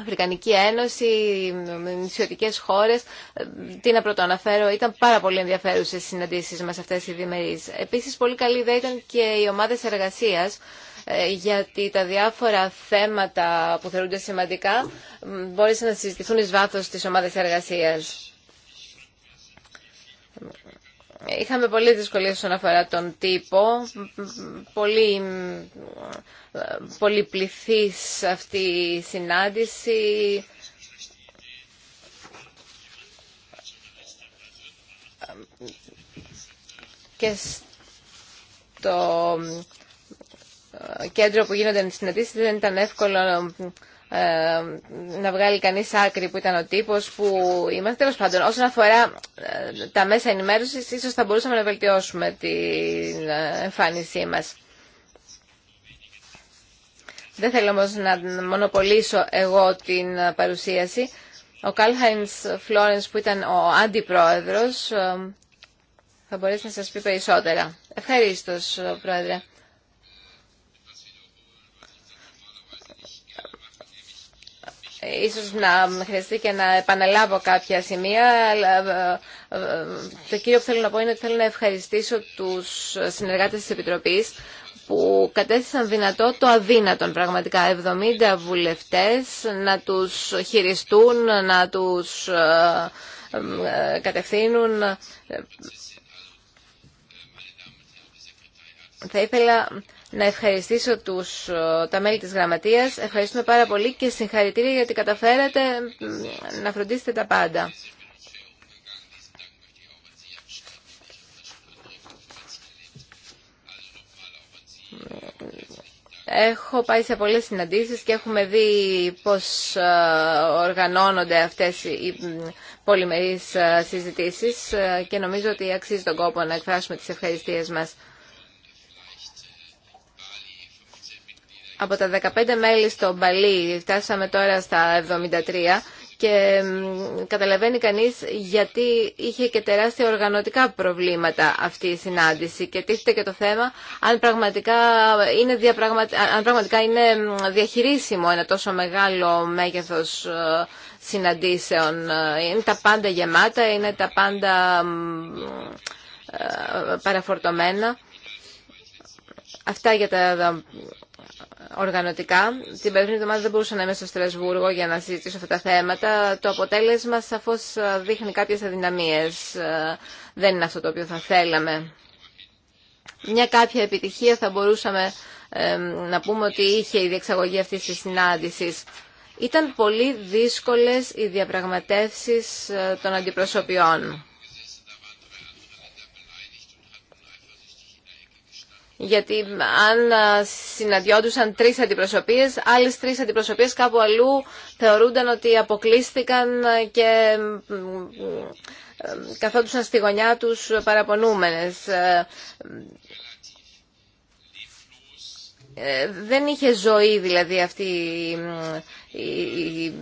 Speaker 2: Αφρικανική Ένωση, νησιωτικέ χώρες. Ε, τι να πρωτοαναφέρω, ήταν πάρα πολύ ενδιαφέρουσες οι συναντήσεις μας αυτές οι διμερείς. Επίσης, πολύ καλή ιδέα ήταν και οι ομάδες εργασίας, γιατί τα διάφορα θέματα που θεωρούνται σημαντικά μπόρεσαν να συζητηθούν εις βάθος της ομάδας εργασίας. Είχαμε πολλές δυσκολίες όσον αφορά τον τύπο, πολύ, πολύ αυτή η συνάντηση. Και στο ε, κέντρο που γίνονταν οι συναντήσεις δεν ήταν εύκολο ε, να βγάλει κανείς άκρη που ήταν ο τύπος που είμαστε. τέλο πάντων, όσον αφορά ε, τα μέσα ενημέρωσης, ίσως θα μπορούσαμε να βελτιώσουμε την ε, εμφάνισή μας. Δεν θέλω όμω να μονοπολίσω εγώ την παρουσίαση. Ο Καλχάινς Φλόρενς που ήταν ο αντιπρόεδρος θα μπορέσει να σας πει περισσότερα. Ευχαριστώ Πρόεδρε. Ίσως να χρειαστεί και να επαναλάβω κάποια σημεία, αλλά ε, ε, το κύριο που θέλω να πω είναι ότι θέλω να ευχαριστήσω τους συνεργάτες της Επιτροπής που κατέθεσαν δυνατό το αδύνατον πραγματικά. 70 βουλευτές να τους χειριστούν, να τους ε, κατευθύνουν. Θα ήθελα να ευχαριστήσω τους, ε, τα μέλη της Γραμματείας. Ευχαριστούμε πάρα πολύ και συγχαρητήρια γιατί καταφέρατε να φροντίσετε τα πάντα. Έχω πάει σε πολλές συναντήσεις και έχουμε δει πώς ε, οργανώνονται αυτές οι πολυμερείς ε, συζητήσεις και νομίζω ότι αξίζει τον κόπο να εκφράσουμε τις ευχαριστίες μας. από τα 15 μέλη στο Μπαλί φτάσαμε τώρα στα 73 και καταλαβαίνει κανείς γιατί είχε και τεράστια οργανωτικά προβλήματα αυτή η συνάντηση και τίθεται και το θέμα αν πραγματικά είναι, διαπραγμα... αν πραγματικά είναι διαχειρίσιμο ένα τόσο μεγάλο μέγεθος ε, συναντήσεων. Είναι τα πάντα γεμάτα, είναι τα πάντα ε, παραφορτωμένα. Αυτά για τα οργανωτικά. Την περίπτωση εβδομάδα δεν μπορούσα να είμαι στο Στρασβούργο για να συζητήσω αυτά τα θέματα. Το αποτέλεσμα σαφώς ε, δείχνει κάποιες αδυναμίες. Ε, δεν είναι αυτό το οποίο θα θέλαμε. Μια κάποια επιτυχία θα μπορούσαμε ε, να πούμε ότι είχε η διεξαγωγή αυτή τη συνάντηση. Ήταν πολύ δύσκολες οι διαπραγματεύσεις των αντιπροσωπιών. Γιατί αν συναντιόντουσαν τρει αντιπροσωπείε, άλλε τρει αντιπροσωπείε κάπου αλλού θεωρούνταν ότι αποκλείστηκαν και καθόντουσαν στη γωνιά τους παραπονούμενες. Ε, δεν είχε ζωή δηλαδή αυτή η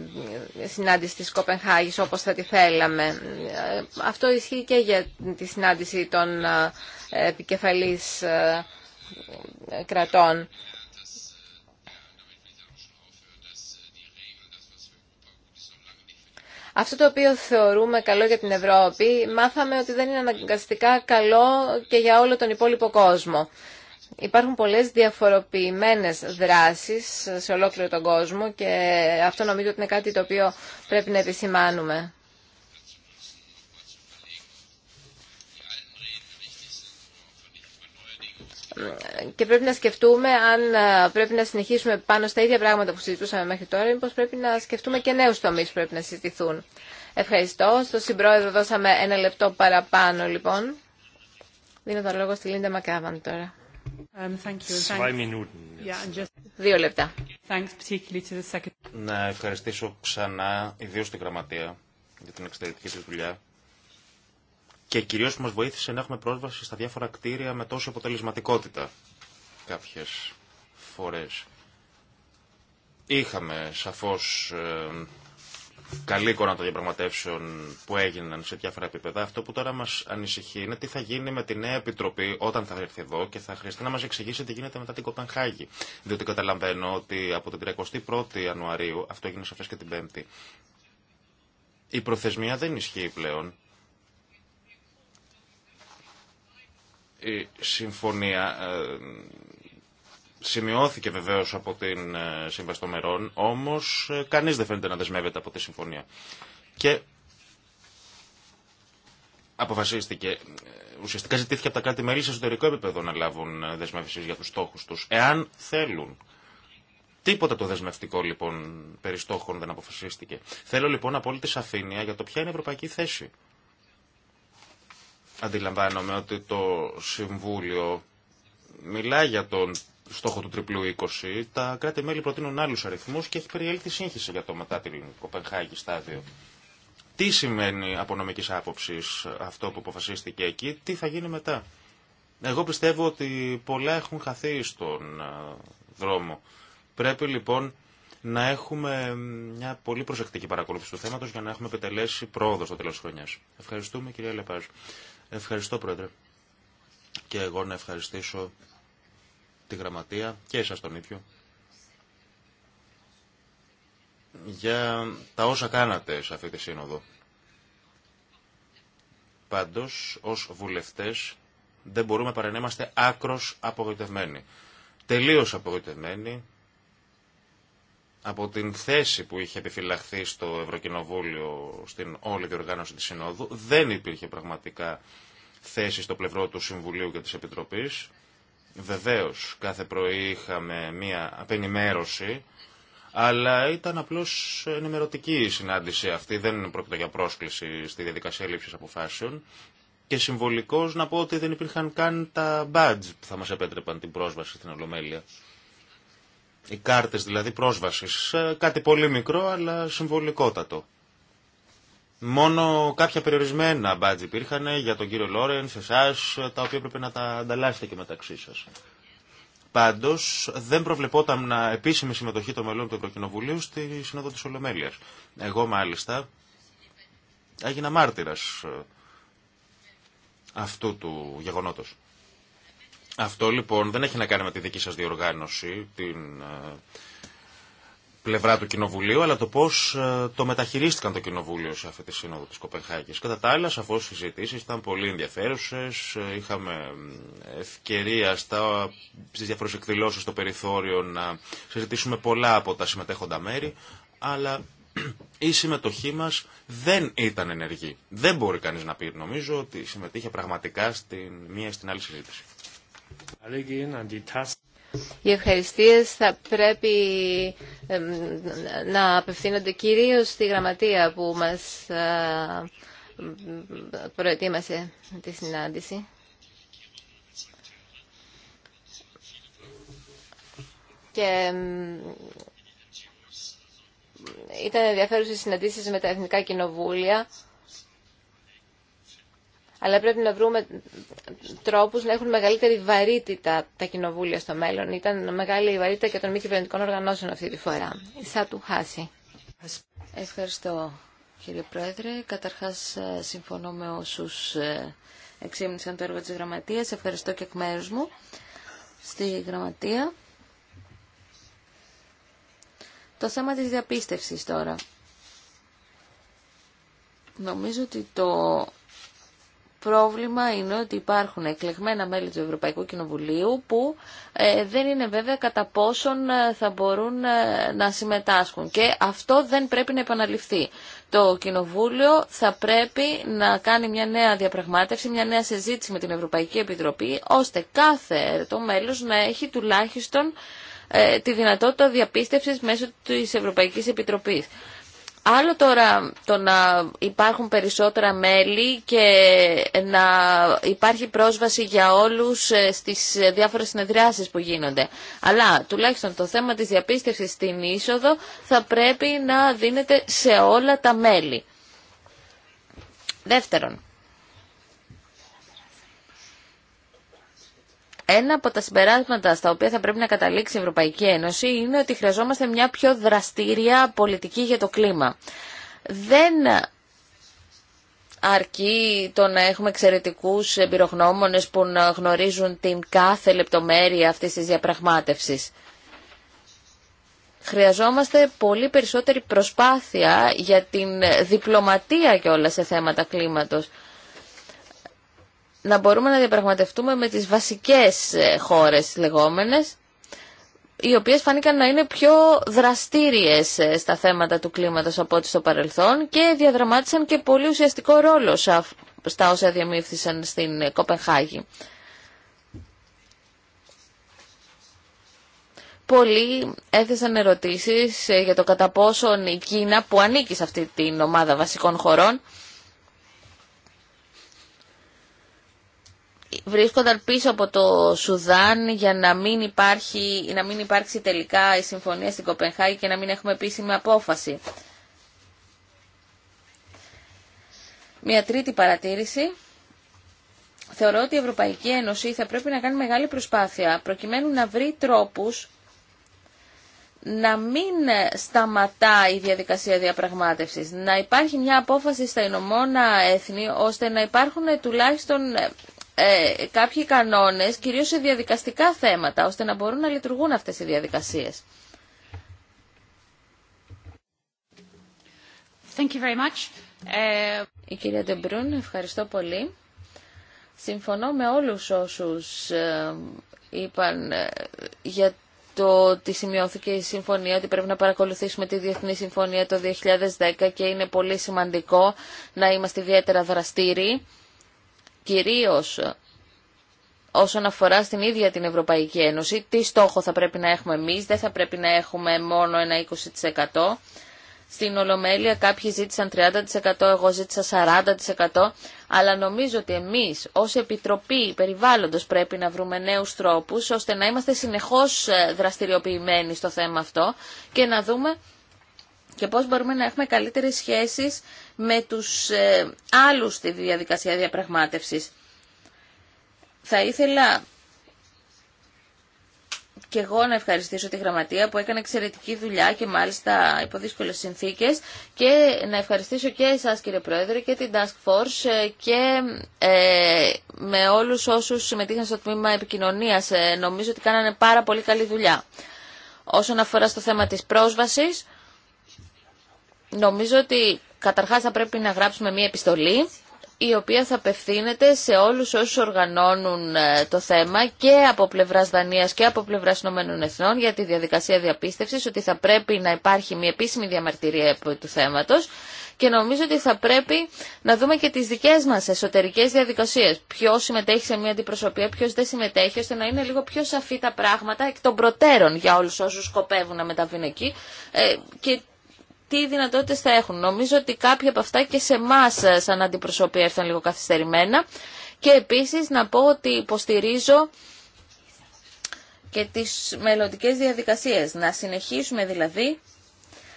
Speaker 2: συνάντηση της Κοπενχάγης όπως θα τη θέλαμε. Ε, αυτό ισχύει και για τη συνάντηση των επικεφαλής κρατών. Αυτό το οποίο θεωρούμε καλό για την Ευρώπη, μάθαμε ότι δεν είναι αναγκαστικά καλό και για όλο τον υπόλοιπο κόσμο. Υπάρχουν πολλές διαφοροποιημένες δράσεις σε ολόκληρο τον κόσμο και αυτό νομίζω ότι είναι κάτι το οποίο πρέπει να επισημάνουμε. και πρέπει να σκεφτούμε αν ε, πρέπει να συνεχίσουμε πάνω στα ίδια πράγματα που συζητούσαμε μέχρι τώρα, ή πώς πρέπει να σκεφτούμε και νέους τομείς που πρέπει να συζητηθούν. Ευχαριστώ. Στο συμπρόεδρο δώσαμε ένα λεπτό παραπάνω, λοιπόν. Δίνω το λόγο στη Λίντα Μακάβαν τώρα. Um, Δύο λεπτά.
Speaker 3: Να ευχαριστήσω ξανά, ιδίω την Γραμματεία, για την εξαιρετική τη δουλειά και κυρίως που μας βοήθησε να έχουμε πρόσβαση στα διάφορα κτίρια με τόση αποτελεσματικότητα κάποιες φορές. Είχαμε σαφώς ε, καλή εικόνα των διαπραγματεύσεων που έγιναν σε διάφορα επίπεδα. Αυτό που τώρα μας ανησυχεί είναι τι θα γίνει με τη νέα επιτροπή όταν θα έρθει εδώ και θα χρειαστεί να μας εξηγήσει τι γίνεται μετά την Κοπενχάγη. Διότι καταλαβαίνω ότι από την 31η Ιανουαρίου, αυτό έγινε σαφές και την 5η, η προθεσμία δεν ισχύει πλέον η συμφωνία ε, σημειώθηκε βεβαίως από την ε, Σύμβαση των Μερών, όμως ε, κανείς δεν φαίνεται να δεσμεύεται από τη συμφωνία. Και αποφασίστηκε, ουσιαστικά ζητήθηκε από τα κράτη-μέλη σε εσωτερικό επίπεδο να λάβουν δεσμεύσεις για τους στόχους τους, εάν θέλουν. Τίποτα το δεσμευτικό λοιπόν περί στόχων δεν αποφασίστηκε. Θέλω λοιπόν απόλυτη σαφήνεια για το ποια είναι η ευρωπαϊκή θέση αντιλαμβάνομαι ότι το Συμβούλιο μιλάει για τον στόχο του τριπλού 20. Τα κράτη-μέλη προτείνουν άλλους αριθμούς και έχει περιέλθει σύγχυση για το μετά την Κοπενχάγη στάδιο. Τι σημαίνει από νομικής άποψης αυτό που αποφασίστηκε εκεί, τι θα γίνει μετά. Εγώ πιστεύω ότι πολλά έχουν χαθεί στον δρόμο. Πρέπει λοιπόν να έχουμε μια πολύ προσεκτική παρακολούθηση του θέματος για να έχουμε επιτελέσει πρόοδο στο τέλος της χρονιάς. Ευχαριστούμε κυρία Λεπάζ. Ευχαριστώ, Πρόεδρε. Και εγώ να ευχαριστήσω τη Γραμματεία και εσάς τον ίδιο για τα όσα κάνατε σε αυτή τη σύνοδο. Πάντως, ως βουλευτές, δεν μπορούμε να άκρος απογοητευμένοι. Τελείως απογοητευμένοι από την θέση που είχε επιφυλαχθεί στο Ευρωκοινοβούλιο στην όλη διοργάνωση της Συνόδου. Δεν υπήρχε πραγματικά θέση στο πλευρό του Συμβουλίου και της Επιτροπής. Βεβαίως κάθε πρωί είχαμε μία απενημέρωση, αλλά ήταν απλώς ενημερωτική η συνάντηση αυτή, δεν πρόκειται για πρόσκληση στη διαδικασία λήψης αποφάσεων. Και συμβολικώς να πω ότι δεν υπήρχαν καν τα badge που θα μας επέτρεπαν την πρόσβαση στην Ολομέλεια οι κάρτες δηλαδή πρόσβασης. Ε, κάτι πολύ μικρό αλλά συμβολικότατο. Μόνο κάποια περιορισμένα μπάτζ υπήρχαν για τον κύριο Λόρεν, εσά, τα οποία έπρεπε να τα ανταλλάσσετε και μεταξύ σα. Πάντω, δεν προβλεπόταν να επίσημη συμμετοχή των μελών του Ευρωκοινοβουλίου στη Συνόδο τη Ολομέλεια. Εγώ, μάλιστα, έγινα μάρτυρα ε, αυτού του γεγονότος. Αυτό λοιπόν δεν έχει να κάνει με τη δική σας διοργάνωση, την ε, πλευρά του Κοινοβουλίου, αλλά το πώς ε, το μεταχειρίστηκαν το Κοινοβούλιο σε αυτή τη σύνοδο της Κοπενχάκης. Κατά τα άλλα, σαφώς συζητήσεις ήταν πολύ ενδιαφέρουσες, ε, είχαμε ευκαιρία στα, στις διάφορες εκδηλώσεις στο περιθώριο να συζητήσουμε πολλά από τα συμμετέχοντα μέρη, αλλά η συμμετοχή μας δεν ήταν ενεργή. Δεν μπορεί κανείς να πει, νομίζω, ότι συμμετείχε πραγματικά στην μία στην άλλη συζήτηση.
Speaker 2: Οι ευχαριστίες θα πρέπει να απευθύνονται κυρίω στη γραμματεία που μας προετοίμασε τη συνάντηση. Και ήταν ενδιαφέρουσε συναντήσει με τα Εθνικά Κοινοβούλια αλλά πρέπει να βρούμε τρόπους να έχουν μεγαλύτερη βαρύτητα τα κοινοβούλια στο μέλλον. Ήταν μεγάλη η βαρύτητα και των μη κυβερνητικών οργανώσεων αυτή τη φορά.
Speaker 5: Θα του χάσει. Ευχαριστώ κύριε Πρόεδρε. Καταρχάς ε, συμφωνώ με όσους ε, εξήμνησαν το έργο της Γραμματείας. Ευχαριστώ και εκ μέρους μου στη Γραμματεία. Το θέμα της διαπίστευσης τώρα. Νομίζω ότι το πρόβλημα είναι ότι υπάρχουν εκλεγμένα μέλη του Ευρωπαϊκού Κοινοβουλίου που ε, δεν είναι βέβαια κατά πόσον ε, θα μπορούν ε, να συμμετάσχουν και αυτό δεν πρέπει να επαναληφθεί. Το Κοινοβούλιο θα πρέπει να κάνει μια νέα διαπραγμάτευση, μια νέα συζήτηση με την Ευρωπαϊκή Επιτροπή ώστε κάθε το μέλος να έχει τουλάχιστον τη δυνατότητα διαπίστευσης μέσω της Ευρωπαϊκής Επιτροπής. Άλλο τώρα το να υπάρχουν περισσότερα μέλη και να υπάρχει πρόσβαση για όλους ε, στις διάφορες συνεδριάσεις που γίνονται. Αλλά τουλάχιστον το θέμα της διαπίστευσης στην είσοδο θα πρέπει να δίνεται σε όλα τα μέλη. Δεύτερον, Ένα από τα συμπεράσματα στα οποία θα πρέπει να καταλήξει η Ευρωπαϊκή Ένωση είναι ότι χρειαζόμαστε μια πιο δραστήρια πολιτική για το κλίμα. Δεν αρκεί το να έχουμε εξαιρετικού εμπειρογνώμονε που να γνωρίζουν την κάθε λεπτομέρεια αυτή της διαπραγμάτευση. Χρειαζόμαστε πολύ περισσότερη προσπάθεια για την διπλωματία και όλα σε θέματα κλίματος να μπορούμε να διαπραγματευτούμε με τις βασικές ε, χώρες λεγόμενες, οι οποίες φάνηκαν να είναι πιο δραστήριες ε, στα θέματα του κλίματος από ό,τι στο παρελθόν και διαδραμάτισαν και πολύ ουσιαστικό ρόλο στα όσα διαμήφθησαν στην ε, Κοπενχάγη. Πολλοί έθεσαν ερωτήσεις για το κατά πόσον η Κίνα που ανήκει σε αυτή την ομάδα βασικών χωρών βρίσκονταν πίσω από το Σουδάν για να μην, υπάρχει, να μην υπάρξει τελικά η συμφωνία στην Κοπενχάγη και να μην έχουμε επίσημη απόφαση. Μια τρίτη παρατήρηση. Θεωρώ ότι η Ευρωπαϊκή Ένωση θα πρέπει να κάνει μεγάλη προσπάθεια προκειμένου να βρει τρόπους να μην σταματά η διαδικασία διαπραγμάτευσης, να υπάρχει μια απόφαση στα Ηνωμόνα Έθνη, ώστε να υπάρχουν τουλάχιστον ε, κάποιοι κανόνες, κυρίως σε διαδικαστικά θέματα, ώστε να μπορούν να λειτουργούν αυτές οι διαδικασίες. Thank you very much. Ε, η κυρία Ντεμπρούν, ευχαριστώ πολύ. Συμφωνώ με όλους όσους ε, είπαν ε, για το ότι σημειώθηκε η συμφωνία, ότι πρέπει να παρακολουθήσουμε τη Διεθνή Συμφωνία το 2010 και είναι πολύ σημαντικό να είμαστε ιδιαίτερα δραστήριοι κυρίως ε, όσον αφορά στην ίδια την Ευρωπαϊκή Ένωση, τι στόχο θα πρέπει να έχουμε εμείς, δεν θα πρέπει να έχουμε μόνο ένα 20%. Στην Ολομέλεια κάποιοι ζήτησαν 30%, εγώ ζήτησα 40%, αλλά νομίζω ότι εμείς ως Επιτροπή Περιβάλλοντος πρέπει να βρούμε νέους τρόπους, ώστε να είμαστε συνεχώς ε, δραστηριοποιημένοι στο θέμα αυτό και να δούμε και πώς μπορούμε να έχουμε καλύτερες σχέσεις με τους ε, άλλους στη διαδικασία διαπραγμάτευσης. Θα ήθελα και εγώ να ευχαριστήσω τη Γραμματεία που έκανε εξαιρετική δουλειά και μάλιστα υπό δύσκολε συνθήκε και να ευχαριστήσω και εσά κύριε Πρόεδρε και την Task Force ε, και ε, με όλου όσου συμμετείχαν στο τμήμα επικοινωνία. Ε, νομίζω ότι κάνανε πάρα πολύ καλή δουλειά. Όσον αφορά στο θέμα της πρόσβασης, Νομίζω ότι καταρχάς θα πρέπει να γράψουμε μία επιστολή η οποία θα απευθύνεται σε όλους όσους οργανώνουν ε, το θέμα και από πλευράς Δανίας και από πλευράς Ηνωμένων Εθνών για τη διαδικασία διαπίστευσης ότι θα πρέπει να υπάρχει μια επίσημη διαμαρτυρία του θέματος και νομίζω ότι θα πρέπει να δούμε και τις δικές μας εσωτερικές διαδικασίες. Ποιο συμμετέχει σε μια αντιπροσωπεία, ποιο δεν συμμετέχει, ώστε να είναι λίγο πιο σαφή τα πράγματα εκ των προτέρων για όλους όσους σκοπεύουν να μεταβούν εκεί ε, και τι δυνατότητες θα έχουν. Νομίζω ότι κάποια από αυτά και σε εμά ε, σαν αντιπροσωπεία έρθαν λίγο καθυστερημένα. Και επίσης να πω ότι υποστηρίζω και τις μελλοντικέ διαδικασίες. Να συνεχίσουμε δηλαδή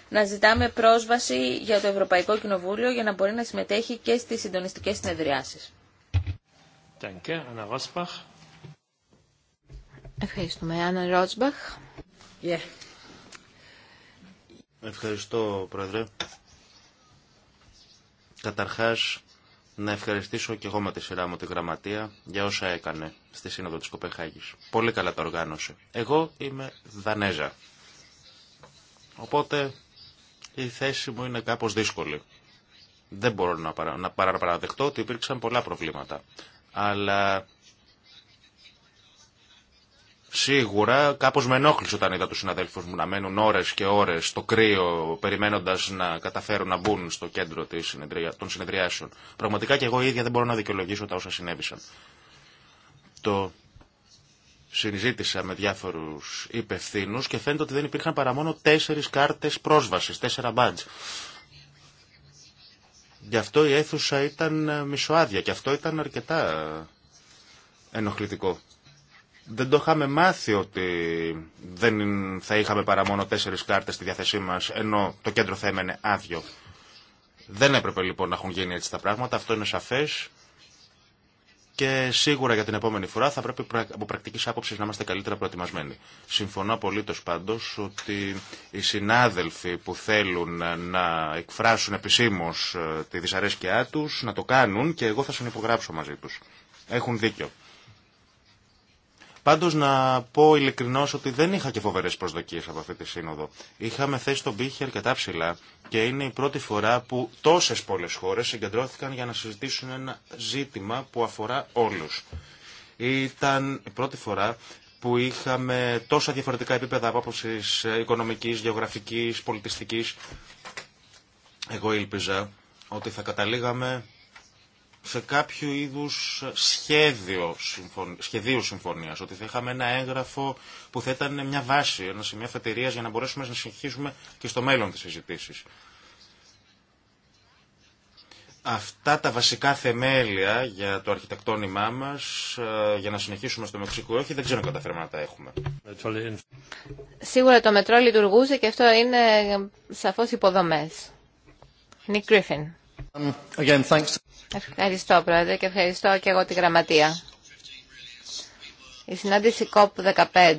Speaker 5: να ζητάμε πρόσβαση για το Ευρωπαϊκό Κοινοβούλιο για να μπορεί να συμμετέχει και στις συντονιστικές συνεδριάσεις.
Speaker 2: Ευχαριστούμε. Άννα Ρότσμπαχ. Yeah.
Speaker 3: Ευχαριστώ, Πρόεδρε. Καταρχάς, να ευχαριστήσω και εγώ με τη σειρά μου τη γραμματεία για όσα έκανε στη Σύνοδο της Κοπεχάγης. Πολύ καλά τα οργάνωσε. Εγώ είμαι Δανέζα. Οπότε η θέση μου είναι κάπως δύσκολη. Δεν μπορώ να, παρα... να παραδεχτώ ότι υπήρξαν πολλά προβλήματα. Αλλά Σίγουρα κάπως με ενόχλησε όταν είδα τους συναδέλφους μου να μένουν ώρες και ώρες στο κρύο περιμένοντας να καταφέρουν να μπουν στο κέντρο της των συνεδριάσεων. Πραγματικά και εγώ ίδια δεν μπορώ να δικαιολογήσω τα όσα συνέβησαν. Το συζήτησα με διάφορους υπευθύνους και φαίνεται ότι δεν υπήρχαν παρά μόνο τέσσερις κάρτες πρόσβασης, τέσσερα μπάντζ. Γι' αυτό η αίθουσα ήταν μισοάδια και αυτό ήταν αρκετά ενοχλητικό δεν το είχαμε μάθει ότι δεν θα είχαμε παρά μόνο τέσσερις κάρτες στη διάθεσή μας, ενώ το κέντρο θα έμενε άδειο. Δεν έπρεπε λοιπόν να έχουν γίνει έτσι τα πράγματα, αυτό είναι σαφές. Και σίγουρα για την επόμενη φορά θα πρέπει από πρακτική άποψη να είμαστε καλύτερα προετοιμασμένοι. Συμφωνώ απολύτω πάντω ότι οι συνάδελφοι που θέλουν να εκφράσουν επισήμω ε, τη δυσαρέσκειά του να το κάνουν και εγώ θα συνυπογράψω μαζί του. Έχουν δίκιο. Πάντω να πω ειλικρινώ ότι δεν είχα και φοβερέ προσδοκίε από αυτή τη σύνοδο. Είχαμε θέσει τον πύχη αρκετά ψηλά και είναι η πρώτη φορά που τόσε πολλέ χώρε συγκεντρώθηκαν για να συζητήσουν ένα ζήτημα που αφορά όλου. Ήταν η πρώτη φορά που είχαμε τόσα διαφορετικά επίπεδα από άποψη οικονομική, γεωγραφική, πολιτιστική. Εγώ ήλπιζα ότι θα καταλήγαμε σε κάποιο είδους σχέδιο σχεδίου συμφωνίας, ότι θα είχαμε ένα έγγραφο που θα ήταν μια βάση, ένα σημείο αφετηρίας για να μπορέσουμε να συνεχίσουμε και στο μέλλον τις συζητήσει. Αυτά τα βασικά θεμέλια για το αρχιτεκτόνημά μας, ε, για να συνεχίσουμε στο Μεξικό όχι, δεν ξέρω αν να τα έχουμε.
Speaker 2: Σίγουρα το μετρό λειτουργούσε και αυτό είναι σαφώς υποδομές. Νικ Γκρίφιν. Um, ευχαριστώ, Πρόεδρε, και ευχαριστώ και εγώ τη Γραμματεία. Η συνάντηση COP15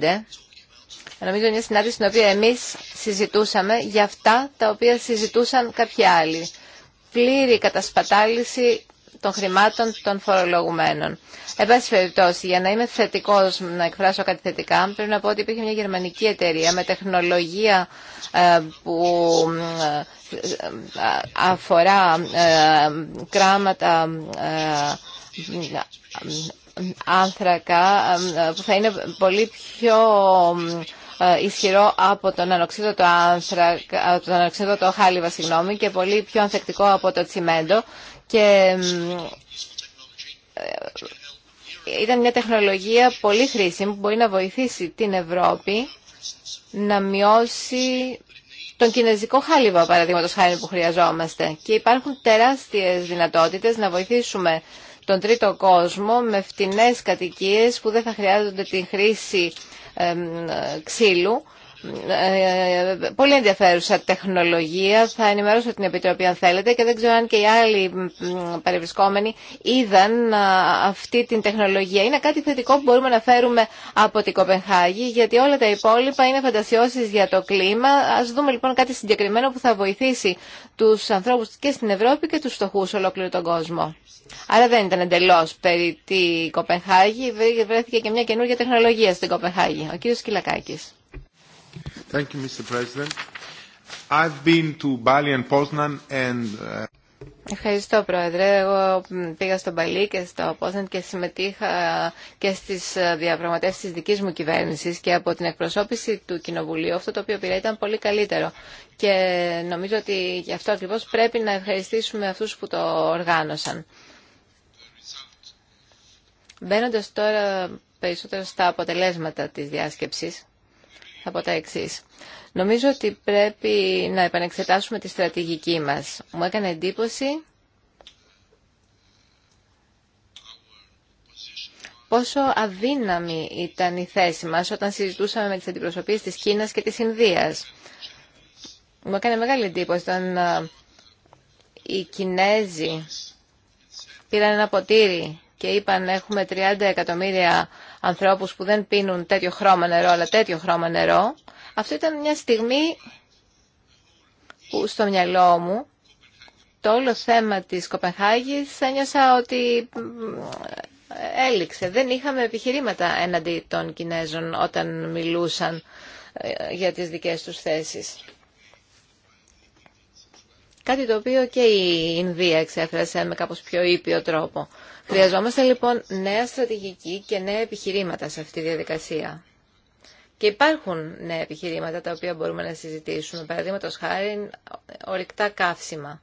Speaker 2: νομίζω είναι μια συνάντηση στην οποία εμείς συζητούσαμε για αυτά τα οποία συζητούσαν κάποιοι άλλοι. Πλήρη κατασπατάληση των χρημάτων των φορολογουμένων. Εν πάση περιπτώσει, για να είμαι θετικό, να εκφράσω κάτι θετικά, πρέπει να πω ότι υπήρχε μια γερμανική εταιρεία με τεχνολογία ε, που ε, αφορά ε, κράματα άνθρακα που θα είναι πολύ πιο ισχυρό από τον ανοξίδωτο άνθρακα, τον ανοξίδωτο χάλιβα συγγνώμη, και πολύ πιο ανθεκτικό από το τσιμέντο και ε, ήταν μια τεχνολογία πολύ χρήσιμη που μπορεί να βοηθήσει την Ευρώπη να μειώσει τον κινέζικο χάλιβα, παραδείγματο χάρη που χρειαζόμαστε. Και υπάρχουν τεράστιε δυνατότητε να βοηθήσουμε τον τρίτο κόσμο με φτηνέ κατοικίε που δεν θα χρειάζονται τη χρήση ξύλου ε, πολύ ενδιαφέρουσα τεχνολογία. Θα ενημερώσω την Επιτροπή αν θέλετε και δεν ξέρω αν και οι άλλοι παρευρισκόμενοι είδαν αυτή την τεχνολογία. Είναι κάτι θετικό που μπορούμε να φέρουμε από την Κοπενχάγη γιατί όλα τα υπόλοιπα είναι φαντασιώσεις για το κλίμα. Ας δούμε λοιπόν κάτι συγκεκριμένο που θα βοηθήσει τους ανθρώπους και στην Ευρώπη και τους φτωχού ολόκληρο τον κόσμο. Άρα δεν ήταν εντελώ περί τη Κοπενχάγη, βρέθηκε και μια καινούργια τεχνολογία στην Κοπενχάγη. Ο κύριος Κυλακάκης. Ευχαριστώ Πρόεδρε. Εγώ πήγα στο Μπαλί και στο Πόσναν και συμμετείχα και στις ε, διαπραγματεύσεις της δικής μου κυβέρνησης και από την εκπροσώπηση του Κοινοβουλίου αυτό το οποίο πήρα ήταν πολύ καλύτερο. Και νομίζω ότι γι' αυτό ακριβώς πρέπει να ευχαριστήσουμε αυτούς που το οργάνωσαν. Μπαίνοντας τώρα περισσότερο στα αποτελέσματα της διάσκεψης, θα πω τα Νομίζω ότι πρέπει να επανεξετάσουμε τη στρατηγική μας. Μου έκανε εντύπωση πόσο αδύναμη ήταν η θέση μας όταν συζητούσαμε με τις αντιπροσωπείες της Κίνας και της Ινδίας. Μου έκανε μεγάλη εντύπωση όταν ε, οι Κινέζοι πήραν ένα ποτήρι και είπαν έχουμε 30 εκατομμύρια ανθρώπους που δεν πίνουν τέτοιο χρώμα νερό, αλλά τέτοιο χρώμα νερό, αυτό ήταν μια στιγμή που στο μυαλό μου το όλο θέμα της Κοπενχάγης ένιωσα ότι έληξε. Δεν είχαμε επιχειρήματα έναντι των Κινέζων όταν μιλούσαν ε, για τις δικές τους θέσεις. Κάτι το οποίο και η Ινδία εξέφρασε με κάπως πιο ήπιο τρόπο. Χρειαζόμαστε λοιπόν νέα στρατηγική και νέα επιχειρήματα σε αυτή τη διαδικασία. Και υπάρχουν νέα επιχειρήματα τα οποία μπορούμε να συζητήσουμε. Παραδείγματο χάρη, ορυκτά καύσιμα.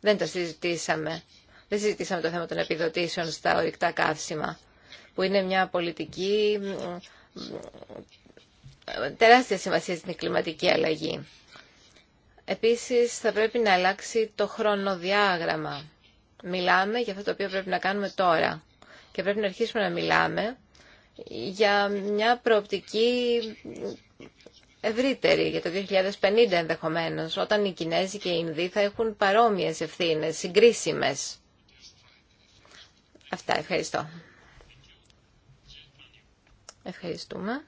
Speaker 2: Δεν τα συζητήσαμε. Δεν συζητήσαμε το θέμα των επιδοτήσεων στα ορυκτά καύσιμα, που είναι μια πολιτική τεράστια σημασία στην κλιματική αλλαγή. Επίσης, θα πρέπει να αλλάξει το χρονοδιάγραμμα Μιλάμε για αυτό το οποίο πρέπει να κάνουμε τώρα. Και πρέπει να αρχίσουμε να μιλάμε για μια προοπτική ευρύτερη, για το 2050 ενδεχομένως, όταν οι Κινέζοι και οι Ινδοί θα έχουν παρόμοιες ευθύνες, συγκρίσιμες. Αυτά, ευχαριστώ. Ευχαριστούμε.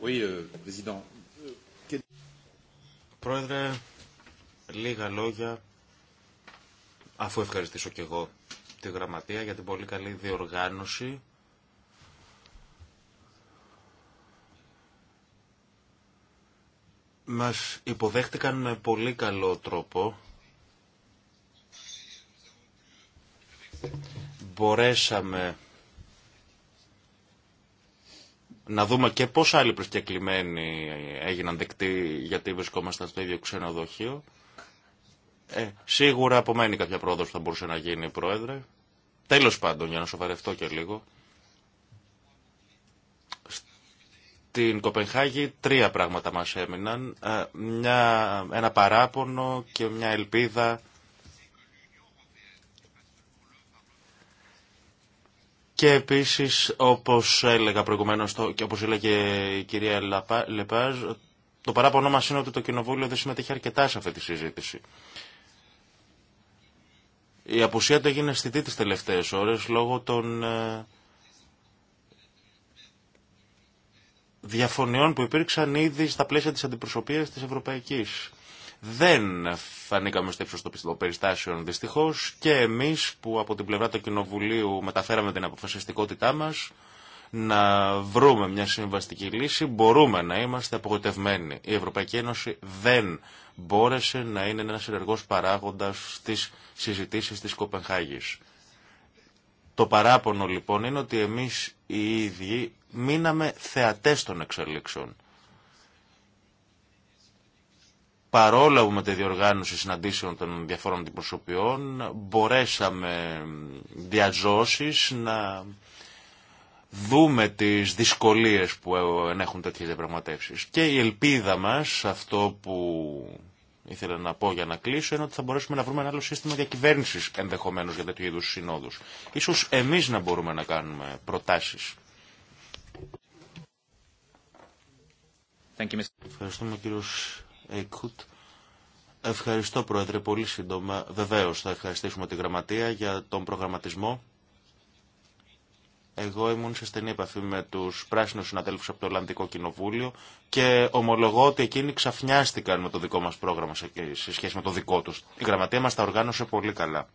Speaker 4: Euh,
Speaker 3: Πρόεδρε, λίγα λόγια αφού ευχαριστήσω και εγώ τη Γραμματεία για την πολύ καλή διοργάνωση μας υποδέχτηκαν με πολύ καλό τρόπο. Μπορέσαμε να δούμε και πώς άλλοι προσκεκλημένοι έγιναν δεκτοί γιατί βρισκόμασταν στο ίδιο ξενοδοχείο. Ε, σίγουρα απομένει κάποια πρόοδο που θα μπορούσε να γίνει, Πρόεδρε. Τέλος πάντων, για να σοβαρευτώ και λίγο. Στην Κοπενχάγη τρία πράγματα μας έμειναν. Ε, μια, ένα παράπονο και μια ελπίδα Και επίσης, όπως έλεγα προηγουμένως και όπως έλεγε η κυρία Λεπάζ, το παράπονο μας είναι ότι το Κοινοβούλιο δεν συμμετείχε αρκετά σε αυτή τη συζήτηση. Η απουσία του έγινε αισθητή τις τελευταίες ώρες λόγω των ε, διαφωνιών που υπήρξαν ήδη στα πλαίσια της αντιπροσωπείας της Ευρωπαϊκής. Δεν φανήκαμε στο ύψος των περιστάσεων δυστυχώς και εμείς που από την πλευρά του Κοινοβουλίου μεταφέραμε την αποφασιστικότητά μας να βρούμε μια συμβαστική λύση, μπορούμε να είμαστε απογοητευμένοι. Η Ευρωπαϊκή Ένωση δεν μπόρεσε να είναι ένας ενεργός παράγοντας στις συζητήσεις της Κοπενχάγης. Το παράπονο λοιπόν είναι ότι εμείς οι ίδιοι μείναμε θεατές των εξελίξεων. Παρόλα που με τη διοργάνωση συναντήσεων των διαφόρων αντιπροσωπιών μπορέσαμε διαζώσεις να δούμε τις δυσκολίες που ενέχουν τέτοιες διαπραγματεύσεις. Και η ελπίδα μας, αυτό που ήθελα να πω για να κλείσω, είναι ότι θα μπορέσουμε να βρούμε ένα άλλο σύστημα διακυβέρνησης ενδεχομένως για τέτοιου είδους συνόδους. Ίσως εμείς να μπορούμε να κάνουμε προτάσεις. Ευχαριστούμε κύριος Έικουτ. Ευχαριστώ Πρόεδρε, πολύ σύντομα. Βεβαίως θα ευχαριστήσουμε τη Γραμματεία για τον προγραμματισμό εγώ ήμουν σε στενή επαφή με του πράσινου συναδέλφου από το Ολλανδικό Κοινοβούλιο και ομολογώ ότι εκείνοι ξαφνιάστηκαν με το δικό μα πρόγραμμα σε σχέση με το δικό του. Η γραμματεία μα τα οργάνωσε πολύ καλά.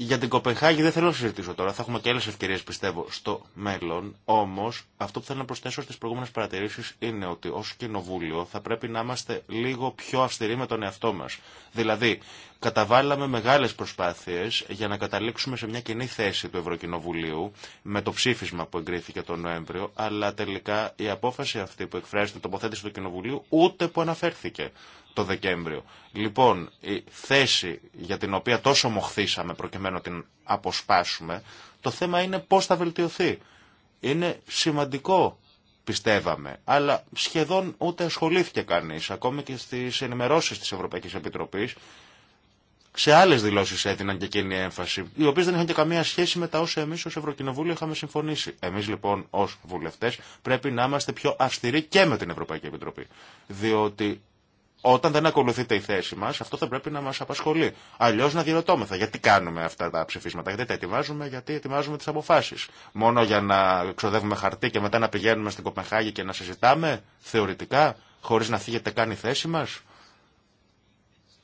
Speaker 3: Για την Κοπεχάγη δεν θέλω να συζητήσω τώρα, θα έχουμε και άλλε ευκαιρίε πιστεύω στο μέλλον. Όμω, αυτό που θέλω να προσθέσω στι προηγούμενε παρατηρήσει είναι ότι ω κοινοβούλιο θα πρέπει να είμαστε λίγο πιο αυστηροί με τον εαυτό μα. Δηλαδή, καταβάλαμε μεγάλε προσπάθειε για να καταλήξουμε σε μια κοινή θέση του Ευρωκοινοβουλίου με το ψήφισμα που εγκρίθηκε τον Νοέμβριο, αλλά τελικά η απόφαση αυτή που εκφράζει την τοποθέτηση του Κοινοβουλίου ούτε που αναφέρθηκε το Δεκέμβριο. Λοιπόν, η θέση για την οποία τόσο μοχθήσαμε προκειμένου την αποσπάσουμε, το θέμα είναι πώς θα βελτιωθεί. Είναι σημαντικό, πιστεύαμε, αλλά σχεδόν ούτε ασχολήθηκε κανείς, ακόμη και στις ενημερώσεις της Ευρωπαϊκής Επιτροπής, σε άλλε δηλώσει έδιναν και εκείνη η έμφαση, οι οποίε δεν είχαν και καμία σχέση με τα όσα εμεί ω Ευρωκοινοβούλιο είχαμε συμφωνήσει. Εμεί λοιπόν ω βουλευτέ πρέπει να είμαστε πιο αυστηροί και με την Ευρωπαϊκή Επιτροπή. Διότι όταν δεν ακολουθείται η θέση μα, αυτό θα πρέπει να μα απασχολεί. Αλλιώ να διερωτώμεθα γιατί κάνουμε αυτά τα ψηφίσματα, γιατί τα ετοιμάζουμε, γιατί ετοιμάζουμε τι αποφάσει. Μόνο για να ξοδεύουμε χαρτί και μετά να πηγαίνουμε στην Κοπενχάγη και να συζητάμε θεωρητικά, χωρί να θίγεται καν η θέση μα.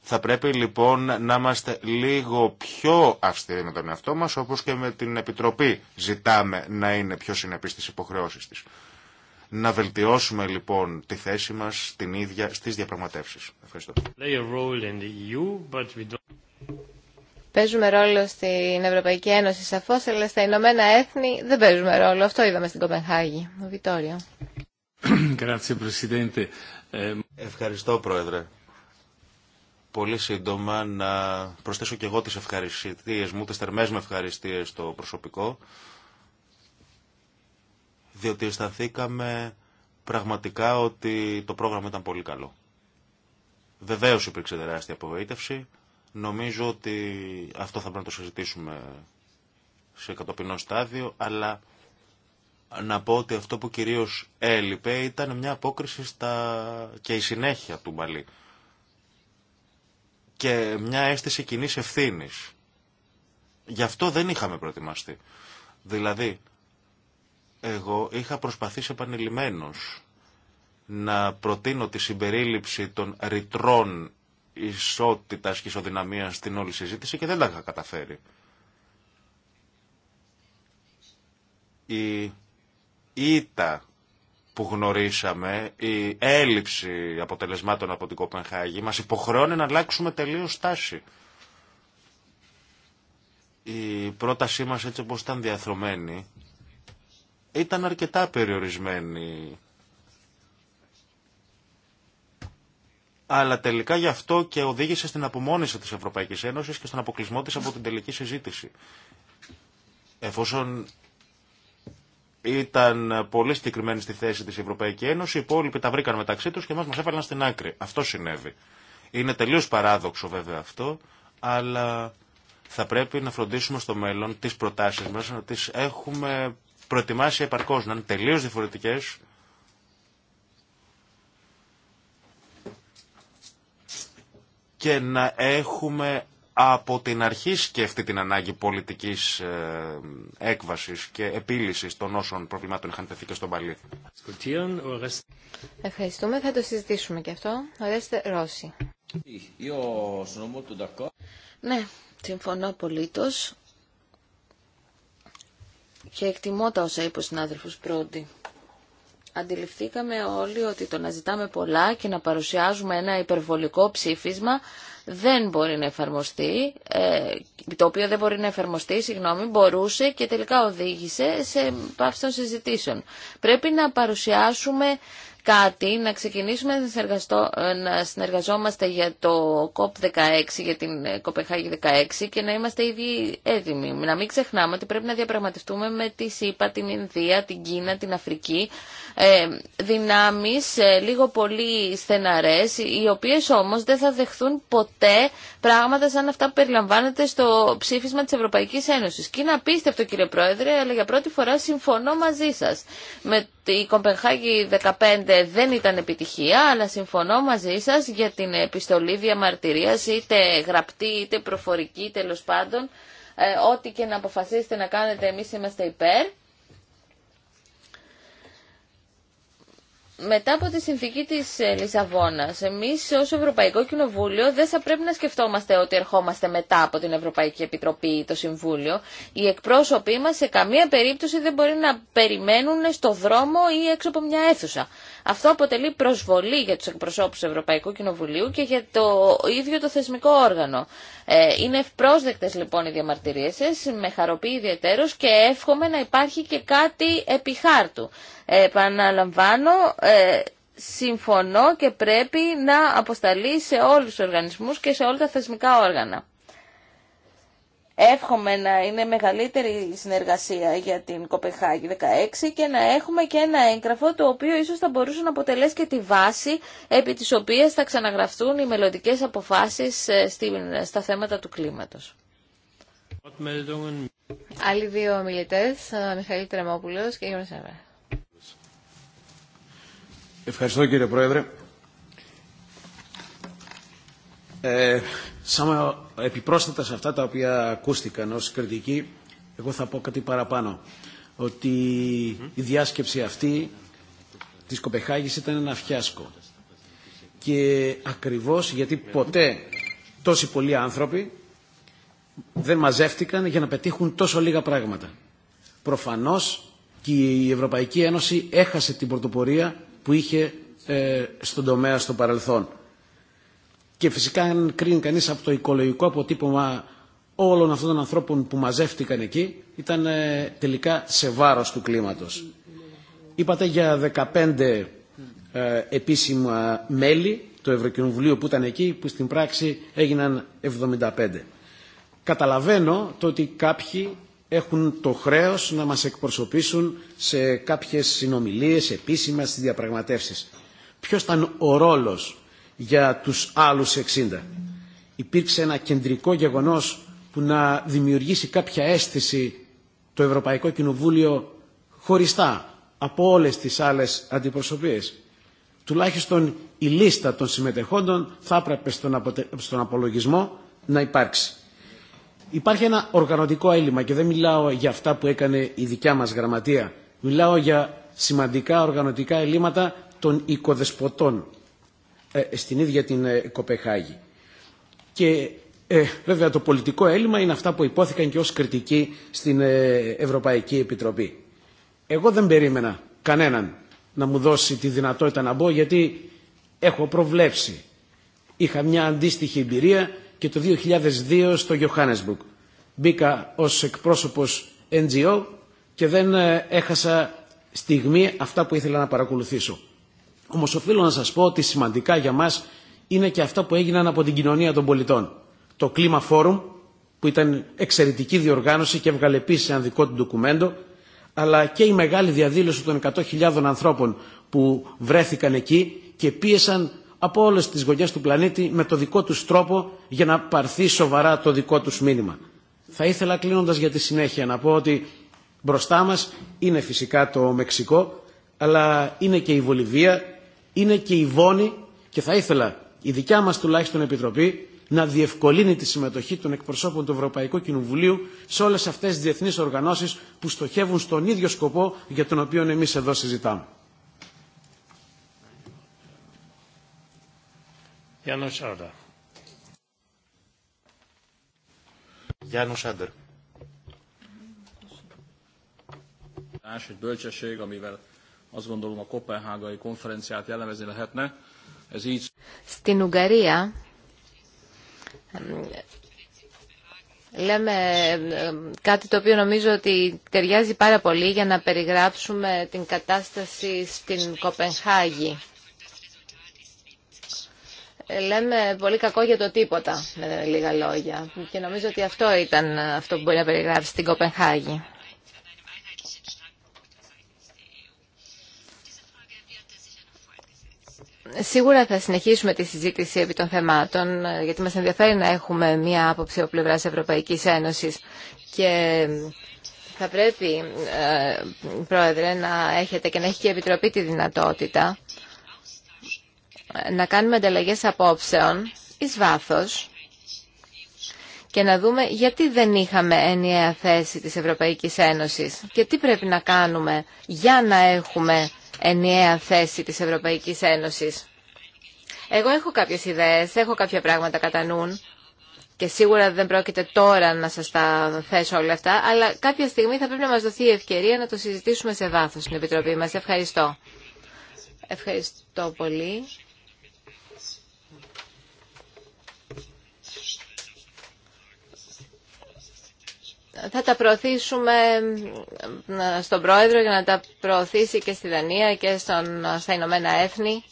Speaker 3: Θα πρέπει λοιπόν να είμαστε λίγο πιο αυστηροί με τον εαυτό μα, όπω και με την Επιτροπή ζητάμε να είναι πιο συνεπεί στι υποχρεώσει τη. Να βελτιώσουμε λοιπόν τη θέση μας την ίδια στις διαπραγματεύσεις. Ευχαριστώ.
Speaker 2: Παίζουμε ρόλο στην Ευρωπαϊκή Ένωση σαφώς, αλλά στα Ηνωμένα Έθνη δεν παίζουμε ρόλο. Αυτό είδαμε στην Κοπενχάγη. Ο Βιτόριο.
Speaker 3: Ε, Ευχαριστώ Πρόεδρε. Πολύ σύντομα να προσθέσω και εγώ τις ευχαριστίες μου, τις θερμές μου ευχαριστίες στο προσωπικό διότι αισθανθήκαμε πραγματικά ότι το πρόγραμμα ήταν πολύ καλό. Βεβαίω υπήρξε τεράστια απογοήτευση. Νομίζω ότι αυτό θα πρέπει να το συζητήσουμε σε κατοπινό στάδιο, αλλά να πω ότι αυτό που κυρίως έλειπε ήταν μια απόκριση στα... και η συνέχεια του Μπαλί. Και μια αίσθηση κοινή ευθύνη. Γι' αυτό δεν είχαμε προετοιμαστεί. Δηλαδή, εγώ είχα προσπαθήσει επανειλημμένως να προτείνω τη συμπερίληψη των ρητρών ισότητας και ισοδυναμίας στην όλη συζήτηση και δεν τα είχα καταφέρει. Η ήττα που γνωρίσαμε, η έλλειψη αποτελεσμάτων από την Κοπενχάγη μας υποχρεώνει να αλλάξουμε τελείως στάση. Η πρότασή μας έτσι όπως ήταν διαθρωμένη ήταν αρκετά περιορισμένη. Αλλά τελικά γι' αυτό και οδήγησε στην απομόνιση της Ευρωπαϊκής Ένωσης και στον αποκλεισμό της από την τελική συζήτηση. Εφόσον ήταν πολύ συγκεκριμένη στη θέση της Ευρωπαϊκή Ένωση, οι υπόλοιποι τα βρήκαν μεταξύ τους και μας μας έβαλαν στην άκρη. Αυτό συνέβη. Είναι τελείως παράδοξο βέβαια αυτό, αλλά θα πρέπει να φροντίσουμε στο μέλλον τις προτάσεις μας, να τις έχουμε προετοιμάσει επαρκώ, να είναι τελείω διαφορετικέ. και να έχουμε από την αρχή σκεφτεί την ανάγκη πολιτικής ε, έκβασης και επίλυσης των όσων προβλημάτων είχαν τεθεί και στον Παλί.
Speaker 2: Ευχαριστούμε. Θα το συζητήσουμε και αυτό. Ορέστε Ρώση.
Speaker 5: Ναι, συμφωνώ απολύτως και εκτιμώ τα όσα είπε ο συνάδελφος Πρόντι. Αντιληφθήκαμε όλοι ότι το να ζητάμε πολλά και να παρουσιάζουμε ένα υπερβολικό ψήφισμα δεν μπορεί να εφαρμοστεί, ε, το οποίο δεν μπορεί να εφαρμοστεί, συγγνώμη, μπορούσε και τελικά οδήγησε σε πάυση των συζητήσεων. Πρέπει να παρουσιάσουμε κάτι, να ξεκινήσουμε να συνεργαζόμαστε για το COP16, για την ε, Κοπεχάγη 16 και να είμαστε ήδη έτοιμοι. Να μην ξεχνάμε ότι πρέπει να διαπραγματευτούμε με τη ΣΥΠΑ, την Ινδία, την Κίνα, την Αφρική, ε, δυνάμεις ε, λίγο πολύ στεναρές, οι οποίες όμως δεν θα δεχθούν ποτέ πράγματα σαν αυτά που περιλαμβάνεται στο ψήφισμα της Ευρωπαϊκής Ένωσης. Και είναι απίστευτο κύριε Πρόεδρε, αλλά για πρώτη φορά συμφωνώ μαζί σας. Με η Κομπεχάγη 15 δεν ήταν επιτυχία, αλλά συμφωνώ μαζί σας για την επιστολή διαμαρτυρίας, είτε γραπτή είτε προφορική τέλος πάντων, ε, ό,τι και να αποφασίσετε να κάνετε εμείς είμαστε υπέρ. μετά από τη συνθήκη της ε, Λισαβόνας, εμείς ως Ευρωπαϊκό Κοινοβούλιο δεν θα πρέπει να σκεφτόμαστε ότι ερχόμαστε μετά από την Ευρωπαϊκή Επιτροπή ή το Συμβούλιο. Οι εκπρόσωποι μας σε καμία περίπτωση δεν μπορεί να περιμένουν στο δρόμο ή έξω από μια αίθουσα. Αυτό αποτελεί προσβολή για τους εκπροσώπους Ευρωπαϊκού Κοινοβουλίου και για το ίδιο το θεσμικό όργανο. Ε, είναι ευπρόσδεκτες λοιπόν οι διαμαρτυρίες σας, με χαροποιεί ιδιαίτερος και εύχομαι να υπάρχει και κάτι επί χάρτου. Επαναλαμβάνω, ε, συμφωνώ και πρέπει να αποσταλεί σε όλους τους οργανισμούς και σε όλα τα θεσμικά όργανα. Εύχομαι να είναι μεγαλύτερη συνεργασία για την Κοπεχάγη 16 και να έχουμε και ένα έγγραφο το οποίο ίσως θα μπορούσε να αποτελέσει και τη βάση επί της οποίας θα ξαναγραφτούν οι μελλοντικέ αποφάσεις ε, ε, στα θέματα του κλίματος. Άλλοι δύο
Speaker 2: μιλητές. Ε, Μιχαήλ Τρεμόπουλος και Γιώργος
Speaker 6: Ευχαριστώ κύριε Πρόεδρε. Ε, Σαν επιπρόσθετα σε αυτά τα οποία ακούστηκαν ως κριτική, εγώ θα πω κάτι παραπάνω. Ότι η διάσκεψη αυτή της Κοπεχάγης ήταν ένα φιάσκο. Και ακριβώς γιατί ποτέ τόσοι πολλοί άνθρωποι δεν μαζεύτηκαν για να πετύχουν τόσο λίγα πράγματα. Προφανώς και η Ευρωπαϊκή Ένωση έχασε την πρωτοπορία που είχε ε, στον τομέα στο παρελθόν. Και φυσικά αν κρίνει κανείς από το οικολογικό αποτύπωμα όλων αυτών των ανθρώπων που μαζεύτηκαν εκεί ήταν ε, τελικά σε βάρος του κλίματος. Είπατε για 15 ε, επίσημα μέλη του Ευρωκοινοβουλίου που ήταν εκεί που στην πράξη έγιναν 75. Καταλαβαίνω το ότι κάποιοι έχουν το χρέος να μας εκπροσωπήσουν σε κάποιες συνομιλίες επίσημα στις διαπραγματεύσεις. Ποιος ήταν ο ρόλος για τους άλλους 60. Υπήρξε ένα κεντρικό γεγονός που να δημιουργήσει κάποια αίσθηση το Ευρωπαϊκό Κοινοβούλιο χωριστά από όλες τις άλλες αντιπροσωπείες. Τουλάχιστον η λίστα των συμμετεχόντων θα έπρεπε στον, απολογισμό να υπάρξει. Υπάρχει ένα οργανωτικό έλλειμμα και δεν μιλάω για αυτά που έκανε η δικιά μας γραμματεία. Μιλάω για σημαντικά οργανωτικά ελλείμματα των οικοδεσποτών ε, στην ίδια την ε, Κοπεχάγη. Και ε, βέβαια το πολιτικό έλλειμμα είναι αυτά που υπόθηκαν και ως κριτική στην Ευρωπαϊκή Επιτροπή. Εγώ δεν περίμενα κανέναν να μου δώσει τη δυνατότητα να μπω γιατί έχω προβλέψει. Είχα μια αντίστοιχη εμπειρία και το 2002 στο Johannesburg. Μπήκα ως εκπρόσωπος NGO και δεν έχασα στιγμή αυτά που ήθελα να παρακολουθήσω. Όμως οφείλω να σας πω ότι σημαντικά για μας είναι και αυτά που έγιναν από την κοινωνία των πολιτών. Το κλίμα φόρουμ που ήταν εξαιρετική διοργάνωση και έβγαλε επίση ένα δικό του ντοκουμέντο, αλλά και η μεγάλη διαδήλωση των 100.000 ανθρώπων που βρέθηκαν εκεί και πίεσαν από όλε τι γωνιές του πλανήτη με το δικό του τρόπο για να πάρθει σοβαρά το δικό του μήνυμα. Θα ήθελα κλείνοντα για τη συνέχεια να πω ότι μπροστά μα είναι φυσικά το Μεξικό, αλλά είναι και η Βολιβία, είναι και η βόνη και θα ήθελα η δικιά μας τουλάχιστον Επιτροπή να διευκολύνει τη συμμετοχή των εκπροσώπων του Ευρωπαϊκού Κοινοβουλίου σε όλες αυτές τις διεθνείς οργανώσεις που στοχεύουν στον ίδιο σκοπό για τον οποίο εμείς εδώ συζητάμε. Azt gondolom
Speaker 2: Στην Ουγγαρία λέμε κάτι το οποίο νομίζω ότι ταιριάζει πάρα πολύ για να περιγράψουμε την κατάσταση στην Κοπενχάγη. Λέμε πολύ κακό για το τίποτα, με λίγα λόγια. Και νομίζω ότι αυτό ήταν αυτό που μπορεί να περιγράψει στην Κοπενχάγη. Σίγουρα θα συνεχίσουμε τη συζήτηση επί των θεμάτων, γιατί μας ενδιαφέρει να έχουμε μία άποψη από πλευράς Ευρωπαϊκής Ένωσης και θα πρέπει, ε, Πρόεδρε, να έχετε και να έχει και η Επιτροπή τη δυνατότητα να κάνουμε ανταλλαγές απόψεων εις βάθος και να δούμε γιατί δεν είχαμε ενιαία θέση της Ευρωπαϊκής Ένωσης και τι πρέπει να κάνουμε για να έχουμε ενιαία θέση της Ευρωπαϊκής Ένωσης. Εγώ έχω κάποιες ιδέες, έχω κάποια πράγματα κατά νου και σίγουρα δεν πρόκειται τώρα να σας τα θέσω όλα αυτά, αλλά κάποια στιγμή θα πρέπει να μας δοθεί η ευκαιρία να το συζητήσουμε σε βάθος στην Επιτροπή μας. Ευχαριστώ. Ευχαριστώ πολύ. θα τα προωθήσουμε στον Πρόεδρο για να τα προωθήσει και στη Δανία και στον, στα Ηνωμένα Έθνη.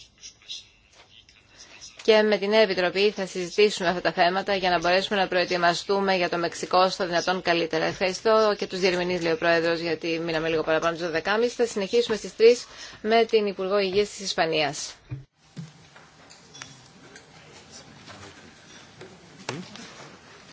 Speaker 2: Και με την Νέα Επιτροπή θα συζητήσουμε αυτά τα θέματα για να μπορέσουμε να προετοιμαστούμε για το Μεξικό στο δυνατόν καλύτερα. Ευχαριστώ και τους διερμηνείς, λέει ο Πρόεδρος, γιατί μείναμε λίγο παραπάνω στι 12.30. Θα συνεχίσουμε στις 3 με την Υπουργό Υγείας της Ισπανίας.